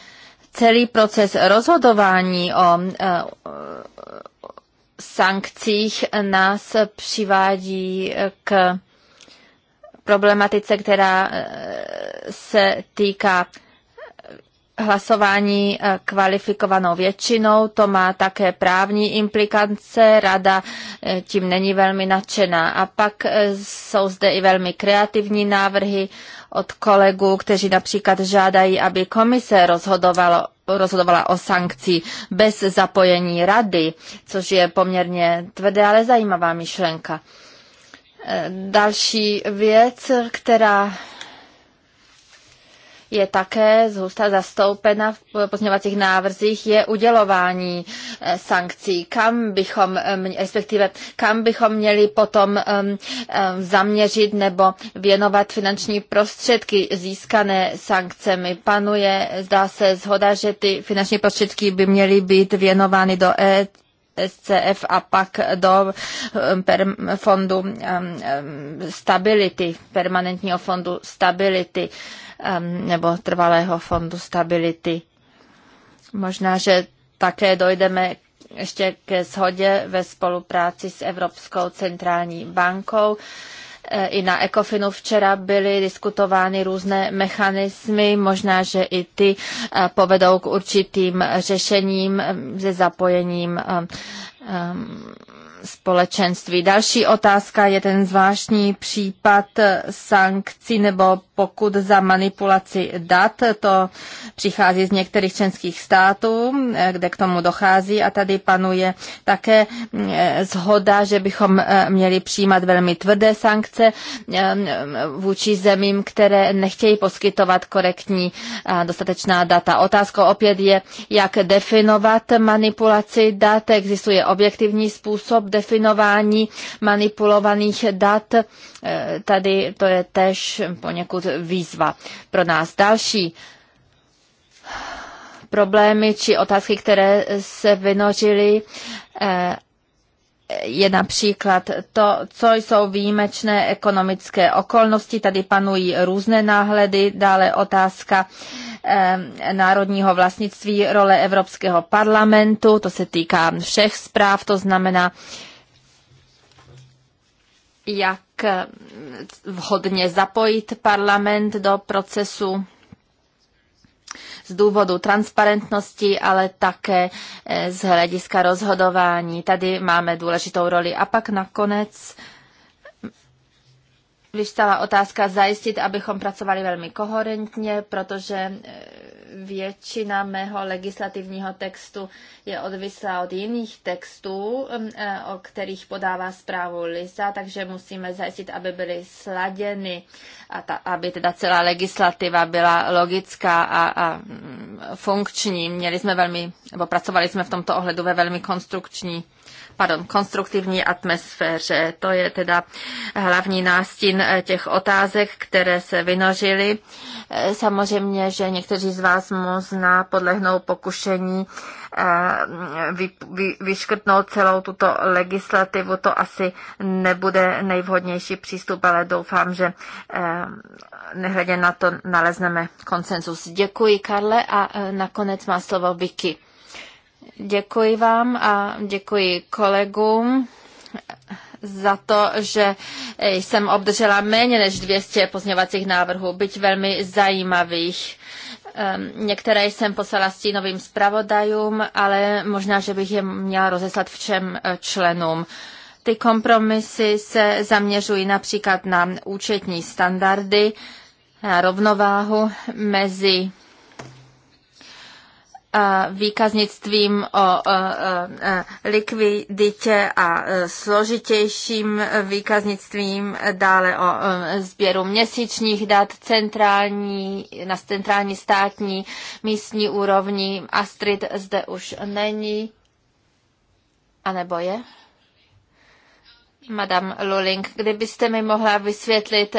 Celý proces rozhodování o e, sankcích nás přivádí k problematice, která e, se týká hlasování eh, kvalifikovanou většinou. To má také právní implikace, rada eh, tím není velmi nadšená. A pak eh, jsou zde i velmi kreativní návrhy od kolegů, kteří například žádají, aby komise rozhodovalo, rozhodovala o sankcí bez zapojení rady, což je poměrně tvrdé, ale zajímavá myšlenka. Další věc, která je také zhusta zastoupena v pozměňovacích návrzích, je udělování eh, sankcí. Kam bychom, eh, respektive kam bychom měli potom ehm, ehm, zaměřit nebo věnovat finanční prostředky získané sankcemi. Panuje, zdá se, zhoda, že ty finanční prostředky by měly být věnovány do e SCF a pak do ehm, fondu stability, permanentního fondu stability. Um, nebo trvalého fondu stability. Možná, že také dojdeme ještě ke shodě ve spolupráci s Evropskou centrální bankou. E, I na Ekofinu včera byly diskutovány různé mechanismy, možná, že i ty e, povedou k určitým řešením e, se zapojením společenství. Další otázka je ten zvláštní případ sankcí nebo pokud za manipulaci dat. To přichází z některých členských států, eh, kde k tomu dochází a tady panuje také eh, zhoda, že bychom eh, měli přijímat velmi tvrdé sankce vůči zemím, které nechtějí poskytovat korektní dostatečná data. Otázkou opět je, jak definovat manipulaci dat. Existuje objektivní způsob, definování manipulovaných dat. Eh, tady to je tež poněkud výzva pro nás. Další problémy či otázky, které se vynořily, eh, je například to, co jsou výjimečné ekonomické okolnosti. Tady panují různé náhledy. Dále otázka Eh, národního vlastnictví, role Evropského parlamentu, to se týká všech zpráv, to znamená, jak eh, vhodně zapojit parlament do procesu z důvodu transparentnosti, ale také eh, z hlediska rozhodování. Tady máme důležitou roli. A pak nakonec vystala otázka zajistit, abychom pracovali velmi koherentně, protože e, většina mého legislativního textu je odvislá od jiných textů, e, o kterých podává zprávu Lisa, takže musíme zajistit, aby byly sladěny a ta, aby teda celá legislativa byla logická a, a funkční. Měli jsme velmi, nebo pracovali jsme v tomto ohledu ve velmi konstrukční pardon, konstruktivní atmosféře. To je teda hlavní nástin eh, těch otázek, které se vynožily. Eh, samozřejmě, že někteří z vás možná podlehnou pokušení eh, vy, vy, vyškrtnout celou tuto legislativu. To asi nebude nejvhodnější přístup, ale doufám, že nehledě na to nalezneme konsenzus. Děkuji, Karle, a nakonec má slovo Vicky. Děkuji vám a děkuji kolegům za to, že jsem obdržela méně než 200 pozměňovacích návrhů, byť velmi zajímavých. Ehm, některé jsem poslala stínovým zpravodajům, ale možná, že bych je měla rozeslat všem e, členům. Ty kompromisy se zaměřují například na účetní standardy, na rovnováhu mezi výkaznictvím o e, likviditě a e, složitějším výkaznictvím, dále o e, sběru měsíčních dat centrální, na centrální státní místní úrovni. Astrid zde už není, a nebo je? Madame Luling, kdybyste mi mohla vysvětlit,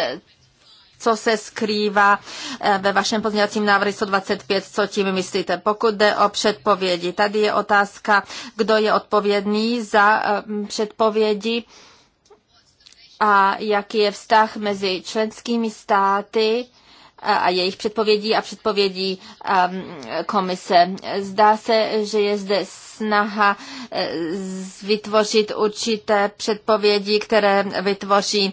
co se skrývá eh, ve vašem pozměňovacím návrhu 125, co tím myslíte. Pokud jde o předpovědi, tady je otázka, kdo je odpovědný za eh, předpovědi a jaký je vztah mezi členskými státy, a jejich předpovědí a předpovědí um, komise. Zdá se, že je zde snaha eh, vytvořit určité předpovědi, které vytvoří eh,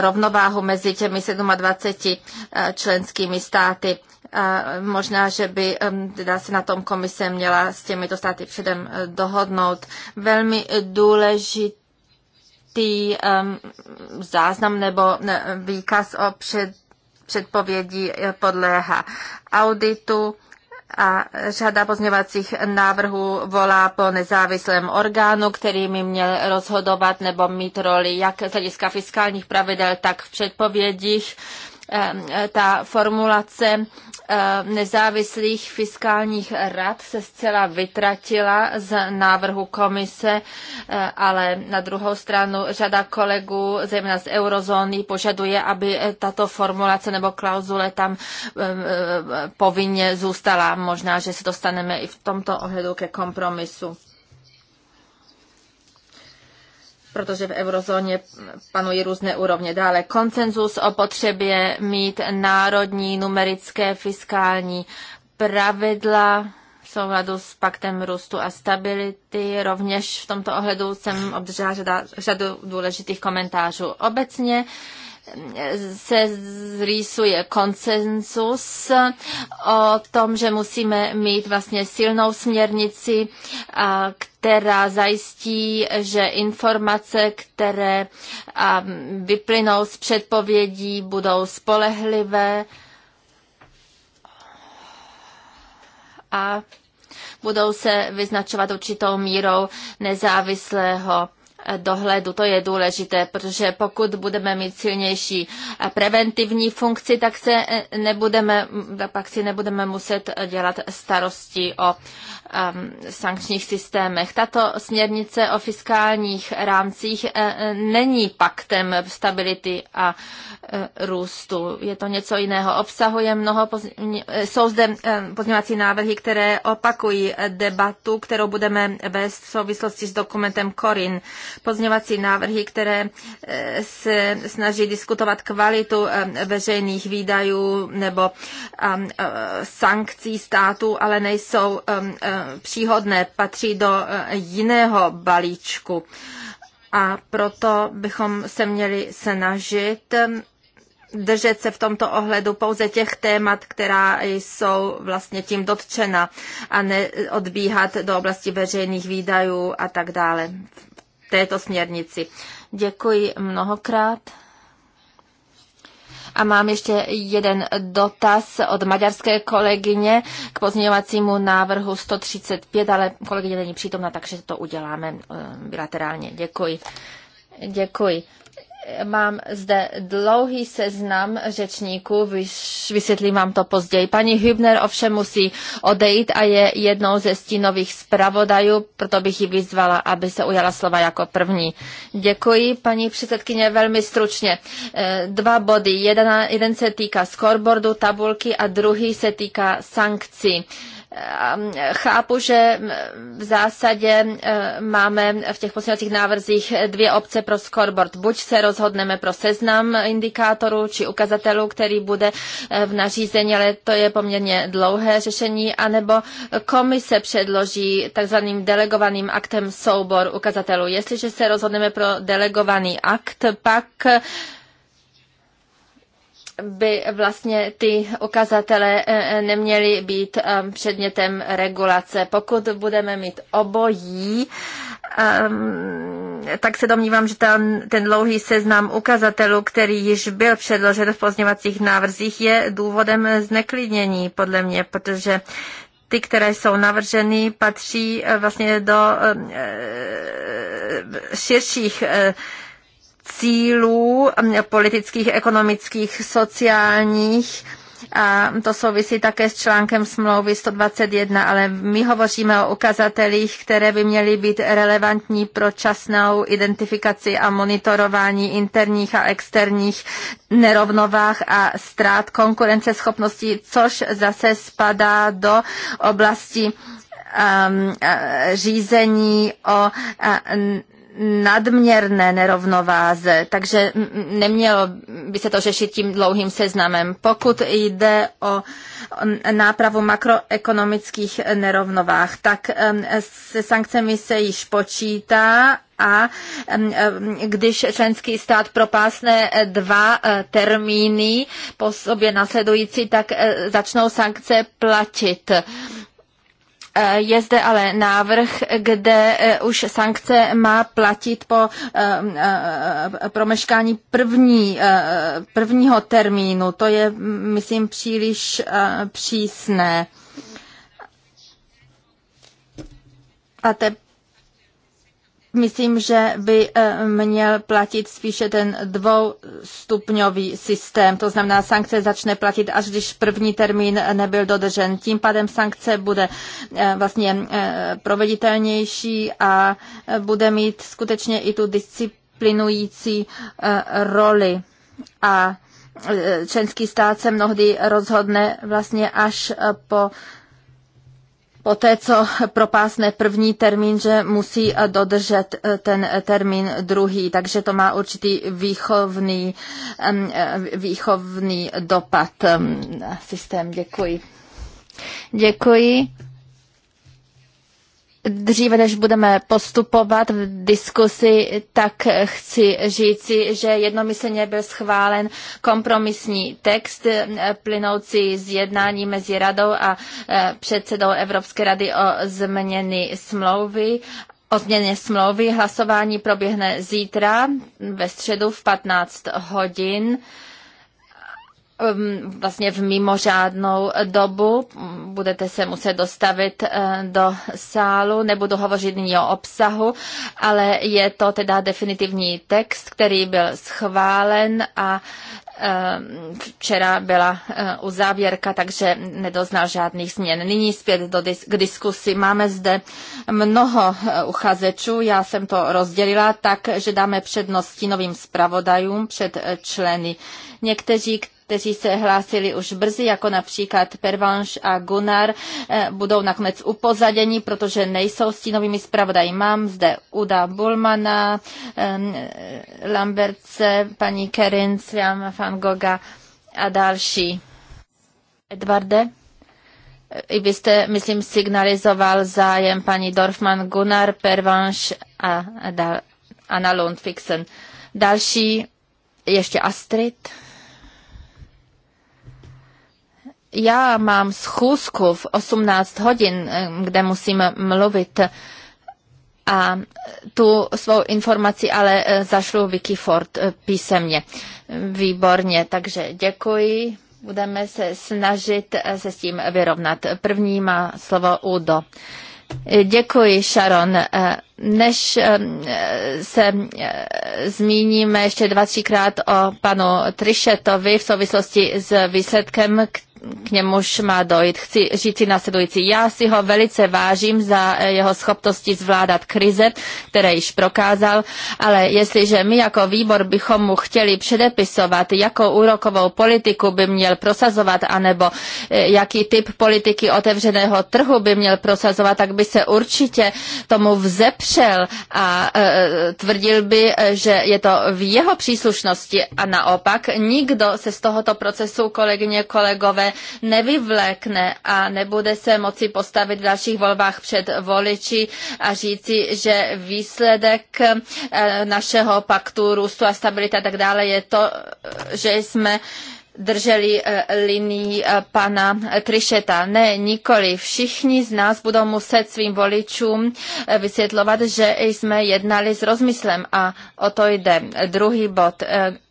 rovnováhu mezi těmi 27 eh, členskými státy. A možná, že by teda se na tom komise měla s těmito státy předem dohodnout. Velmi důležitý záznam nebo výkaz o před předpovědí eh, podléhá auditu a řada pozměvacích návrhů volá po nezávislém orgánu, který by měl rozhodovat nebo mít roli jak z hlediska fiskálních pravidel, tak v předpovědích ta formulace nezávislých fiskálních rad se zcela vytratila z návrhu komise, ale na druhou stranu řada kolegů, zejména z eurozóny, požaduje, aby tato formulace nebo klauzule tam povinně zůstala. Možná, že se dostaneme i v tomto ohledu ke kompromisu protože v eurozóně panují různé úrovně. Dále koncenzus o potřebě mít národní numerické fiskální pravidla v souhladu s paktem růstu a stability. Rovněž v tomto ohledu jsem obdržela řadu důležitých komentářů. Obecně se zrýsuje konsensus o tom, že musíme mít vlastně silnou směrnici, která zajistí, že informace, které vyplynou z předpovědí, budou spolehlivé a budou se vyznačovat určitou mírou nezávislého dohledu. To je důležité, protože pokud budeme mít silnější preventivní funkci, tak se eh, nebudeme, pak si nebudeme muset dělat starosti o um, sankčních systémech. Tato směrnice o fiskálních rámcích eh, není paktem stability a eh, růstu. Je to něco jiného. Obsahuje mnoho, pozně, jsou zde ehm, pozměňovací návrhy, které opakují debatu, kterou budeme vést v souvislosti s dokumentem Korin pozměvací návrhy, které eh, se snaží diskutovat kvalitu eh, veřejných výdajů nebo eh, sankcí států, ale nejsou příhodné, patří do jiného balíčku. A proto bychom se měli snažit držet se v tomto ohledu pouze těch témat, která jsou vlastně tím dotčena a neodbíhat do oblasti veřejných výdajů a tak dále této směrnici. Děkuji mnohokrát. A mám ještě jeden dotaz od maďarské kolegyně k pozměňovacímu návrhu 135, ale kolegyně není přítomna, takže to uděláme eh, bilaterálně. Děkuji. Děkuji. Mám zde dlouhý seznam řečníků, vysvětlím vám to později. Paní Hübner ovšem musí odejít a je jednou ze stínových zpravodajů, proto bych ji vyzvala, aby se ujala slova jako první. Děkuji, paní předsedkyně, velmi stručně. Eh, dva body. Jeden, jeden se týká scoreboardu, tabulky a druhý se týká sankcí Mm, chápu, že mm, v zásadě mm, máme v těch posledních návrzích dvě obce pro scoreboard. Buď se rozhodneme pro seznam indikátorů či ukazatelů, který bude eh, v nařízení, ale to je poměrně dlouhé řešení, anebo komise předloží takzvaným delegovaným aktem soubor ukazatelů. Jestliže se rozhodneme pro delegovaný akt, pak by vlastně ty ukazatele eh, neměly být eh, předmětem regulace. Pokud budeme mít obojí, ehm, tak se domnívám, že ten, ten dlouhý seznam ukazatelů, který již byl předložen v pozněvacích návrzích, je důvodem zneklidnění podle mě, protože ty, které jsou navrženy, patří eh, vlastně do širších cílů politických, ekonomických, sociálních a to souvisí také s článkem smlouvy 121, ale my hovoříme o ukazatelích, které by měly být relevantní pro časnou identifikaci a monitorování interních a externích nerovnovách a ztrát konkurenceschopnosti, což zase spadá do oblasti um, řízení o um, nadměrné nerovnováze, takže nemělo by se to řešit tím dlouhým seznamem. Pokud jde o nápravu makroekonomických nerovnovách, tak se sankcemi se již počítá a když členský stát propásne dva e, termíny po sobě nasledující, tak e, začnou sankce platit. Eh, je zde ale návrh, kde eh, už sankce má platit po ehm, eh, promeškání první, prvního termínu. To je, myslím, příliš přísné. A te myslím, že by eh, měl platit spíše ten dvoustupňový systém. To znamená, sankce začne platit, až když první termín nebyl dodržen. Tím pádem sankce bude eh, vlastně eh, proveditelnější a bude mít skutečně i tu disciplinující roli. A členský stát se mnohdy rozhodne vlastně až po po té, co propásne první termín, že musí dodržet eh, ten eh, termín druhý, takže to má určitý výchovný, eh, výchovný dopad systém. Děkuji. Děkuji. Dříve, než budeme postupovat v diskusi, tak chci říci, že jednomyslně byl schválen kompromisní text eh, plynoucí z jednání mezi radou a eh, předsedou Evropské rady o změny smlouvy O změně smlouvy hlasování proběhne zítra ve středu v 15 hodin. Um, vlastně v mimořádnou dobu. Budete se muset dostavit eh, do sálu, nebudu hovořit nyní o obsahu, ale je to teda definitivní text, který byl schválen a eh, včera byla eh, uzávěrka, takže nedoznal žádných změn. Nyní zpět do dis- k diskusi. Máme zde mnoho uchazečů, já jsem to rozdělila tak, že dáme přednost novým zpravodajům před členy. Někteří, kteří se hlásili už brzy, jako například Pervanš a Gunnar, eh, budou nakonec upozaděni, protože nejsou stínovými zpravodaji. Mám zde Uda Bulmana, Lambertce, paní Kerin, Sviam van Goga a další. Edvarde? I vy jste, myslím, signalizoval zájem paní Dorfman Gunnar, Pervanš a, a Anna Lundfixen. Další ještě Astrid. já mám schůzku v 18 hodin, eh, kde musím mluvit a tu svou informaci ale eh, zašlu Wikiford eh, písemně. Výborně, takže děkuji. Budeme se snažit se s tím vyrovnat. První má slovo Udo. Děkuji, Sharon. Než se zmíníme ještě dva, třikrát o panu Trišetovi v souvislosti s výsledkem, k němuž má dojít. Chci říci následující. Já si ho velice vážím za eh, jeho schopnosti zvládat krize, které již prokázal, ale jestliže my jako výbor bychom mu chtěli předepisovat, jakou úrokovou politiku by měl prosazovat, anebo eh, jaký typ politiky otevřeného trhu by měl prosazovat, tak by se určitě tomu vzepřel a eh, tvrdil by, že je to v jeho příslušnosti a naopak nikdo se z tohoto procesu, kolegyně, kolegové, nevyvlékne a nebude se moci postavit v dalších volbách před voliči a říci, že výsledek eh, našeho paktu růstu a stability a tak dále je to, že jsme drželi eh, linií eh, pana Krišeta. Ne, nikoli. Všichni z nás budou muset svým voličům eh, vysvětlovat, že jsme jednali s rozmyslem a o to jde. Druhý bod.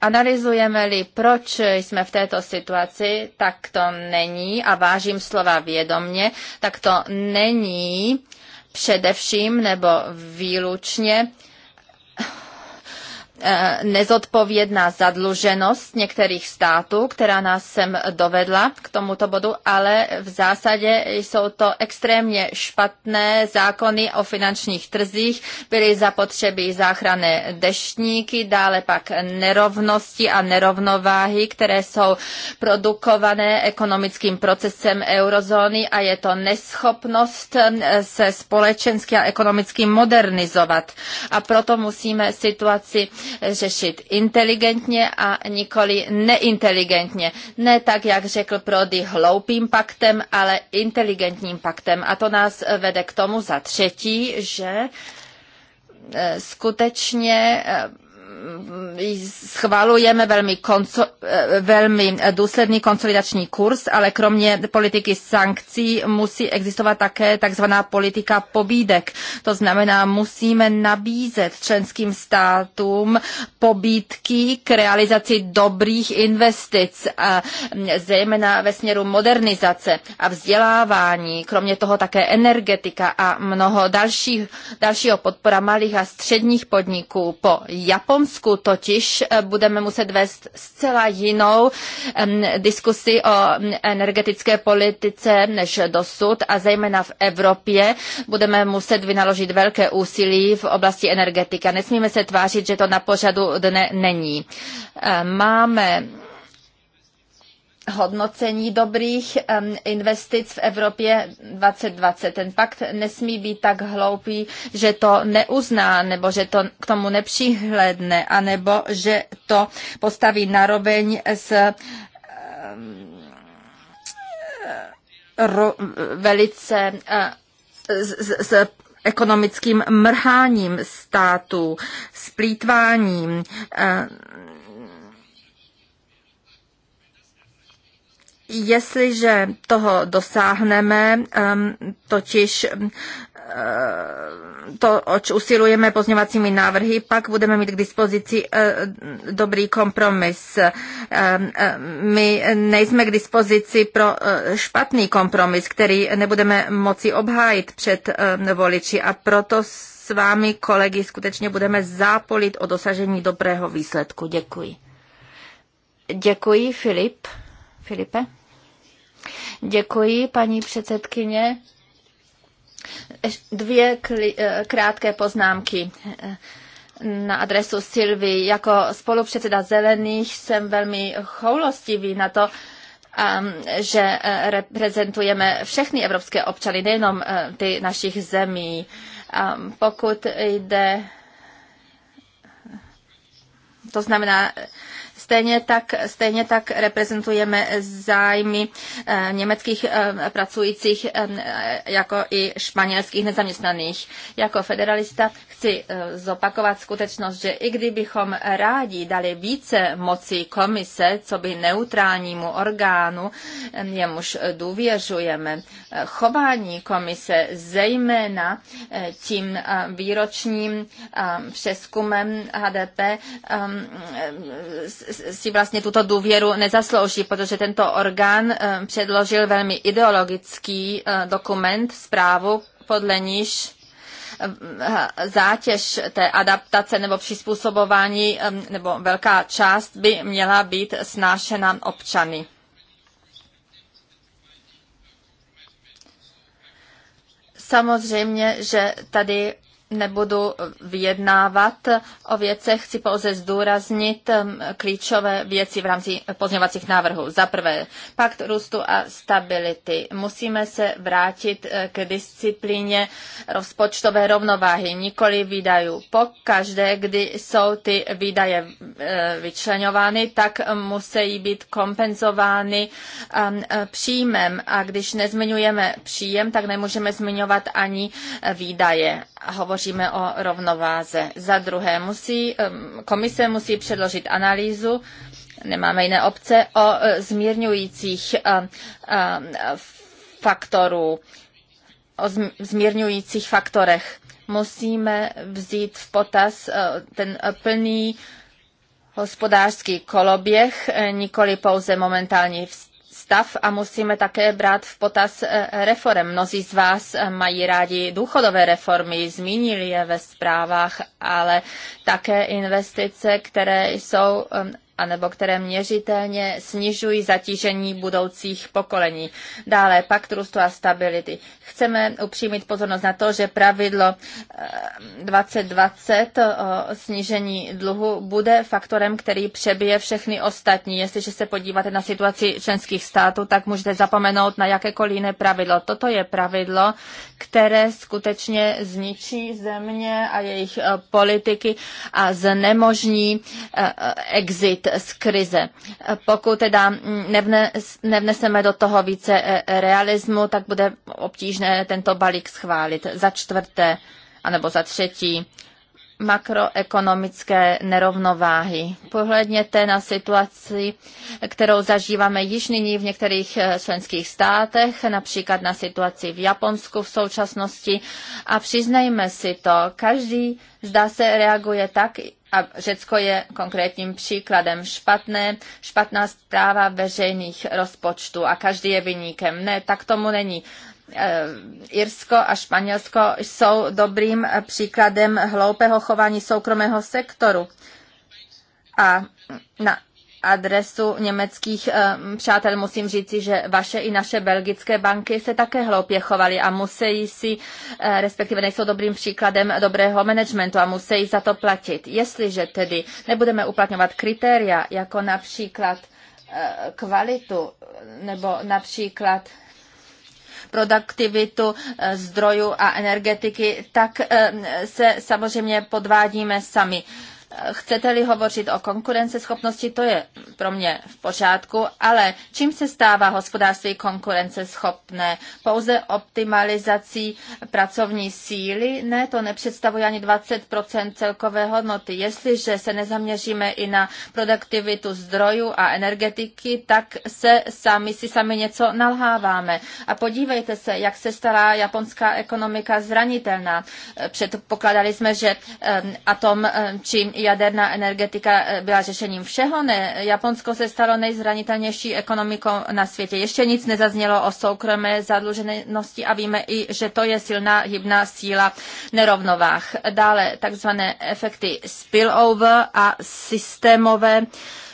Analyzujeme-li, proč jsme v této situaci, tak to není a vážím slova vědomně, tak to není především nebo výlučně Eh, nezodpovědná zadluženost některých států, která nás sem dovedla k tomuto bodu, ale v zásadě jsou to extrémně špatné zákony o finančních trzích, byly zapotřebí záchranné deštníky, dále pak nerovnosti a nerovnováhy, které jsou produkované ekonomickým procesem eurozóny a je to neschopnost eh, se společensky a ekonomicky modernizovat. A proto musíme situaci řešit inteligentně a nikoli neinteligentně. Ne tak, jak řekl Prody, hloupým paktem, ale inteligentním paktem. A to nás vede k tomu za třetí, že eh, skutečně eh, schvalujeme velmi, eh, velmi důsledný konsolidační kurz, ale kromě politiky sankcí musí existovat také takzvaná politika pobídek. To znamená, musíme nabízet členským státům pobídky k realizaci dobrých investic, a zejména ve směru modernizace a vzdělávání, kromě toho také energetika a mnoho dalších, dalšího podpora malých a středních podniků po Japonsku Rumunsku totiž eh, budeme muset vést zcela jinou diskusi o energetické politice než dosud a zejména v Evropě budeme muset vynaložit velké úsilí v oblasti energetika. Nesmíme se tvářit, že to na pořadu dne není. Eh, máme hodnocení dobrých investic v Evropě 2020. Ten pakt nesmí být tak hloupý, že to neuzná, nebo že to k tomu nepřihledne, anebo že to postaví naroveň s ro, velice s, s ekonomickým mrháním států, splítváním. Jestliže toho dosáhneme, totiž to, oč usilujeme pozněvacími návrhy, pak budeme mít k dispozici e, dobrý kompromis. E, my nejsme k dispozici pro e, špatný kompromis, který nebudeme moci obhájit před voliči a proto s vámi, kolegy, skutečně budeme zápolit o dosažení dobrého výsledku. Děkuji. Děkuji, Filip. Filipe. Děkuji, paní předsedkyně. Dvě eh, krátké poznámky na adresu Silvy. Jako spolupředseda Zelených jsem velmi choulostivý na to, ehm, že eh, reprezentujeme všechny evropské občany, nejenom eh, ty našich zemí. Ehm, pokud jde, to znamená, Stejně tak, stejně tak reprezentujeme zájmy eh, německých eh, pracujících eh, jako i španělských nezaměstnaných. Jako federalista chci eh, zopakovat skutečnost, že i kdybychom rádi dali více moci komise, co by neutrálnímu orgánu, eh, jemuž důvěřujeme, eh, chování komise, zejména tím výročním přeskumem HDP, si vlastně tuto důvěru nezaslouží, protože tento orgán předložil velmi ideologický dokument, zprávu, podle níž zátěž té adaptace nebo přizpůsobování nebo velká část by měla být snášena občany. Samozřejmě, že tady nebudu vyjednávat o věcech, chci pouze zdůraznit um, klíčové věci v rámci pozměňovacích návrhů. Za prvé, pakt růstu a stability. Musíme se vrátit eh, k disciplíně rozpočtové rovnováhy, nikoli výdajů. Po každé, kdy jsou ty výdaje eh, vyčlenovány, tak musí být kompenzovány um, eh, příjmem. A když nezmiňujeme příjem, tak nemůžeme zmiňovat ani výdaje hovoříme o rovnováze. Za druhé, musí, komise musí předložit analýzu, nemáme jiné obce, o e, zmírňujících e, e, faktorů, o zmírňujících faktorech. Musíme vzít v potaz ten plný hospodářský koloběh, nikoli pouze momentální stav a musíme také brát v potaz eh, reform. Mnozí z vás eh, mají rádi důchodové reformy, zmínili je ve zprávách, ale také investice, které jsou eh, anebo které měřitelně snižují zatížení budoucích pokolení. Dále pakt růstu a stability. Chceme upřímit pozornost na to, že pravidlo 2020 eh, o eh, snížení dluhu bude faktorem, který přebije všechny ostatní. Jestliže se podíváte na situaci členských států, tak můžete zapomenout na jakékoliv jiné pravidlo. Toto je pravidlo, které skutečně zničí země a jejich eh, politiky a znemožní exit vyjít z krize. Pokud teda nevneseme do toho více eh, realismu, tak bude obtížné tento balík schválit. Za čtvrté, anebo za třetí, makroekonomické nerovnováhy. Pohledněte na situaci, kterou zažíváme již nyní v některých eh, členských státech, například na situaci v Japonsku v současnosti a přiznejme si to, každý zdá se reaguje tak, a Řecko je konkrétním příkladem špatné, špatná zpráva veřejných rozpočtů a každý je vyníkem. Ne, tak tomu není. Eh, Irsko a Španělsko jsou dobrým příkladem hloupého chování soukromého sektoru. A na adresu německých eh, přátel musím říci, že vaše i naše belgické banky se také hloupě chovaly a musí si, eh, respektive nejsou dobrým příkladem dobrého managementu a musí za to platit. Jestliže tedy nebudeme uplatňovat kritéria, jako například kvalitu nebo například produktivitu eh, zdrojů a energetiky, tak eh, se samozřejmě podvádíme sami. Chcete-li hovořit o konkurenceschopnosti, to je pro mě v pořádku, ale čím se stává hospodářství konkurenceschopné? Pouze optimalizací pracovní síly? Ne, to nepředstavuje ani 20 celkové hodnoty. Jestliže se nezaměříme i na produktivitu zdrojů a energetiky, tak se sami si sami něco nalháváme. A podívejte se, jak se stala japonská ekonomika zranitelná. Předpokládali jsme, že eh, atom eh, čím jaderná energetika eh, byla řešením všeho. Ne, Japonsko se stalo nejzranitelnější ekonomikou na světě. Ještě nic nezaznělo o soukromé zadluženosti a víme i, že to je silná hybná síla nerovnovách. Dále takzvané efekty spillover a systémové,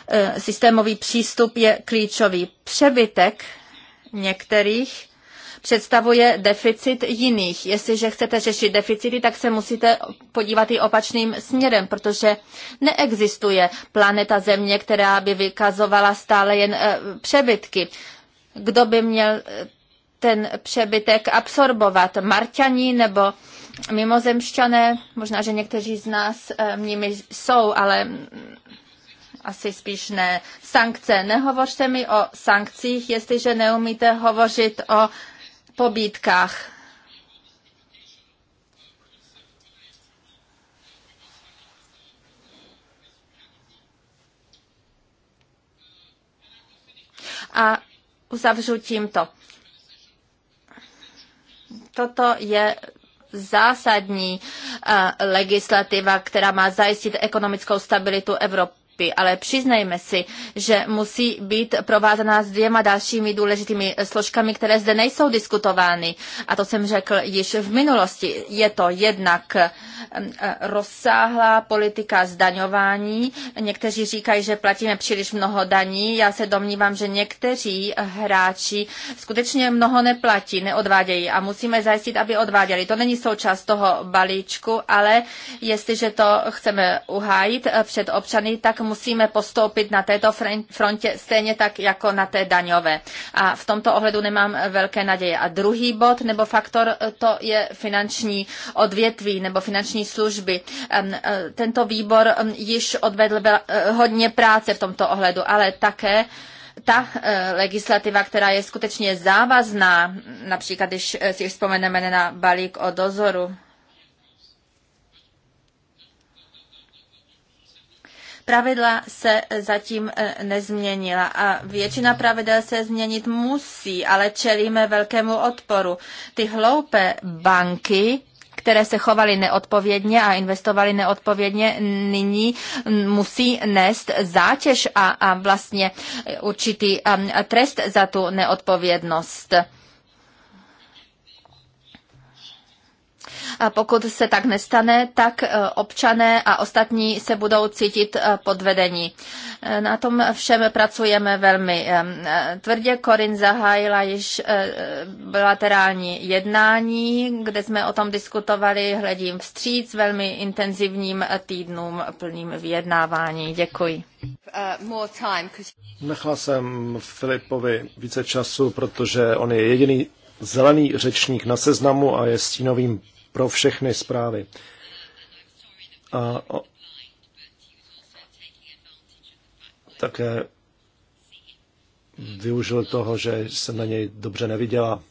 eh, systémový přístup je klíčový. Přebytek některých představuje deficit jiných. Jestliže chcete řešit deficity, tak se musíte podívat i opačným směrem, protože neexistuje planeta Země, která by vykazovala stále jen eh, přebytky. Kdo by měl eh, ten přebytek absorbovat? Marťaní nebo mimozemšťané? Možná, že někteří z nás eh, nimi jsou, ale mm, asi spíš ne. Sankce. Nehovořte mi o sankcích, jestliže neumíte hovořit o pobítkách. A uzavřu tímto. Toto je zásadní eh, legislativa, která má zajistit ekonomickou stabilitu Evropy principy, ale přiznejme si, že musí být provázaná s dvěma dalšími důležitými složkami, které zde nejsou diskutovány. A to jsem řekl již v minulosti. Je to jednak eh, rozsáhlá politika zdaňování. Někteří říkají, že platíme příliš mnoho daní. Já se domnívám, že někteří hráči skutečně mnoho neplatí, neodvádějí a musíme zajistit, aby odváděli. To není součást toho balíčku, ale jestliže to chceme uhájit eh, před občany, tak musíme postoupit na této frontě stejně tak jako na té daňové. A v tomto ohledu nemám velké naděje. A druhý bod nebo faktor to je finanční odvětví nebo finanční služby. E, tento výbor již odvedl e, hodně práce v tomto ohledu, ale také ta e, legislativa, která je skutečně závazná, například když si vzpomeneme na balík o dozoru, Pravidla se zatím e, nezměnila a většina pravidel se změnit musí, ale čelíme velkému odporu. Ty hloupé banky které se chovaly neodpovědně a investovaly neodpovědně, nyní musí nést zátěž a, a vlastně e, určitý e, trest za tu neodpovědnost. A pokud se tak nestane, tak e, občané a ostatní se budou cítit e, podvedení. E, na tom všem pracujeme velmi tvrdě. Korin zahájila již bilaterální jednání, kde jsme o tom diskutovali, hledím vstříc velmi intenzivním týdnům plným vyjednávání. Děkuji. Uh, Nechal jsem Filipovi více času, protože on je jediný zelený řečník na seznamu a je stínovým pro všechny zprávy. A také využil toho, že jsem na něj dobře neviděla.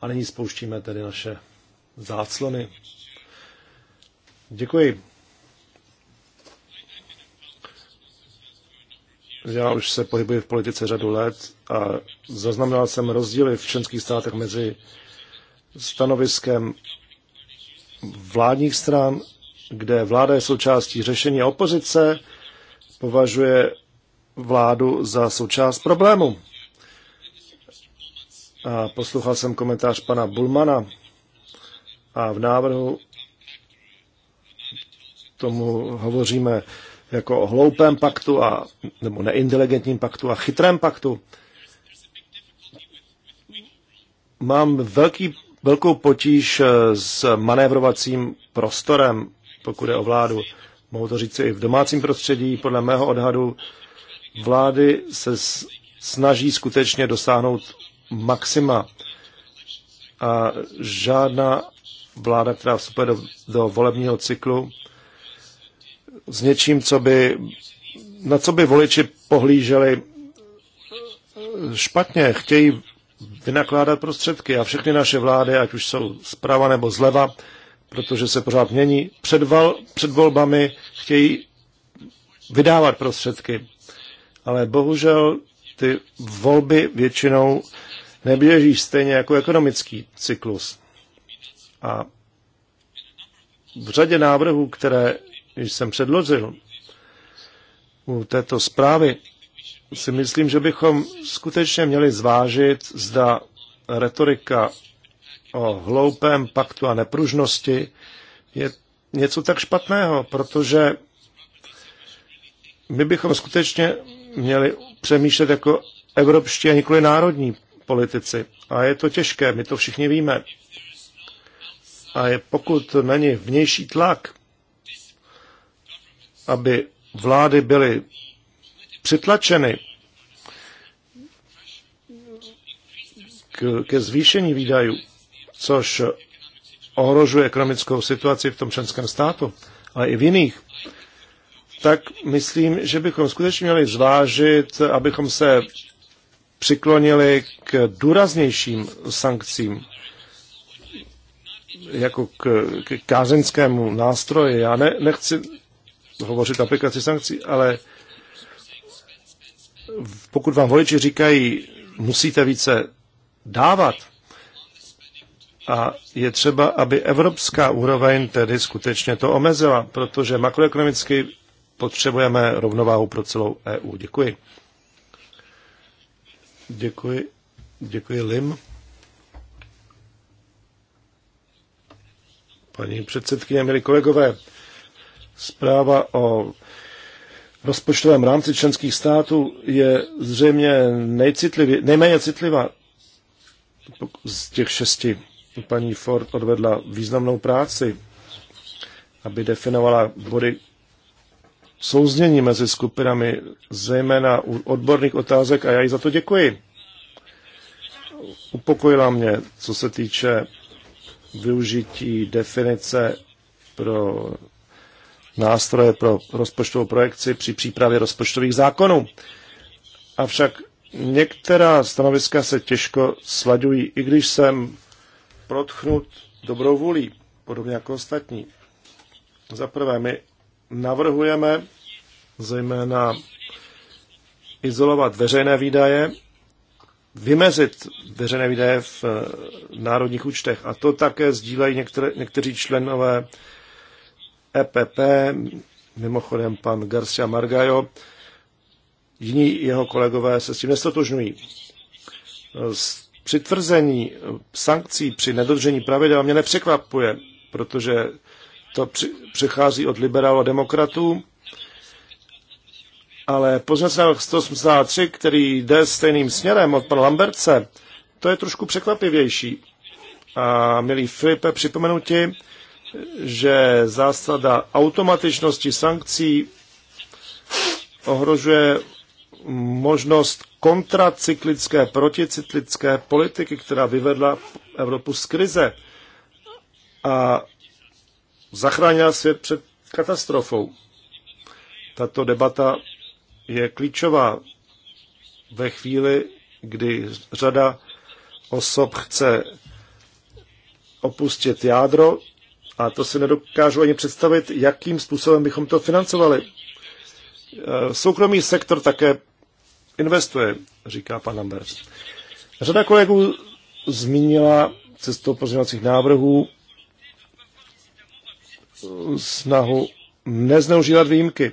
A nyní spouštíme tedy naše záclony. Děkuji. Já už se pohybuji v politice řadu let a zaznamenal jsem rozdíly v členských státech mezi stanoviskem vládních stran, kde vláda je součástí řešení a opozice považuje vládu za součást problému. A poslouchal jsem komentář pana Bulmana a v návrhu tomu hovoříme jako o hloupém paktu a, nebo neinteligentním paktu a chytrém paktu. Mám velký velkou potíž eh, s manévrovacím prostorem, pokud je o vládu. Mohu to říct i v domácím prostředí. Podle mého odhadu vlády se snaží skutečně dosáhnout maxima. A žádná vláda, která vstupuje do, do volebního cyklu, s něčím, co by, na co by voliči pohlíželi špatně. Chtějí vynakládat prostředky a všechny naše vlády, ať už jsou zprava nebo zleva, protože se pořád mění, před, val, před volbami chtějí vydávat prostředky. Ale bohužel ty volby většinou neběží stejně jako ekonomický cyklus. A v řadě návrhů, které jsem předložil u této zprávy, si myslím, že bychom skutečně měli zvážit, zda retorika o hloupém paktu a nepružnosti je něco tak špatného, protože my bychom skutečně měli přemýšlet jako evropští a nikoli národní politici. A je to těžké, my to všichni víme. A je, pokud není vnější tlak, aby vlády byly přitlačeny k, ke zvýšení výdajů, což ohrožuje ekonomickou situaci v tom členském státu, ale i v jiných, tak myslím, že bychom skutečně měli zvážit, abychom se přiklonili k důraznějším sankcím, jako k, k kázeňskému nástroji. Já ne, nechci hovořit o aplikaci sankcí, ale pokud vám voliči říkají, musíte více dávat, a je třeba, aby evropská úroveň tedy skutečně to omezila, protože makroekonomicky potřebujeme rovnováhu pro celou EU. Děkuji. Děkuji. Děkuji, Lim. Paní předsedkyně, milí kolegové, zpráva o rozpočtovém rámci členských států je zřejmě nejcitlivě, nejméně citlivá z těch šesti. Paní Ford odvedla významnou práci, aby definovala body souznění mezi skupinami, zejména u odborných otázek a já jí za to děkuji. Upokojila mě, co se týče využití definice pro nástroje pro rozpočtovou projekci při přípravě rozpočtových zákonů. Avšak některá stanoviska se těžko slaďují, i když jsem protchnut dobrou vůlí, podobně jako ostatní. Za prvé, my navrhujeme zejména izolovat veřejné výdaje, vymezit veřejné výdaje v eh, národních účtech. A to také sdílejí některé, někteří členové EPP, mimochodem pan Garcia Margajo, jiní jeho kolegové se s tím nestotožňují. Přitvrzení sankcí při nedodržení pravidel mě nepřekvapuje, protože to přechází od liberálů a demokratů, ale poznací 183, který jde stejným směrem od pana Lamberce, to je trošku překvapivější. A milý Filipe, připomenu ti, že zásada automatičnosti sankcí ohrožuje možnost kontracyklické, proticyklické politiky, která vyvedla Evropu z krize a zachránila svět před katastrofou. Tato debata je klíčová ve chvíli, kdy řada osob chce opustit jádro a to si nedokážu ani představit, jakým způsobem bychom to financovali. Eh, soukromý sektor také investuje, říká pan Lambert. Řada kolegů zmínila cestou pozměňovacích návrhů snahu nezneužívat výjimky.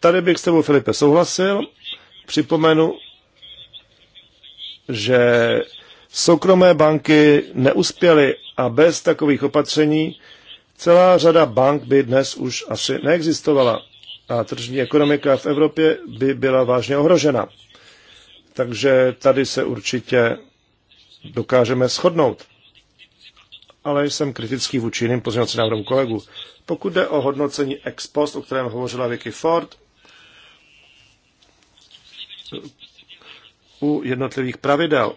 Tady bych s tebou, Filipe, souhlasil. Připomenu, že Soukromé banky neuspěly a bez takových opatření celá řada bank by dnes už asi neexistovala a tržní ekonomika v Evropě by byla vážně ohrožena. Takže tady se určitě dokážeme shodnout. Ale jsem kritický vůči jiným pozměňovacím návrhům kolegů. Pokud jde o hodnocení ex post, o kterém hovořila Vicky Ford, u jednotlivých pravidel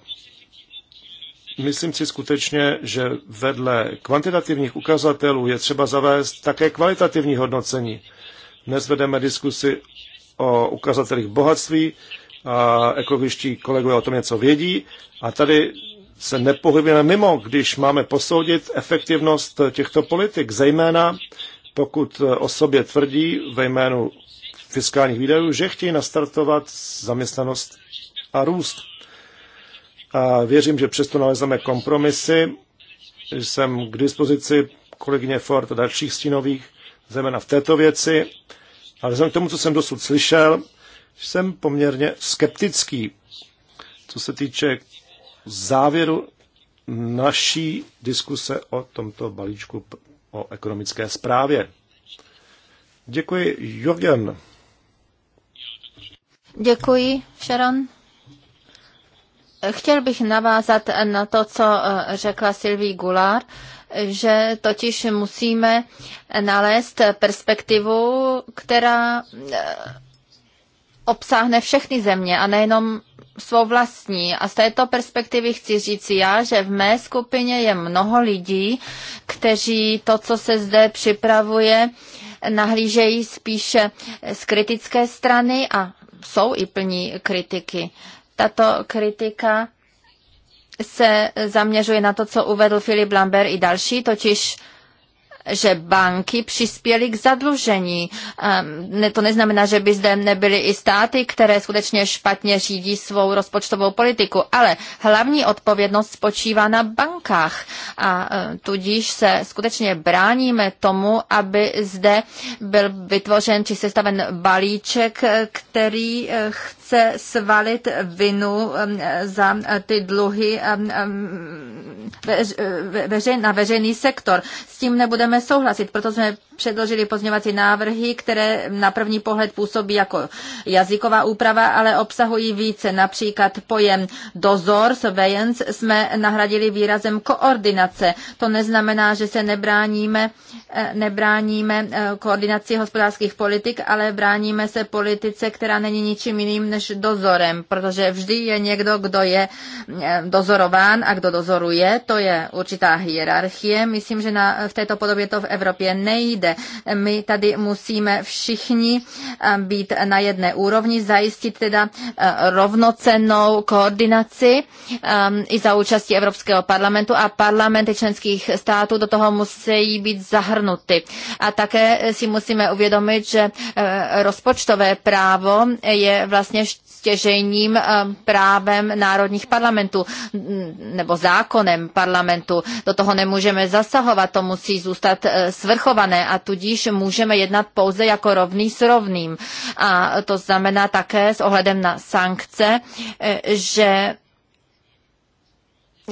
myslím si skutečně, že vedle kvantitativních ukazatelů je třeba zavést také kvalitativní hodnocení. Dnes vedeme diskusi o ukazatelích bohatství a ekologičtí kolegové o tom něco vědí a tady se nepohybujeme mimo, když máme posoudit efektivnost těchto politik, zejména pokud o sobě tvrdí ve jménu fiskálních výdajů, že chtějí nastartovat zaměstnanost a růst a věřím, že přesto nalezneme kompromisy. Jsem k dispozici kolegyně Ford a dalších stínových, zejména v této věci. Ale vzhledem k tomu, co jsem dosud slyšel, jsem poměrně skeptický, co se týče závěru naší diskuse o tomto balíčku o ekonomické zprávě. Děkuji, Jorgen. Děkuji, Sharon. Chtěl bych navázat na to, co eh, řekla Sylvie Goulart, že totiž musíme nalézt perspektivu, která eh, obsáhne všechny země a nejenom svou vlastní. A z této perspektivy chci říct já, že v mé skupině je mnoho lidí, kteří to, co se zde připravuje, nahlížejí spíše z kritické strany a jsou i plní kritiky. Tato kritika se zaměřuje na to, co uvedl Filip Lambert i další, totiž že banky přispěly k zadlužení. Ehm, to neznamená, že by zde nebyly i státy, které skutečně špatně řídí svou rozpočtovou politiku, ale hlavní odpovědnost spočívá na bankách a ehm, tudíž se skutečně bráníme tomu, aby zde byl vytvořen či sestaven balíček, eh, který eh, chce chce svalit vinu um, za ty dluhy um, um, na veřejný sektor. S tím nebudeme souhlasit, proto jsme předložili pozměňovací návrhy, které na první pohled působí jako jazyková úprava, ale obsahují více. Například pojem dozor, surveillance, jsme nahradili výrazem koordinace. To neznamená, že se nebráníme, eh, nebráníme eh, koordinaci hospodářských politik, ale bráníme se politice, která není ničím jiným než dozorem, protože vždy je někdo, kdo je eh, dozorován a kdo dozoruje. To je určitá hierarchie. Myslím, že na, v této podobě to v Evropě nejde. My tady musíme všichni eh, být na jedné úrovni, zajistit teda eh, rovnocennou koordinaci eh, i za účastí Evropského parlamentu a parlamenty členských států do toho musí být zahrnuty. A také si musíme uvědomit, že rozpočtové právo je vlastně stěžejním eh, právem národních parlamentů nebo zákonem parlamentu. Do toho nemůžeme zasahovat, to musí zůstat eh, svrchované a tudíž můžeme jednat pouze jako rovný s rovným. A to znamená také s ohledem na sankce, eh, že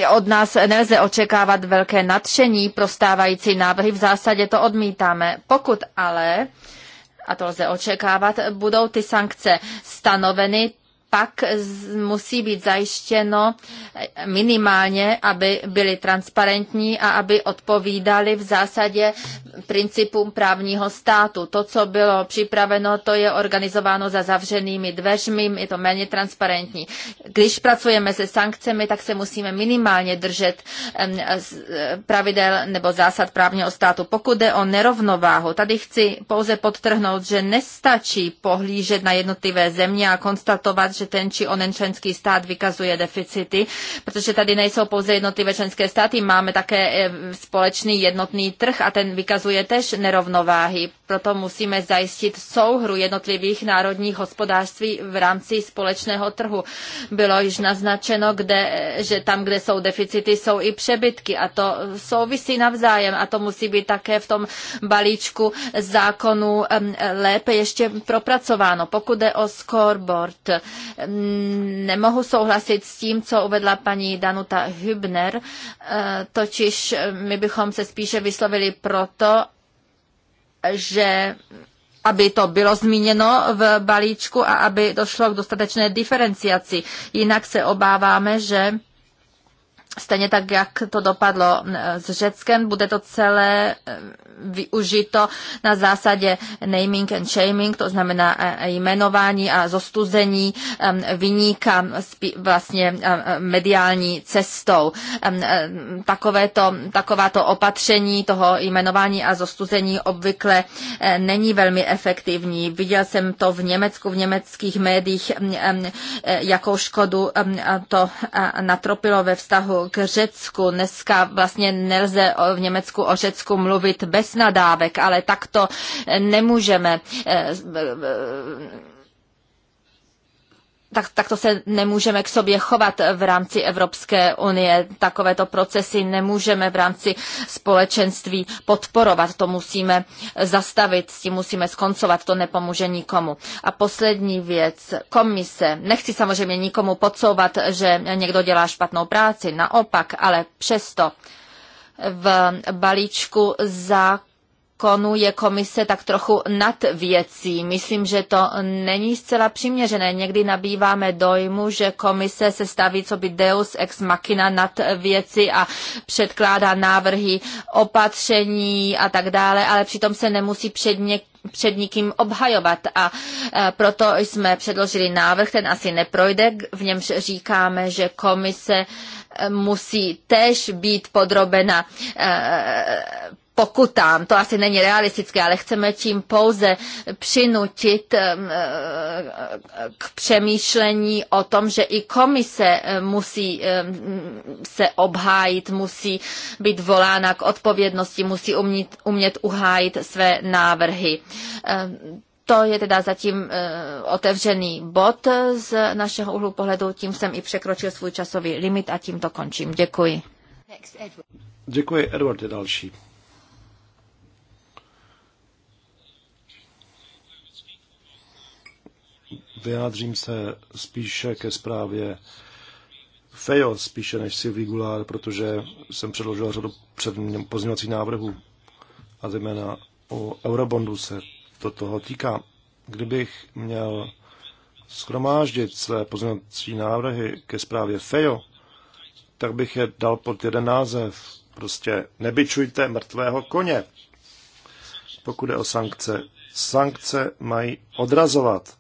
od nás nelze očekávat velké nadšení pro stávající návrhy, v zásadě to odmítáme. Pokud ale a to lze očekávat, budou ty sankce stanoveny pak musí být zajištěno minimálně, aby byly transparentní a aby odpovídali v zásadě principům právního státu. To, co bylo připraveno, to je organizováno za zavřenými dveřmi, je to méně transparentní. Když pracujeme se sankcemi, tak se musíme minimálně držet e, pravidel nebo zásad právního státu. Pokud jde o nerovnováhu, tady chci pouze podtrhnout, že nestačí pohlížet na jednotlivé země a konstatovat, že ten či onen členský stát vykazuje deficity, protože tady nejsou pouze jednotlivé členské státy, máme také e, společný jednotný trh a ten vykazuje tež nerovnováhy. Proto musíme zajistit souhru jednotlivých národních hospodářství v rámci společného trhu. Bylo již naznačeno, kde, že tam, kde jsou deficity, jsou i přebytky a to souvisí navzájem a to musí být také v tom balíčku zákonů lépe ještě propracováno. Pokud jde o scoreboard, Ehm, nemohu souhlasit s tím, co uvedla paní Danuta Hübner, ehm, totiž ehm, my bychom se spíše vyslovili proto, že aby to bylo zmíněno v balíčku a aby došlo k dostatečné diferenciaci. Jinak se obáváme, že stejně tak, jak to dopadlo s Řeckem, bude to celé využito na zásadě naming and shaming, to znamená e, e, jmenování a zostuzení vyníka vlastně mediální cestou. Takovéto, takováto opatření toho jmenování a zostuzení obvykle e, není velmi efektivní. Viděl jsem to v Německu, v německých médiích, jakou škodu to natropilo ve vztahu k Řecku. Dneska vlastně nelze v Německu o Řecku mluvit bez nadávek, ale takto eh, nemůžeme eh, eh, tak, tak to se nemůžeme k sobě chovat v rámci Evropské unie. Takovéto procesy nemůžeme v rámci společenství podporovat. To musíme zastavit, s tím musíme skoncovat, to nepomůže nikomu. A poslední věc, komise. Nechci samozřejmě nikomu podsouvat, že někdo dělá špatnou práci, naopak, ale přesto v balíčku zákonu je komise tak trochu nad věcí. Myslím, že to není zcela přiměřené. Někdy nabýváme dojmu, že komise se staví co by deus ex machina nad věci a předkládá návrhy opatření a tak dále, ale přitom se nemusí před něk před nikým obhajovat a e, proto jsme předložili návrh, ten asi neprojde, v němž říkáme, že komise uh, musí též být podrobena eh, pokutám. To asi není realistické, ale chceme tím pouze přinutit eh, k přemýšlení o tom, že i komise eh, musí se obhájit, musí být volána k odpovědnosti, musí umět, umět uhájit své návrhy. To je teda zatím eh, otevřený bod z našeho úhlu pohledu. Tím jsem i překročil svůj časový limit a tím to končím. Děkuji. Děkuji, Edward je další. Vyjádřím se spíše ke zprávě Fejo, spíše než Sylvie Goulart, protože jsem předložil řadu pozměňovacích návrhů a zejména o eurobondu se to toho týká. Kdybych měl schromáždit své pozměňovací návrhy ke zprávě FEJO, tak bych je dal pod jeden název. Prostě nebyčujte mrtvého koně. Pokud je o sankce, sankce mají odrazovat.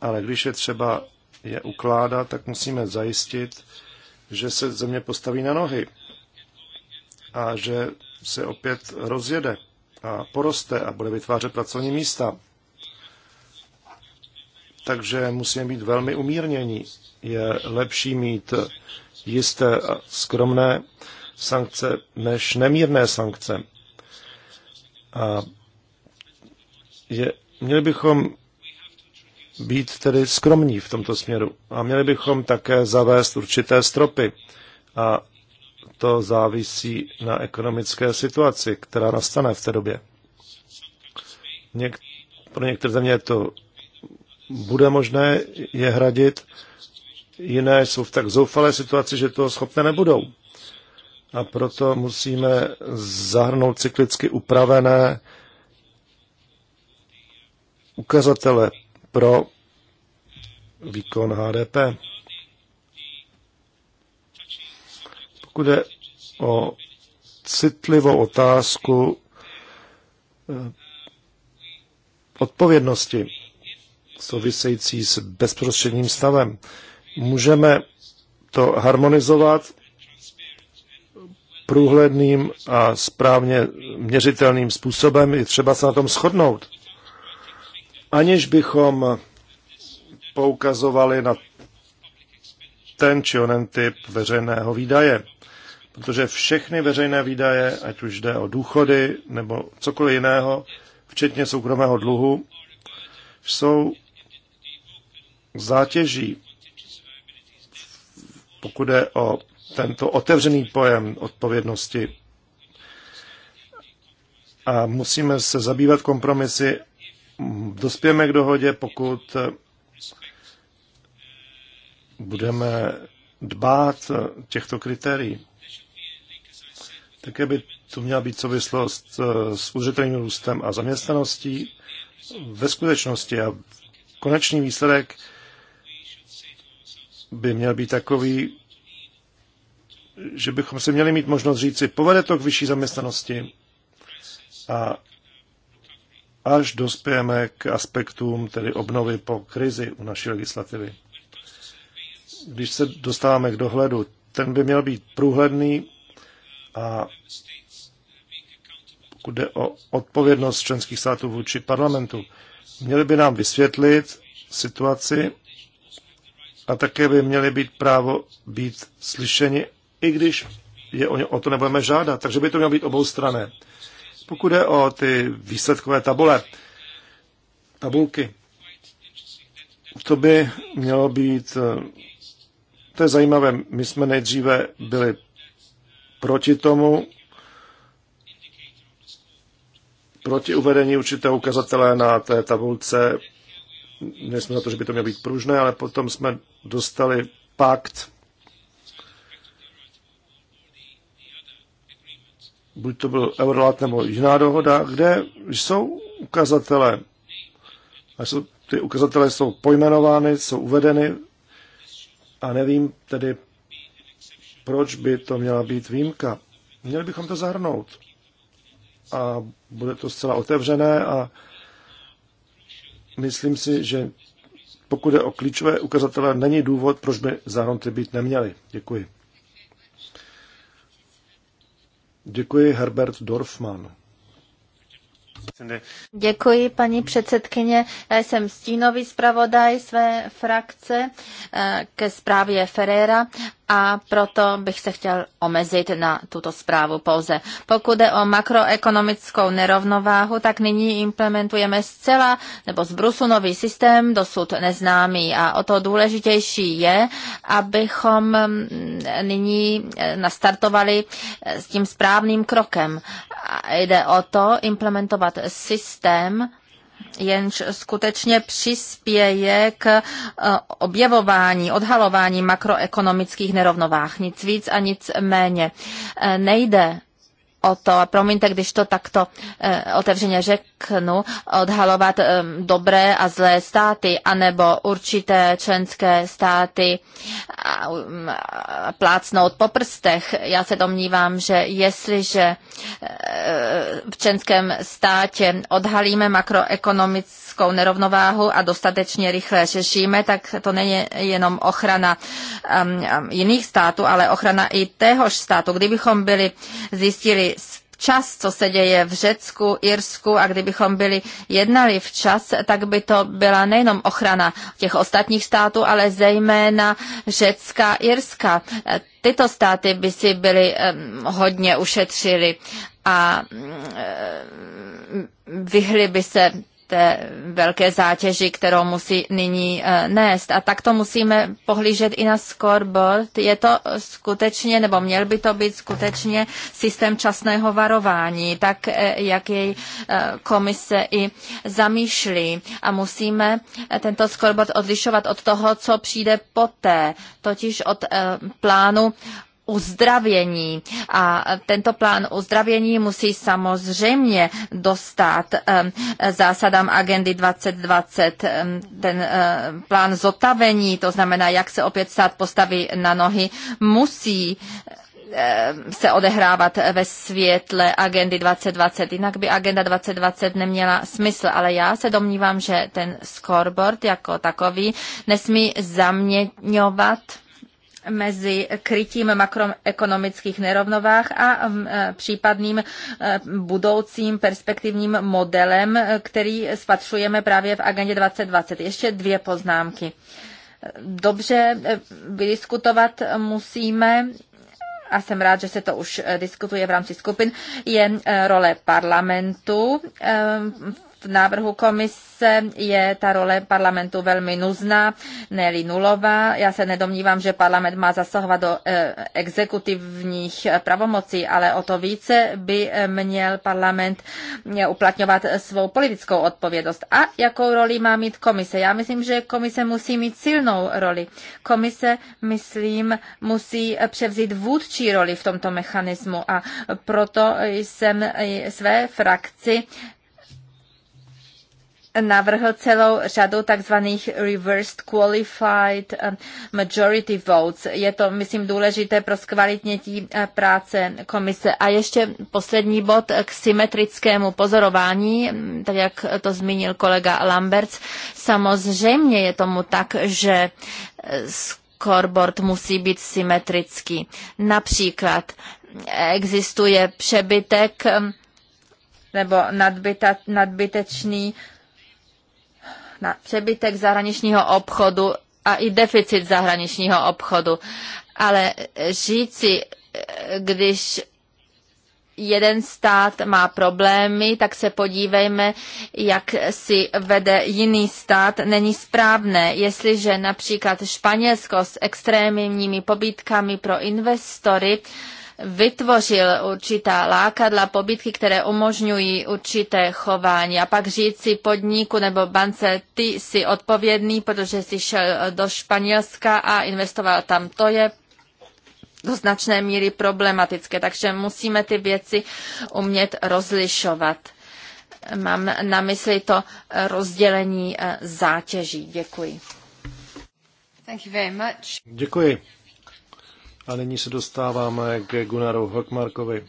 Ale když je třeba je ukládat, tak musíme zajistit, že se země postaví na nohy a že se opět rozjede a poroste a bude vytvářet pracovní místa. Takže musíme být velmi umírnění. Je lepší mít jisté a skromné sankce než nemírné sankce. A je, měli bychom být tedy skromní v tomto směru. A měli bychom také zavést určité stropy. A to závisí na ekonomické situaci, která nastane v té době. Něk- pro některé země to bude možné je hradit, jiné jsou v tak zoufalé situaci, že to schopné nebudou. A proto musíme zahrnout cyklicky upravené ukazatele pro výkon HDP. Pokud je o citlivou otázku eh, odpovědnosti související s bezprostředním stavem, můžeme to harmonizovat průhledným a správně měřitelným způsobem. Je třeba se na tom shodnout. Aniž bychom poukazovali na ten či onen typ veřejného výdaje protože všechny veřejné výdaje, ať už jde o důchody nebo cokoliv jiného, včetně soukromého dluhu, jsou zátěží, pokud je o tento otevřený pojem odpovědnosti. A musíme se zabývat kompromisy. Dospějeme k dohodě, pokud budeme dbát těchto kritérií. Také by tu měla být souvislost eh, s udržitelným růstem a zaměstnaností. Ve skutečnosti a konečný výsledek by měl být takový, že bychom si měli mít možnost říci, povede to k vyšší zaměstnanosti a až dospějeme k aspektům tedy obnovy po krizi u naší legislativy. Když se dostáváme k dohledu, ten by měl být průhledný a pokud jde o odpovědnost členských států vůči parlamentu, měli by nám vysvětlit situaci a také by měli být právo být slyšeni, i když je o, ně, o to nebudeme žádat. Takže by to mělo být strané. Pokud jde o ty výsledkové tabule, tabulky, to by mělo být, eh, to je zajímavé, my jsme nejdříve byli proti tomu, proti uvedení určitého ukazatele na té tabulce, nejsme na to, že by to mělo být pružné, ale potom jsme dostali pakt, buď to byl Eurolat nebo jiná dohoda, kde jsou ukazatele. A jsou, ty ukazatele jsou pojmenovány, jsou uvedeny a nevím tedy, proč by to měla být výjimka? Měli bychom to zahrnout. A bude to zcela otevřené a myslím si, že pokud je o klíčové ukazatele, není důvod, proč by zahrnuty být neměly. Děkuji. Děkuji Herbert Dorfman. Děkuji, paní předsedkyně. Já jsem stínový zpravodaj své frakce eh, ke zprávě Ferrera a proto bych se chtěl omezit na tuto zprávu pouze. Pokud jde o makroekonomickou nerovnováhu, tak nyní implementujeme zcela nebo z Brusu nový systém, dosud neznámý a o to důležitější je, abychom mm, nyní eh, nastartovali eh, s tím správným krokem. Jde o to implementovat systém, jenž skutečně přispěje k eh, objevování, odhalování makroekonomických nerovnovách. Nic víc a nic méně. Eh, nejde o to, a promiňte, když to takto eh, otevřeně řeknu, odhalovat eh, dobré a zlé státy, anebo určité členské státy mm, plácnout po prstech. Já se domnívám, že jestliže eh, v členském státě odhalíme makroekonomické klimatickou nerovnováhu a dostatečně rychle řešíme, tak to není jenom ochrana um, um, jiných států, ale ochrana i téhož státu. Kdybychom byli zjistili čas, co se děje v Řecku, Irsku a kdybychom byli jednali včas, tak by to byla nejenom ochrana těch ostatních států, ale zejména Řecka, Irska. Tyto státy by si byly um, hodně ušetřili a um, vyhly by se té velké zátěži, kterou musí nyní eh, nést. A tak to musíme pohlížet i na scoreboard. Je to skutečně, nebo měl by to být skutečně systém časného varování, tak eh, jak jej eh, komise i zamýšlí. A musíme tento scoreboard odlišovat od toho, co přijde poté, totiž od plánu uzdravění. A tento plán uzdravění musí samozřejmě dostat zásadám agendy 2020. Ten eh, plán zotavení, to znamená, jak se opět stát postaví na nohy, musí eh, se odehrávat ve světle agendy 2020. Jinak by agenda 2020 neměla smysl, ale já se domnívám, že ten scoreboard jako takový nesmí zaměňovat mezi krytím makroekonomických nerovnovách a mm, e, případným e, budoucím perspektivním modelem, který spatřujeme právě v agendě 2020. Ještě dvě poznámky. Dobře e, vydiskutovat musíme a jsem rád, že se to už diskutuje v rámci skupin, je role parlamentu v návrhu komise je ta role parlamentu velmi nuzná, ne nulová. Já se nedomnívám, že parlament má zasahovat do eh, exekutivních pravomocí, ale o to více by eh, měl parlament eh, uplatňovat svou politickou odpovědnost. A jakou roli má mít komise? Já myslím, že komise musí mít silnou roli. Komise, myslím, musí převzít vůdčí roli v tomto mechanismu a proto jsem své frakci navrhl celou řadu takzvaných reversed qualified eh, majority votes. Je to, myslím, důležité pro zkvalitnětí eh, práce komise. A ještě poslední bod k symetrickému pozorování, mm, tak jak to zmínil kolega Lamberts. Samozřejmě je tomu tak, že eh, scoreboard musí být symetrický. Například existuje přebytek nebo nadbyta, nadbytečný na přebytek zahraničního obchodu a i deficit zahraničního obchodu. Ale říci, když jeden stát má problémy, tak se podívejme, jak si vede jiný stát, není správné. Jestliže například Španělsko s extrémními pobítkami pro investory uh, vytvořil určitá lákadla, pobytky, které umožňují určité chování. A pak si podniku nebo bance, ty jsi odpovědný, protože jsi šel do Španělska a investoval tam. To je do značné míry problematické, takže musíme ty věci umět rozlišovat. Mám na mysli to eh, rozdělení eh, zátěží. Děkuji. Thank you very much. Děkuji. A nyní se dostáváme k Gunaru Hockmarkovi.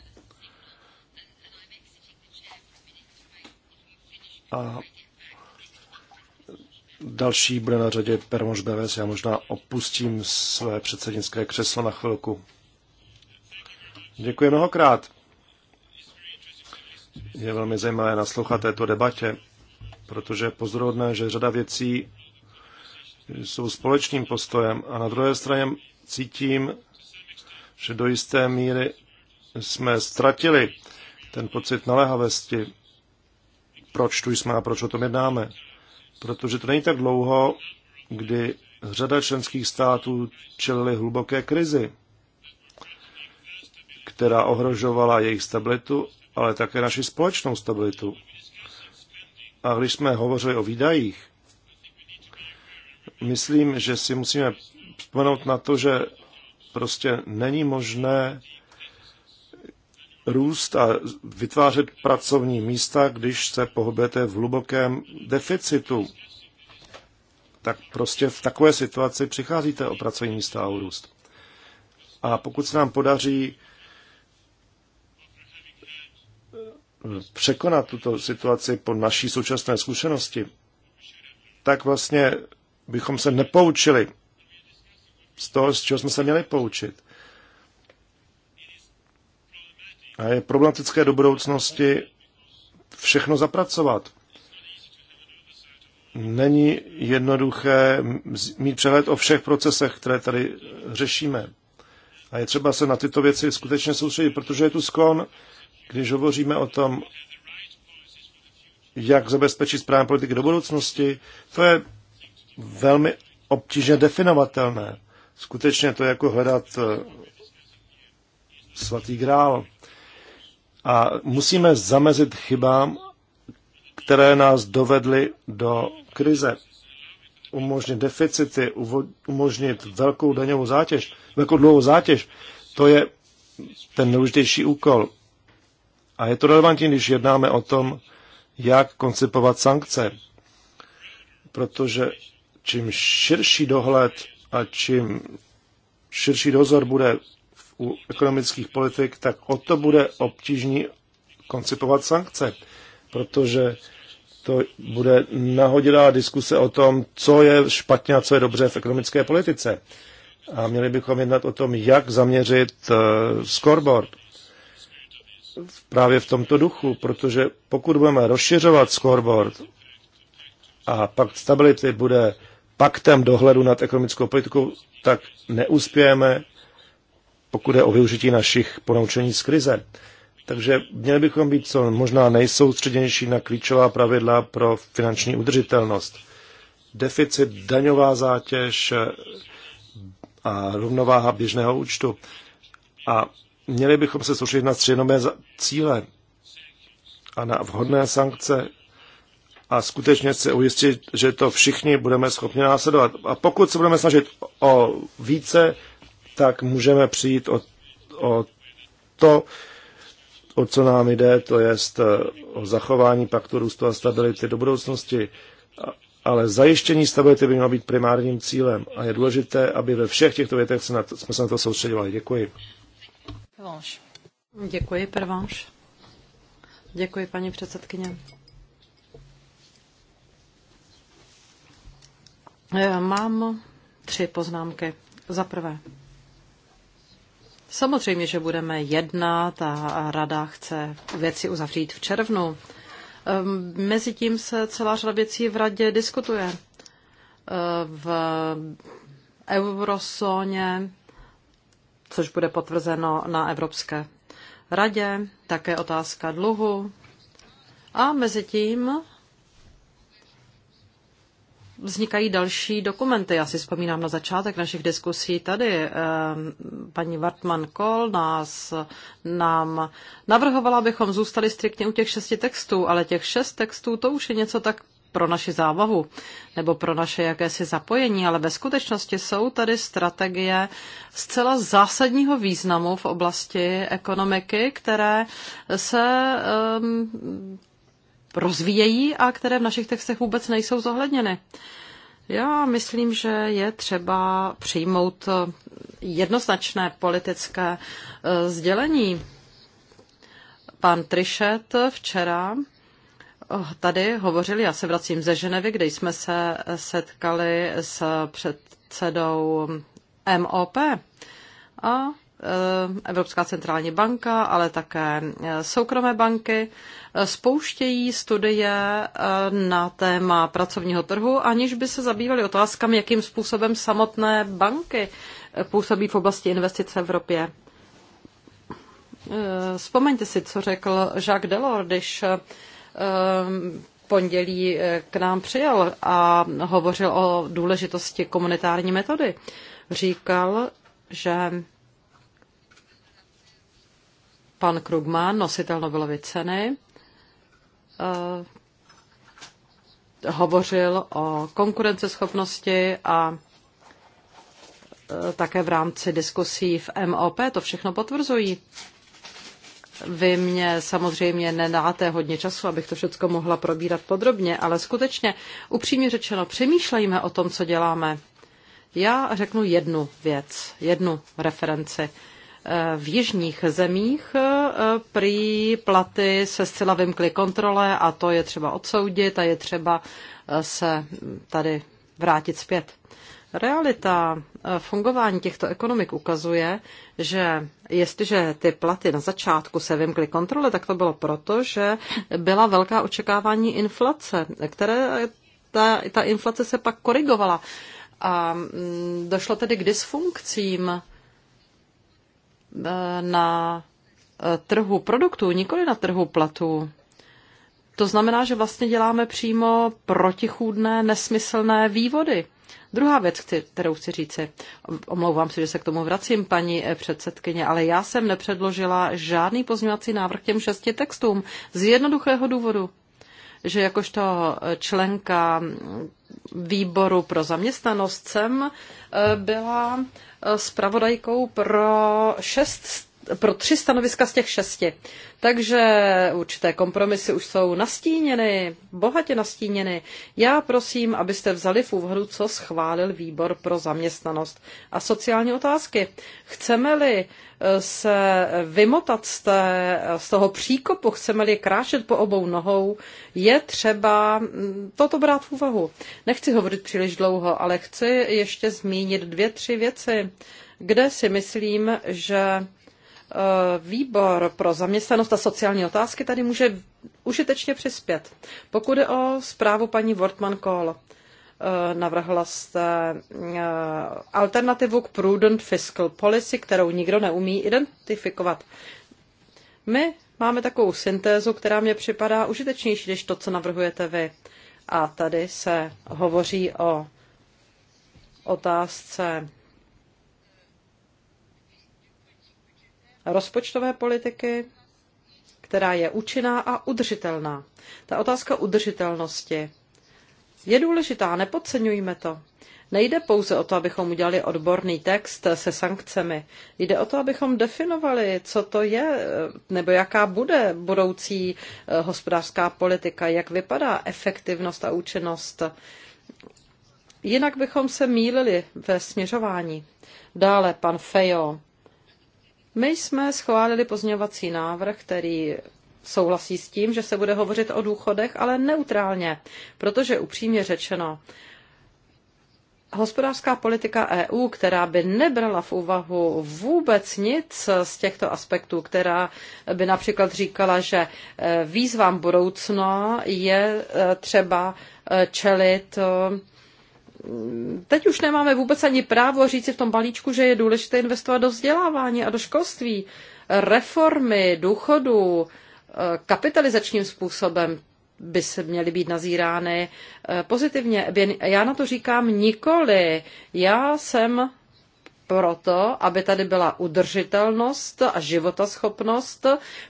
A další bude na řadě Permož Beves. Já možná opustím své předsednické křeslo na chvilku. Děkuji mnohokrát. Je velmi zajímavé naslouchat této debatě, protože je pozorodné, že řada věcí jsou společným postojem a na druhé straně cítím že do jisté míry jsme ztratili ten pocit naléhavosti, proč tu jsme a proč o tom jednáme. Protože to není tak dlouho, kdy řada členských států čelili hluboké krizi, která ohrožovala jejich stabilitu, ale také naši společnou stabilitu. A když jsme hovořili o výdajích, myslím, že si musíme vzpomenout na to, že Prostě není možné růst a vytvářet pracovní místa, když se pohybujete v hlubokém deficitu. Tak prostě v takové situaci přicházíte o pracovní místa a o růst. A pokud se nám podaří eh, překonat tuto situaci po naší současné zkušenosti, tak vlastně bychom se nepoučili z toho, z čeho jsme se měli poučit. A je problematické do budoucnosti všechno zapracovat. Není jednoduché mít přehled o všech procesech, které tady řešíme. A je třeba se na tyto věci skutečně soustředit, protože je tu skon, když hovoříme o tom, jak zabezpečit správné politiky do budoucnosti, to je velmi obtížně definovatelné skutečně to je jako hledat eh, svatý grál. A musíme zamezit chybám, které nás dovedly do krize. Umožnit deficity, umožnit velkou daňovou zátěž, velkou dlouhou zátěž, to je ten nejdůležitější úkol. A je to relevantní, když jednáme o tom, jak koncipovat sankce. Protože čím širší dohled a čím širší dozor bude u ekonomických politik, tak o to bude obtížní koncipovat sankce, protože to bude nahodilá diskuse o tom, co je špatně a co je dobře v ekonomické politice. A měli bychom jednat o tom, jak zaměřit eh, scoreboard právě v tomto duchu, protože pokud budeme rozšiřovat scoreboard a pak stability bude paktem dohledu nad ekonomickou politikou, tak neuspějeme, pokud je o využití našich ponaučení z krize. Takže měli bychom být co možná nejsoustředěnější na klíčová pravidla pro finanční udržitelnost. Deficit, daňová zátěž a rovnováha běžného účtu. A měli bychom se soustředit na střednové cíle a na vhodné sankce a skutečně se ujistit, že to všichni budeme schopni následovat. A pokud se budeme snažit o více, tak můžeme přijít o, o to, o co nám jde, to je eh, o zachování paktu růstu a stability do budoucnosti. Ale zajištění stability by mělo být primárním cílem a je důležité, aby ve všech těchto větech se na to, jsme se na to soustředili. Děkuji. Děkuji, Pervanš. Děkuji, paní předsedkyně. Eh, mám tři poznámky. Za prvé. Samozřejmě, že budeme jednat a rada chce věci uzavřít v červnu. Ehm, Mezitím se celá řada věcí v radě diskutuje. Ehm, v eurozóně, což bude potvrzeno na Evropské radě, také otázka dluhu. A mezi tím vznikají další dokumenty. Já si vzpomínám na začátek našich diskusí tady. Ehm, paní Wartman Kohl nás, nám navrhovala, abychom zůstali striktně u těch šesti textů, ale těch šest textů to už je něco tak pro naši zábavu nebo pro naše jakési zapojení, ale ve skutečnosti jsou tady strategie zcela zásadního významu v oblasti ekonomiky, které se um, rozvíjejí a které v našich textech vůbec nejsou zohledněny. Já myslím, že je třeba přijmout jednoznačné politické e, sdělení. Pan Trišet včera e, tady hovořil, já se vracím ze Ženevy, kde jsme se setkali s předsedou MOP a Eh, Evropská centrální banka, ale také eh, soukromé banky eh, spouštějí studie na téma pracovního trhu, aniž by se zabývaly otázkami, jakým způsobem samotné banky působí v oblasti investic v Evropě. Vzpomeňte si, co řekl Jacques Delors, když pondělí k nám přijel a hovořil o důležitosti komunitární metody. Říkal, že pan Krugman, nositel Nobelovy ceny, eh, hovořil o konkurenceschopnosti a eh, také v rámci diskusí v MOP. To všechno potvrzují. Vy mě samozřejmě nenáte hodně času, abych to všechno mohla probírat podrobně, ale skutečně, upřímně řečeno, přemýšlejme o tom, co děláme. Já řeknu jednu věc, jednu referenci. Eh, v jižních zemích eh, prý platy se zcela vymkly kontrole a to je třeba odsoudit a je třeba eh, se tady vrátit zpět. Realita fungování těchto ekonomik ukazuje, že jestliže ty platy na začátku se vymkly kontrole, tak to bylo proto, že byla velká očekávání inflace, které ta, ta inflace se pak korigovala. A mm, došlo tedy k dysfunkcím na eh, trhu produktů, nikoli na trhu platů. To znamená, že vlastně děláme přímo protichůdné, nesmyslné vývody. Druhá věc, kterou chci říci, omlouvám se, že se k tomu vracím, paní eh, předsedkyně, ale já jsem nepředložila žádný pozměňovací návrh těm šesti textům z jednoduchého důvodu, že jakožto členka výboru pro zaměstnanost jsem eh, byla spravodajkou eh, pro šest pro tři stanoviska z těch šesti. Takže určité kompromisy už jsou nastíněny, bohatě nastíněny. Já prosím, abyste vzali v úvodu, co schválil výbor pro zaměstnanost a sociální otázky. Chceme-li eh, se vymotat z, té, z toho příkopu, chceme-li krášet po obou nohou, je třeba mm, toto brát v úvahu. Nechci hovořit příliš dlouho, ale chci ještě zmínit dvě, tři věci, kde si myslím, že Eh, výbor pro zaměstnanost a sociální otázky tady může užitečně přispět. Pokud je o zprávu paní Wortman Kohl, eh, navrhla jste eh, alternativu k prudent fiscal policy, kterou nikdo neumí identifikovat. My máme takovou syntézu, která mě připadá užitečnější než to, co navrhujete vy. A tady se hovoří o otázce rozpočtové politiky, která je účinná a udržitelná. Ta otázka udržitelnosti je důležitá, nepodceňujme to. Nejde pouze o to, abychom udělali odborný text se sankcemi. Jde o to, abychom definovali, co to je, nebo jaká bude budoucí eh, hospodářská politika, jak vypadá efektivnost a účinnost. Jinak bychom se mýlili ve směřování. Dále pan Fejo. My jsme schválili pozměňovací návrh, který souhlasí s tím, že se bude hovořit o důchodech, ale neutrálně, protože upřímně řečeno, hospodářská politika EU, která by nebrala v úvahu vůbec nic z těchto aspektů, která by například říkala, že eh, výzvám budoucna je eh, třeba eh, čelit teď už nemáme vůbec ani právo říct v tom balíčku, že je důležité investovat do vzdělávání a do školství. Reformy důchodu e, kapitalizačním způsobem by se měly být nazírány e, pozitivně. Já na to říkám nikoli. Já jsem proto, aby tady byla udržitelnost a životaschopnost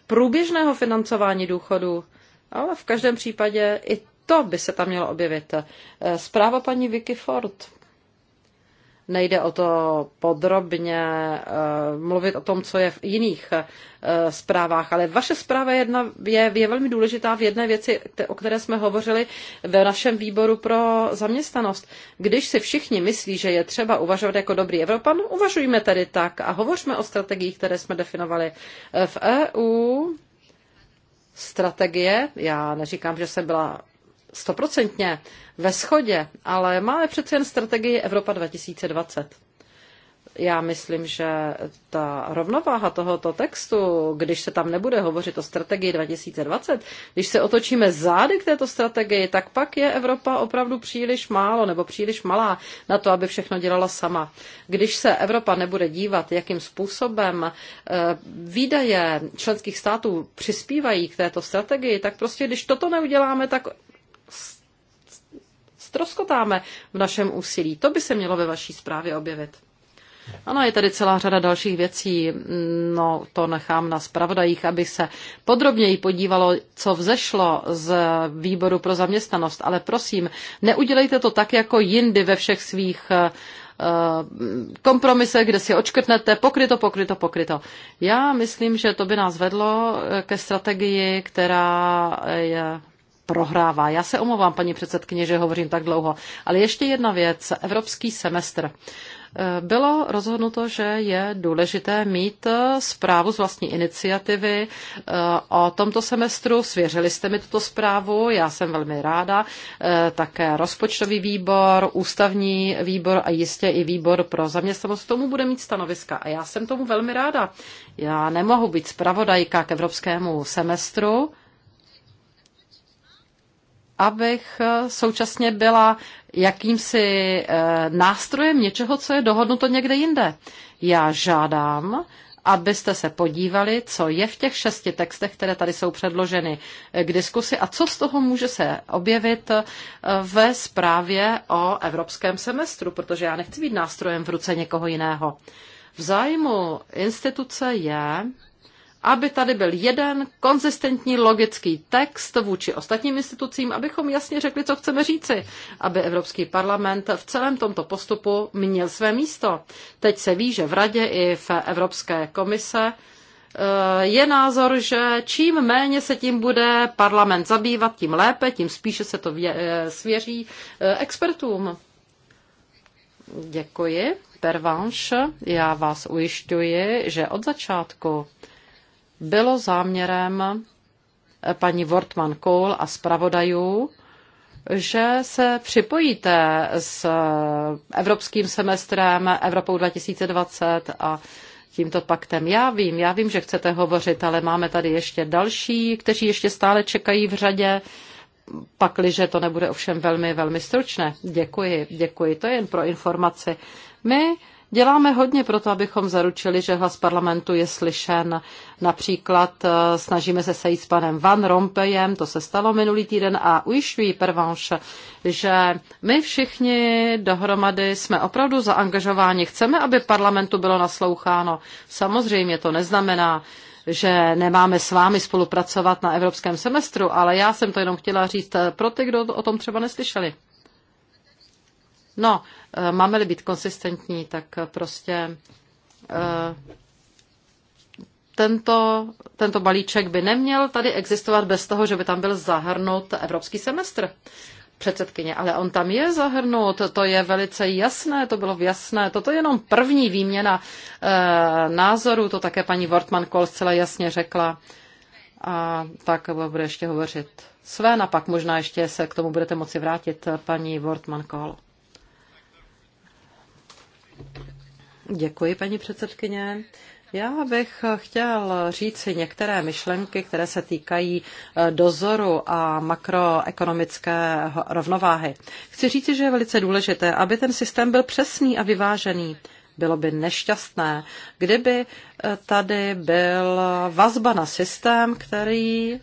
průběžného financování důchodu. Ale v každém případě i to by se tam mělo objevit. Eh, zpráva paní Vicky Ford. Nejde o to podrobně eh, mluvit o tom, co je v jiných eh, zprávách, ale vaše zpráva je, jedna, je, je velmi důležitá v jedné věci, o které jsme hovořili ve našem výboru pro zaměstnanost. Když si všichni myslí, že je třeba uvažovat jako dobrý Evropan, uvažujme tedy tak a hovořme o strategiích, které jsme definovali v EU strategie. Já neříkám, že jsem byla stoprocentně ve schodě, ale máme přece jen strategii Evropa 2020. Já myslím, že ta rovnováha tohoto textu, když se tam nebude hovořit o strategii 2020, když se otočíme zády k této strategii, tak pak je Evropa opravdu příliš málo nebo příliš malá na to, aby všechno dělala sama. Když se Evropa nebude dívat, jakým způsobem eh, výdaje členských států přispívají k této strategii, tak prostě když toto neuděláme, tak stroskotáme v našem úsilí. To by se mělo ve vaší zprávě objevit. Ano, je tady celá řada dalších věcí. No, to nechám na spravodajích, aby se podrobněji podívalo, co vzešlo z výboru pro zaměstnanost. Ale prosím, neudělejte to tak, jako jindy ve všech svých eh, kompromise, kde si očkrtnete pokryto, pokryto, pokryto. Já myslím, že to by nás vedlo ke strategii, která je prohrává. Já se omlouvám, paní předsedkyně, že hovořím tak dlouho, ale ještě jedna věc. Evropský semestr. Eh, bylo rozhodnuto, že je důležité mít eh, zprávu z vlastní iniciativy eh, o tomto semestru. Svěřili jste mi tuto zprávu, já jsem velmi ráda. Také rozpočtový výbor, ústavní výbor a jistě i výbor pro zaměstnanost tomu bude mít stanoviska. A já jsem tomu velmi ráda. Já nemohu být zpravodajka k evropskému semestru, abych eh, současně byla jakýmsi eh, nástrojem něčeho, co je dohodnuto někde jinde. Já žádám, abyste se podívali, co je v těch šesti textech, které tady jsou předloženy eh, k diskusi a co z toho může se objevit ve zprávě o evropském semestru, protože já nechci být nástrojem v ruce někoho jiného. V zájmu instituce je aby tady byl jeden konzistentní logický text vůči ostatním institucím, abychom jasně řekli, co chceme říci, aby Evropský parlament v celém tomto postupu měl své místo. Teď se ví, že v Radě i v Evropské komise eh, je názor, že čím méně se tím bude parlament zabývat, tím lépe, tím spíše se to eh, svěří eh, expertům. Děkuji. Pervanš, já vás ujišťuji, že od začátku bylo záměrem eh, paní Wortman Kohl a zpravodajů, že se připojíte s eh, evropským semestrem Evropou 2020 a tímto paktem. Já vím, já vím, že chcete hovořit, ale máme tady ještě další, kteří ještě stále čekají v řadě. Pakliže to nebude ovšem velmi, velmi stručné. Děkuji, děkuji. To je jen pro informaci. My Děláme hodně pro to, abychom zaručili, že hlas parlamentu je slyšen. Například eh, snažíme se sejít s panem Van Rompejem, to se stalo minulý týden a ujišťují Pervanš, že my všichni dohromady jsme opravdu zaangažováni. Chceme, aby parlamentu bylo nasloucháno. Samozřejmě to neznamená, že nemáme s vámi spolupracovat na evropském semestru, ale já jsem to jenom chtěla říct eh, pro ty, kdo o tom třeba neslyšeli. No, eh, máme-li být konsistentní, tak prostě eh, tento, tento balíček by neměl tady existovat bez toho, že by tam byl zahrnut evropský semestr předsedkyně, ale on tam je zahrnut, to je velice jasné, to bylo jasné, toto je jenom první výměna e, to také paní Wortmann Kohl zcela jasně řekla. A tak bude ještě hovořit Sven a pak možná ještě se k tomu budete moci vrátit, paní Wortmann Kohl. Děkuji, paní předsedkyně. Já bych chtěl říci některé myšlenky, které se týkají eh, dozoru a makroekonomické rovnováhy. Chci říci, že je velice důležité, aby ten systém byl přesný a vyvážený. Bylo by nešťastné, kdyby eh, tady byl vazba na systém, který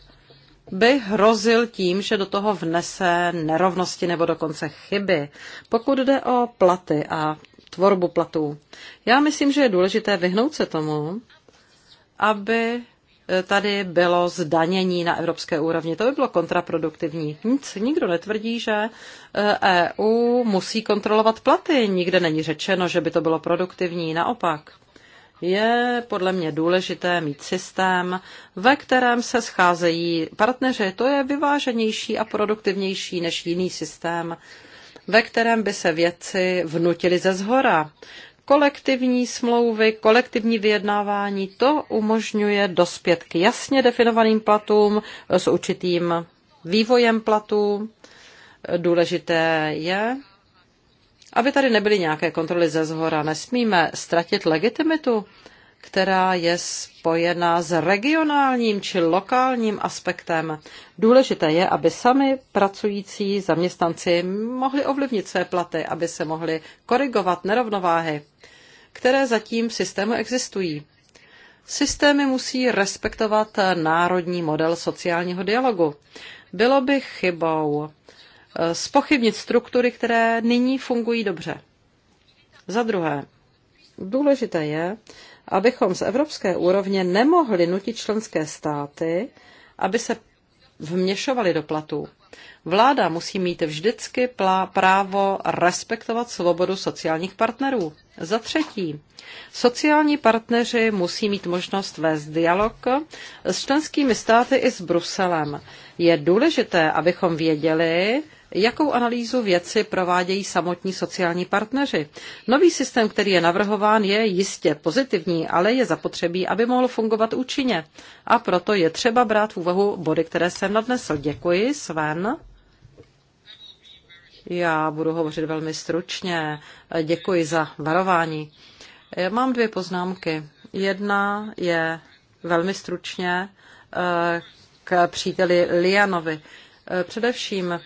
by hrozil tím, že do toho vnese nerovnosti nebo dokonce chyby. Pokud jde o platy a tvorbu platů. Já myslím, že je důležité vyhnout se tomu, aby eh, tady bylo zdanění na evropské úrovni. To by bylo kontraproduktivní. Nic, nikdo netvrdí, že EU eh, e musí kontrolovat platy. Nikde není řečeno, že by to bylo produktivní. Naopak, je podle mě důležité mít systém, ve kterém se scházejí partneři. To je vyváženější a produktivnější než jiný systém, ve kterém by se věci vnutily ze zhora. Kolektivní smlouvy, kolektivní vyjednávání, to umožňuje dospět k jasně definovaným platům s určitým vývojem platů. Důležité je, aby tady nebyly nějaké kontroly ze zhora. Nesmíme ztratit legitimitu která je spojená s regionálním či lokálním aspektem. Důležité je, aby sami pracující zaměstnanci mohli ovlivnit své platy, aby se mohli korigovat nerovnováhy, které zatím v systému existují. Systémy musí respektovat národní model sociálního dialogu. Bylo by chybou eh, spochybnit struktury, které nyní fungují dobře. Za druhé, důležité je, abychom z evropské úrovně nemohli nutit členské státy, aby se vměšovali do platů. Vláda musí mít vždycky právo respektovat svobodu sociálních partnerů. Za třetí, sociální partneři musí mít možnost vést dialog s členskými státy i s Bruselem. Je důležité, abychom věděli, Jakou analýzu věci provádějí samotní sociální partneři? Nový systém, který je navrhován, je jistě pozitivní, ale je zapotřebí, aby mohl fungovat účinně. A proto je třeba brát v úvahu body, které jsem nadnesl. Děkuji, Sven. Já budu hovořit velmi stručně. Děkuji za varování. Mám dvě poznámky. Jedna je velmi stručně eh, k příteli Lianovi. Eh, především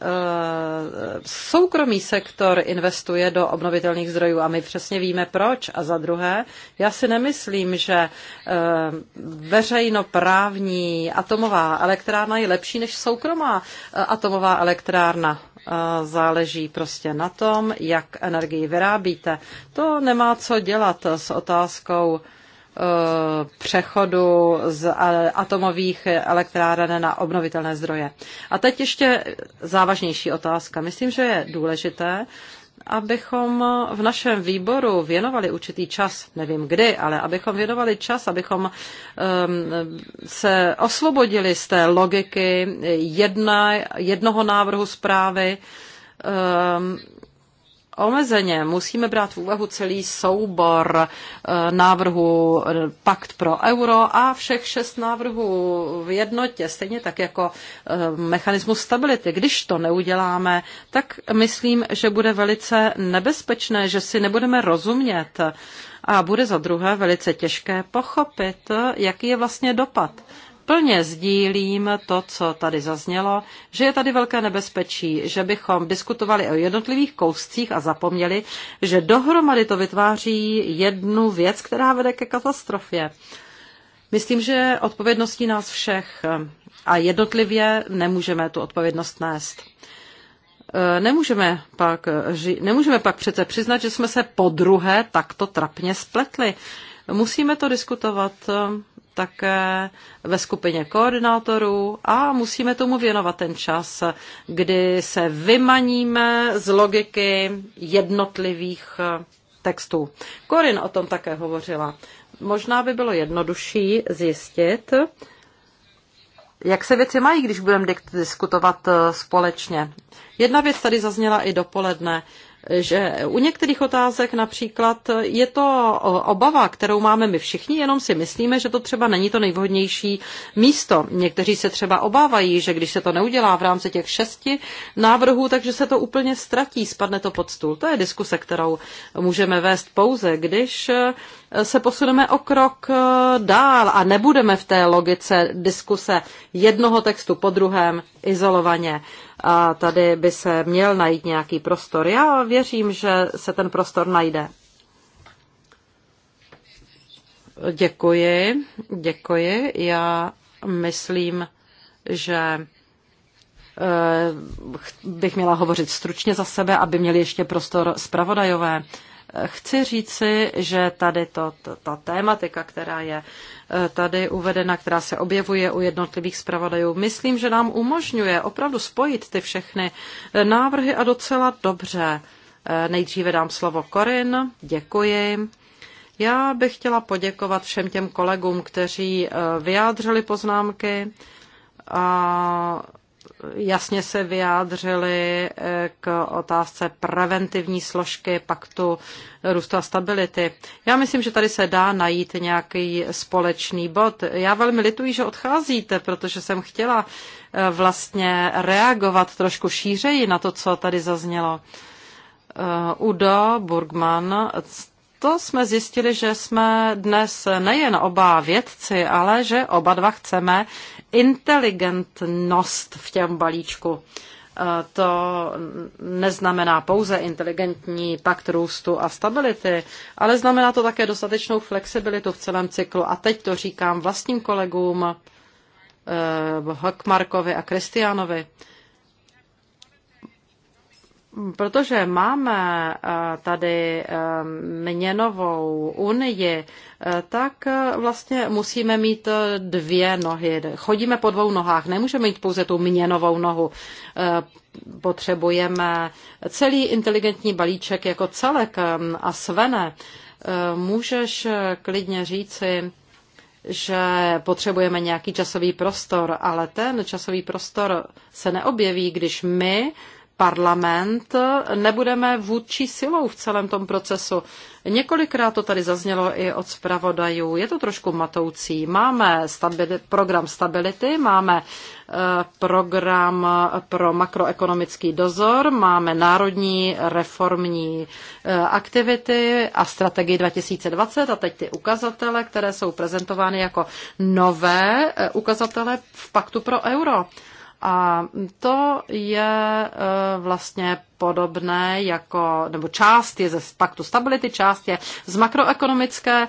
Eh, soukromý sektor investuje do obnovitelných zdrojů a my přesně víme proč. A za druhé, já si nemyslím, že eh, veřejnoprávní atomová elektrárna je lepší než soukromá eh, atomová elektrárna. Záleží prostě na tom, jak energii vyrábíte. To nemá co dělat s otázkou Eh, přechodu z atomových elektráren na obnovitelné zdroje. A teď ještě závažnější otázka. Myslím, že je důležité, abychom v našem výboru věnovali určitý čas, nevím kdy, ale abychom věnovali čas, abychom um, se osvobodili z té logiky jedna, jednoho návrhu zprávy, um, omezeně. Musíme brát v úvahu celý soubor eh, návrhu eh, Pakt pro euro a všech šest návrhů v jednotě, stejně tak jako eh, mechanismus stability. Když to neuděláme, tak myslím, že bude velice nebezpečné, že si nebudeme rozumět a bude za druhé velice těžké pochopit, jaký je vlastně dopad. Plně sdílím to, co tady zaznělo, že je tady velké nebezpečí, že bychom diskutovali o jednotlivých kouscích a zapomněli, že dohromady to vytváří jednu věc, která vede ke katastrofě. Myslím, že odpovědností nás všech eh, a jednotlivě nemůžeme tu odpovědnost nést. Eh, nemůžeme pak, nemůžeme pak přece přiznat, že jsme se po druhé takto trapně spletli. Musíme to diskutovat eh, také ve skupině koordinátorů a musíme tomu věnovat ten čas, kdy se vymaníme z logiky jednotlivých eh, textů. Korin o tom také hovořila. Možná by bylo jednodušší zjistit, jak se věci mají, když budeme diskutovat eh, společně. Jedna věc tady zazněla i dopoledne že u některých otázek například je to obava, kterou máme my všichni, jenom si myslíme, že to třeba není to nejvhodnější místo. Někteří se třeba obávají, že když se to neudělá v rámci těch šesti návrhů, takže se to úplně ztratí, spadne to pod stůl. To je diskuse, kterou můžeme vést pouze, když eh, se posuneme o krok eh, dál a nebudeme v té logice diskuse jednoho textu po druhém izolovaně. A tady by se měl najít nějaký prostor. Já věřím, že se ten prostor najde. Děkuji, děkuji. Já myslím, že eh, bych měla hovořit stručně za sebe, aby měli ještě prostor zpravodajové. Chci říci, že tady to, to, ta tématika, která je eh, tady uvedena, která se objevuje u jednotlivých zpravodajů, myslím, že nám umožňuje opravdu spojit ty všechny eh, návrhy a docela dobře. Eh, nejdříve dám slovo Korin, děkuji. Já bych chtěla poděkovat všem těm kolegům, kteří vyjádřili poznámky a jasně se vyjádřili eh, k otázce preventivní složky paktu růstu a stability. Já myslím, že tady se dá najít nějaký společný bod. Já velmi lituji, že odcházíte, protože jsem chtěla eh, vlastně reagovat trošku šířeji na to, co tady zaznělo. Eh, Udo Burgman proto jsme zjistili, že jsme dnes nejen oba vědci, ale že oba dva chceme inteligentnost v těm balíčku. E, to neznamená pouze inteligentní pakt růstu a stability, ale znamená to také dostatečnou flexibilitu v celém cyklu. A teď to říkám vlastním kolegům e, Hokmarkovi a Kristiánovi. Protože máme eh, tady eh, měnovou unii, eh, tak vlastně musíme mít dvě nohy. Chodíme po dvou nohách, nemůžeme mít pouze tu měnovou nohu. Potřebujeme celý inteligentní balíček jako celek. A Svene, můžeš klidně říci, že potřebujeme nějaký časový prostor, ale ten časový prostor se neobjeví, když my parlament nebudeme vůdčí silou v celém tom procesu. Několikrát to tady zaznělo i od zpravodajů. Je to trošku matoucí. Máme stabili- program stability, máme e, program pro makroekonomický dozor, máme národní reformní e, aktivity a strategii 2020 a teď ty ukazatele, které jsou prezentovány jako nové e, ukazatele v paktu pro euro. A to je eh, vlastně podobné jako, nebo část je ze paktu stability, část je z makroekonomického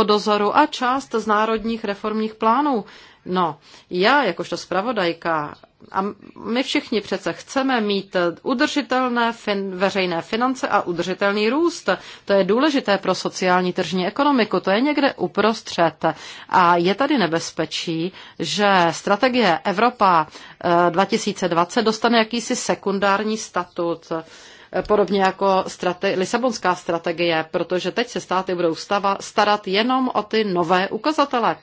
eh, dozoru a část z národních reformních plánů No, já jakožto zpravodajka a my všichni přece chceme mít udržitelné fin- veřejné finance a udržitelný růst. To je důležité pro sociální tržní ekonomiku, to je někde uprostřed. A je tady nebezpečí, že strategie Evropa 2020 eh, dostane jakýsi sekundární statut podobně jako strate- Lisabonská strategie, protože teď se státy budou stava- starat jenom o ty nové ukazatele.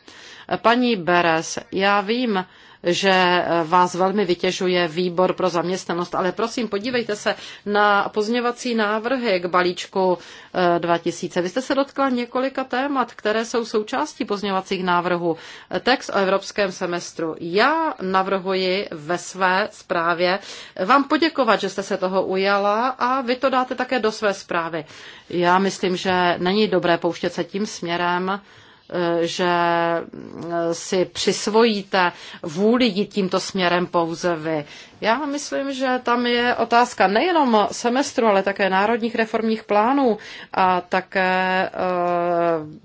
Paní Beres, já vím, že eh, vás velmi vytěžuje výbor pro zaměstnanost, ale prosím, podívejte se na pozměvací návrhy k balíčku 2000. Eh, vy jste se dotkla několika témat, které jsou součástí pozměvacích návrhů. Text o evropském semestru. Já navrhuji ve své zprávě vám poděkovat, že jste se toho ujala a vy to dáte také do své zprávy. Já myslím, že není dobré pouštět se tím směrem, že si přisvojíte vůli jít tímto směrem pouze vy. Já myslím, že tam je otázka nejenom semestru, ale také národních reformních plánů a také eh,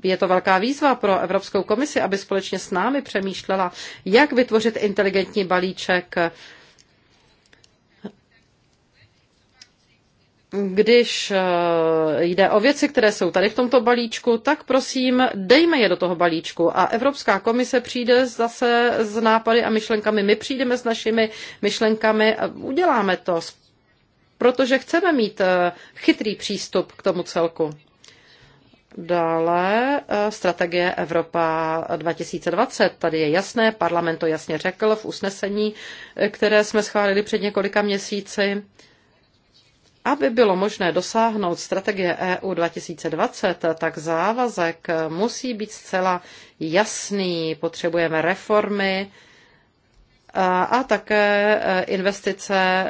je to velká výzva pro Evropskou komisi, aby společně s námi přemýšlela, jak vytvořit inteligentní balíček když eh, jde o věci, které jsou tady v tomto balíčku, tak prosím, dejme je do toho balíčku a Evropská komise přijde zase s nápady a myšlenkami. My přijdeme s našimi myšlenkami a uděláme to, protože chceme mít eh, chytrý přístup k tomu celku. Dále eh, strategie Evropa 2020. Tady je jasné, parlament to jasně řekl v usnesení, které jsme schválili před několika měsíci. Aby bylo možné dosáhnout strategie EU 2020, tak závazek musí být zcela jasný. Potřebujeme reformy a také e, investice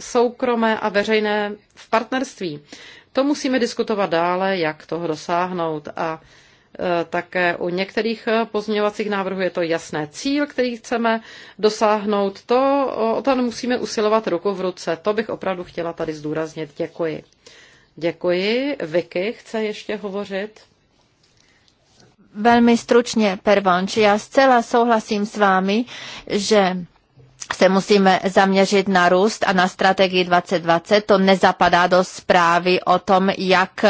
soukromé a veřejné v partnerství. To musíme diskutovat dále, jak toho dosáhnout. A Eh, také u některých eh, pozměňovacích návrhů je to jasné cíl, který chceme dosáhnout. To, o to musíme usilovat ruku v ruce. To bych opravdu chtěla tady zdůraznit. Děkuji. Děkuji. Vicky chce ještě hovořit. Velmi stručně, Pervanč, já zcela souhlasím s vámi, že se musíme zaměřit na růst a na strategii 2020. To nezapadá do zprávy o tom, jak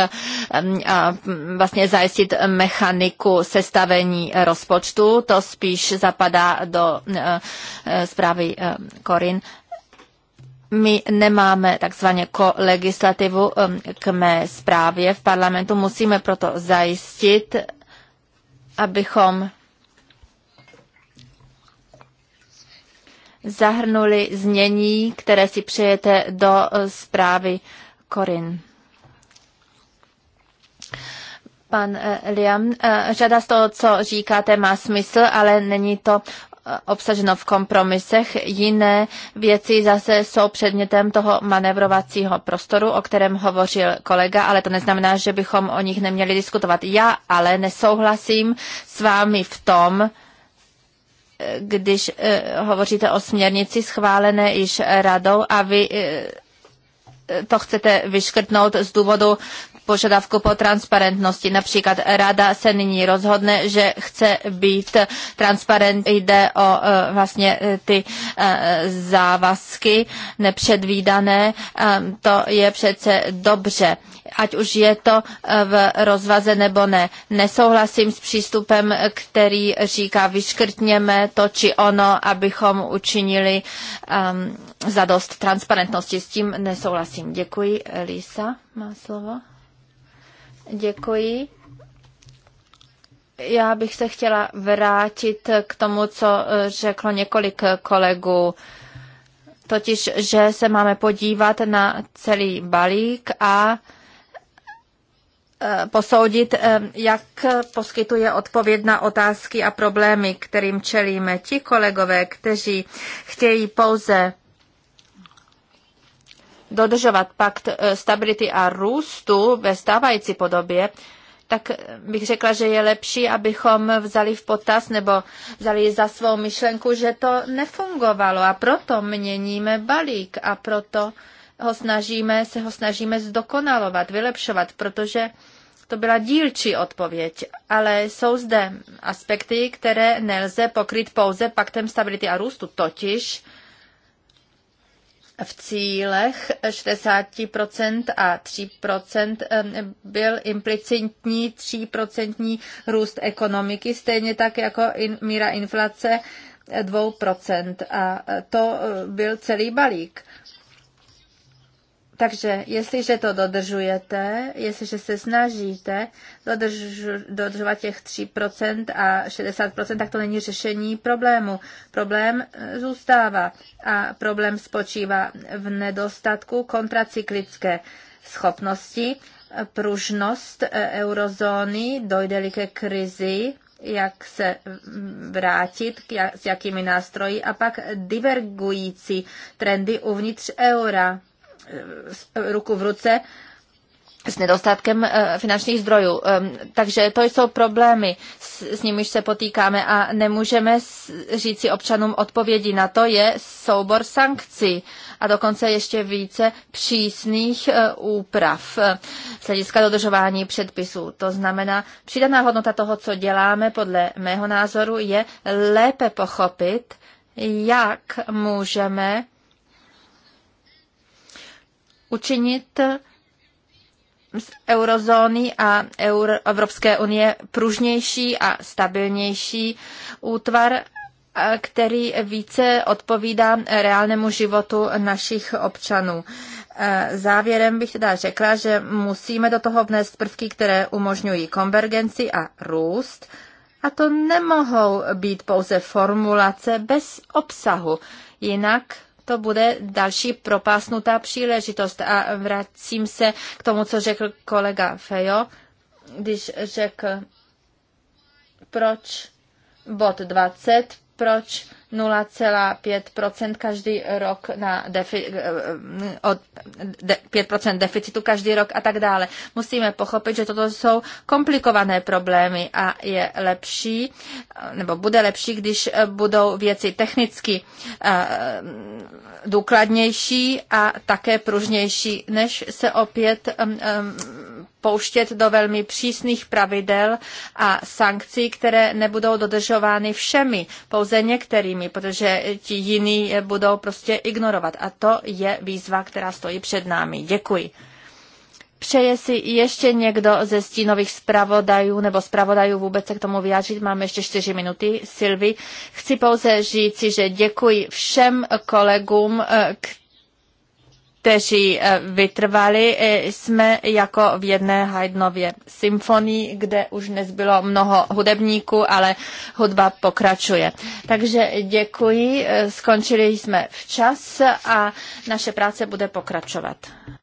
mm, mm, vlastně zajistit mechaniku sestavení rozpočtu. To spíš zapadá do mm, e, zprávy Korin. E, My nemáme takzvaně legislativu k mé zprávě v parlamentu, musíme proto zajistit, abychom zahrnuli znění, které si přejete do eh, zprávy Korin. Pan eh, Liam, eh, řada z toho, co říkáte, má smysl, ale není to obsaženo v kompromisech. Jiné věci zase jsou předmětem toho manevrovacího prostoru, o kterém hovořil kolega, ale to neznamená, že bychom o nich neměli diskutovat. Já ale nesouhlasím s vámi v tom, když eh, hovoříte o směrnici schválené již radou a vy eh, to chcete vyškrtnout z důvodu požadavku po transparentnosti. Například rada se nyní rozhodne, že chce být transparent, jde o e, vlastně e, ty e, závazky nepředvídané. To je přece dobře ať už je to v rozvaze nebo ne. Nesouhlasím s přístupem, který říká, vyškrtněme to či ono, abychom učinili um, zadost transparentnosti. S tím nesouhlasím. Děkuji. Lisa má slovo. Děkuji. Já bych se chtěla vrátit k tomu, co eh, řeklo několik kolegů, totiž, že se máme podívat na celý balík a eh, posoudit, eh, jak poskytuje odpověď na otázky a problémy, kterým čelíme. Ti kolegové, kteří chtějí pouze dodržovat pakt eh, stability a růstu ve stávající podobě, tak bych řekla, že je lepší, abychom vzali v potaz nebo vzali za svou myšlenku, že to nefungovalo a proto měníme balík a proto ho snažíme, se ho snažíme zdokonalovat, vylepšovat, protože to byla dílčí odpověď, ale jsou zde aspekty, které nelze pokryt pouze paktem stability a růstu, totiž v cílech 60% a 3% byl implicitní 3% růst ekonomiky, stejně tak jako in, míra inflace 2%. A to eh, byl celý balík. Takže jestliže to dodržujete, jestliže se snažíte dodržovat těch 3% a 60%, tak to není řešení problému. Problém eh, zůstává a problém spočívá v nedostatku kontracyklické schopnosti, pružnost eh, eurozóny, dojde-li ke krizi, jak se vrátit, s jakými nástroji, a pak divergující trendy uvnitř eura Eh, ruku v ruce s nedostatkem eh, finančních zdrojů. Takže to jsou problémy, s, nimiž se potýkáme a nemůžeme říci občanům odpovědi na to je soubor sankcí a dokonce ještě více přísných eh, úprav z hlediska dodržování předpisů. To znamená, přidaná hodnota toho, co děláme, podle mého názoru, je lépe pochopit, jak můžeme učinit z eurozóny a Euro- Evropské unie pružnější a stabilnější útvar, eh, který více odpovídá reálnému životu našich občanů. Eh, závěrem bych teda řekla, že musíme do toho vnést prvky, které umožňují konvergenci a růst. A to nemohou být pouze formulace bez obsahu. Jinak to bude další propásnutá příležitost. A vracím se k tomu, co řekl kolega Fejo, když řekl, proč bod 20 proč 0,5 každý rok na defi, od de, 5 deficitu každý rok a tak dále. Musíme pochopit, že toto jsou komplikované problémy a je lepší, nebo bude lepší, když budou věci technicky eh, důkladnější a také pružnější, než se opět eh, pouštět do velmi přísných pravidel a sankcí, které nebudou dodržovány všemi, pouze některými, protože ti jiní budou prostě ignorovat. A to je výzva, která stojí před námi. Děkuji. Přeje si ještě někdo ze stínových zpravodajů nebo zpravodajů vůbec se k tomu vyjádřit? Máme ještě čtyři minuty. Silvi, chci pouze říci, že děkuji všem kolegům, kteří eh, kteří eh, vytrvali, eh, jsme jako v jedné Haydnově symfonii, kde už nezbylo mnoho hudebníků, ale hudba pokračuje. Takže děkuji, eh, skončili jsme včas a naše práce bude pokračovat.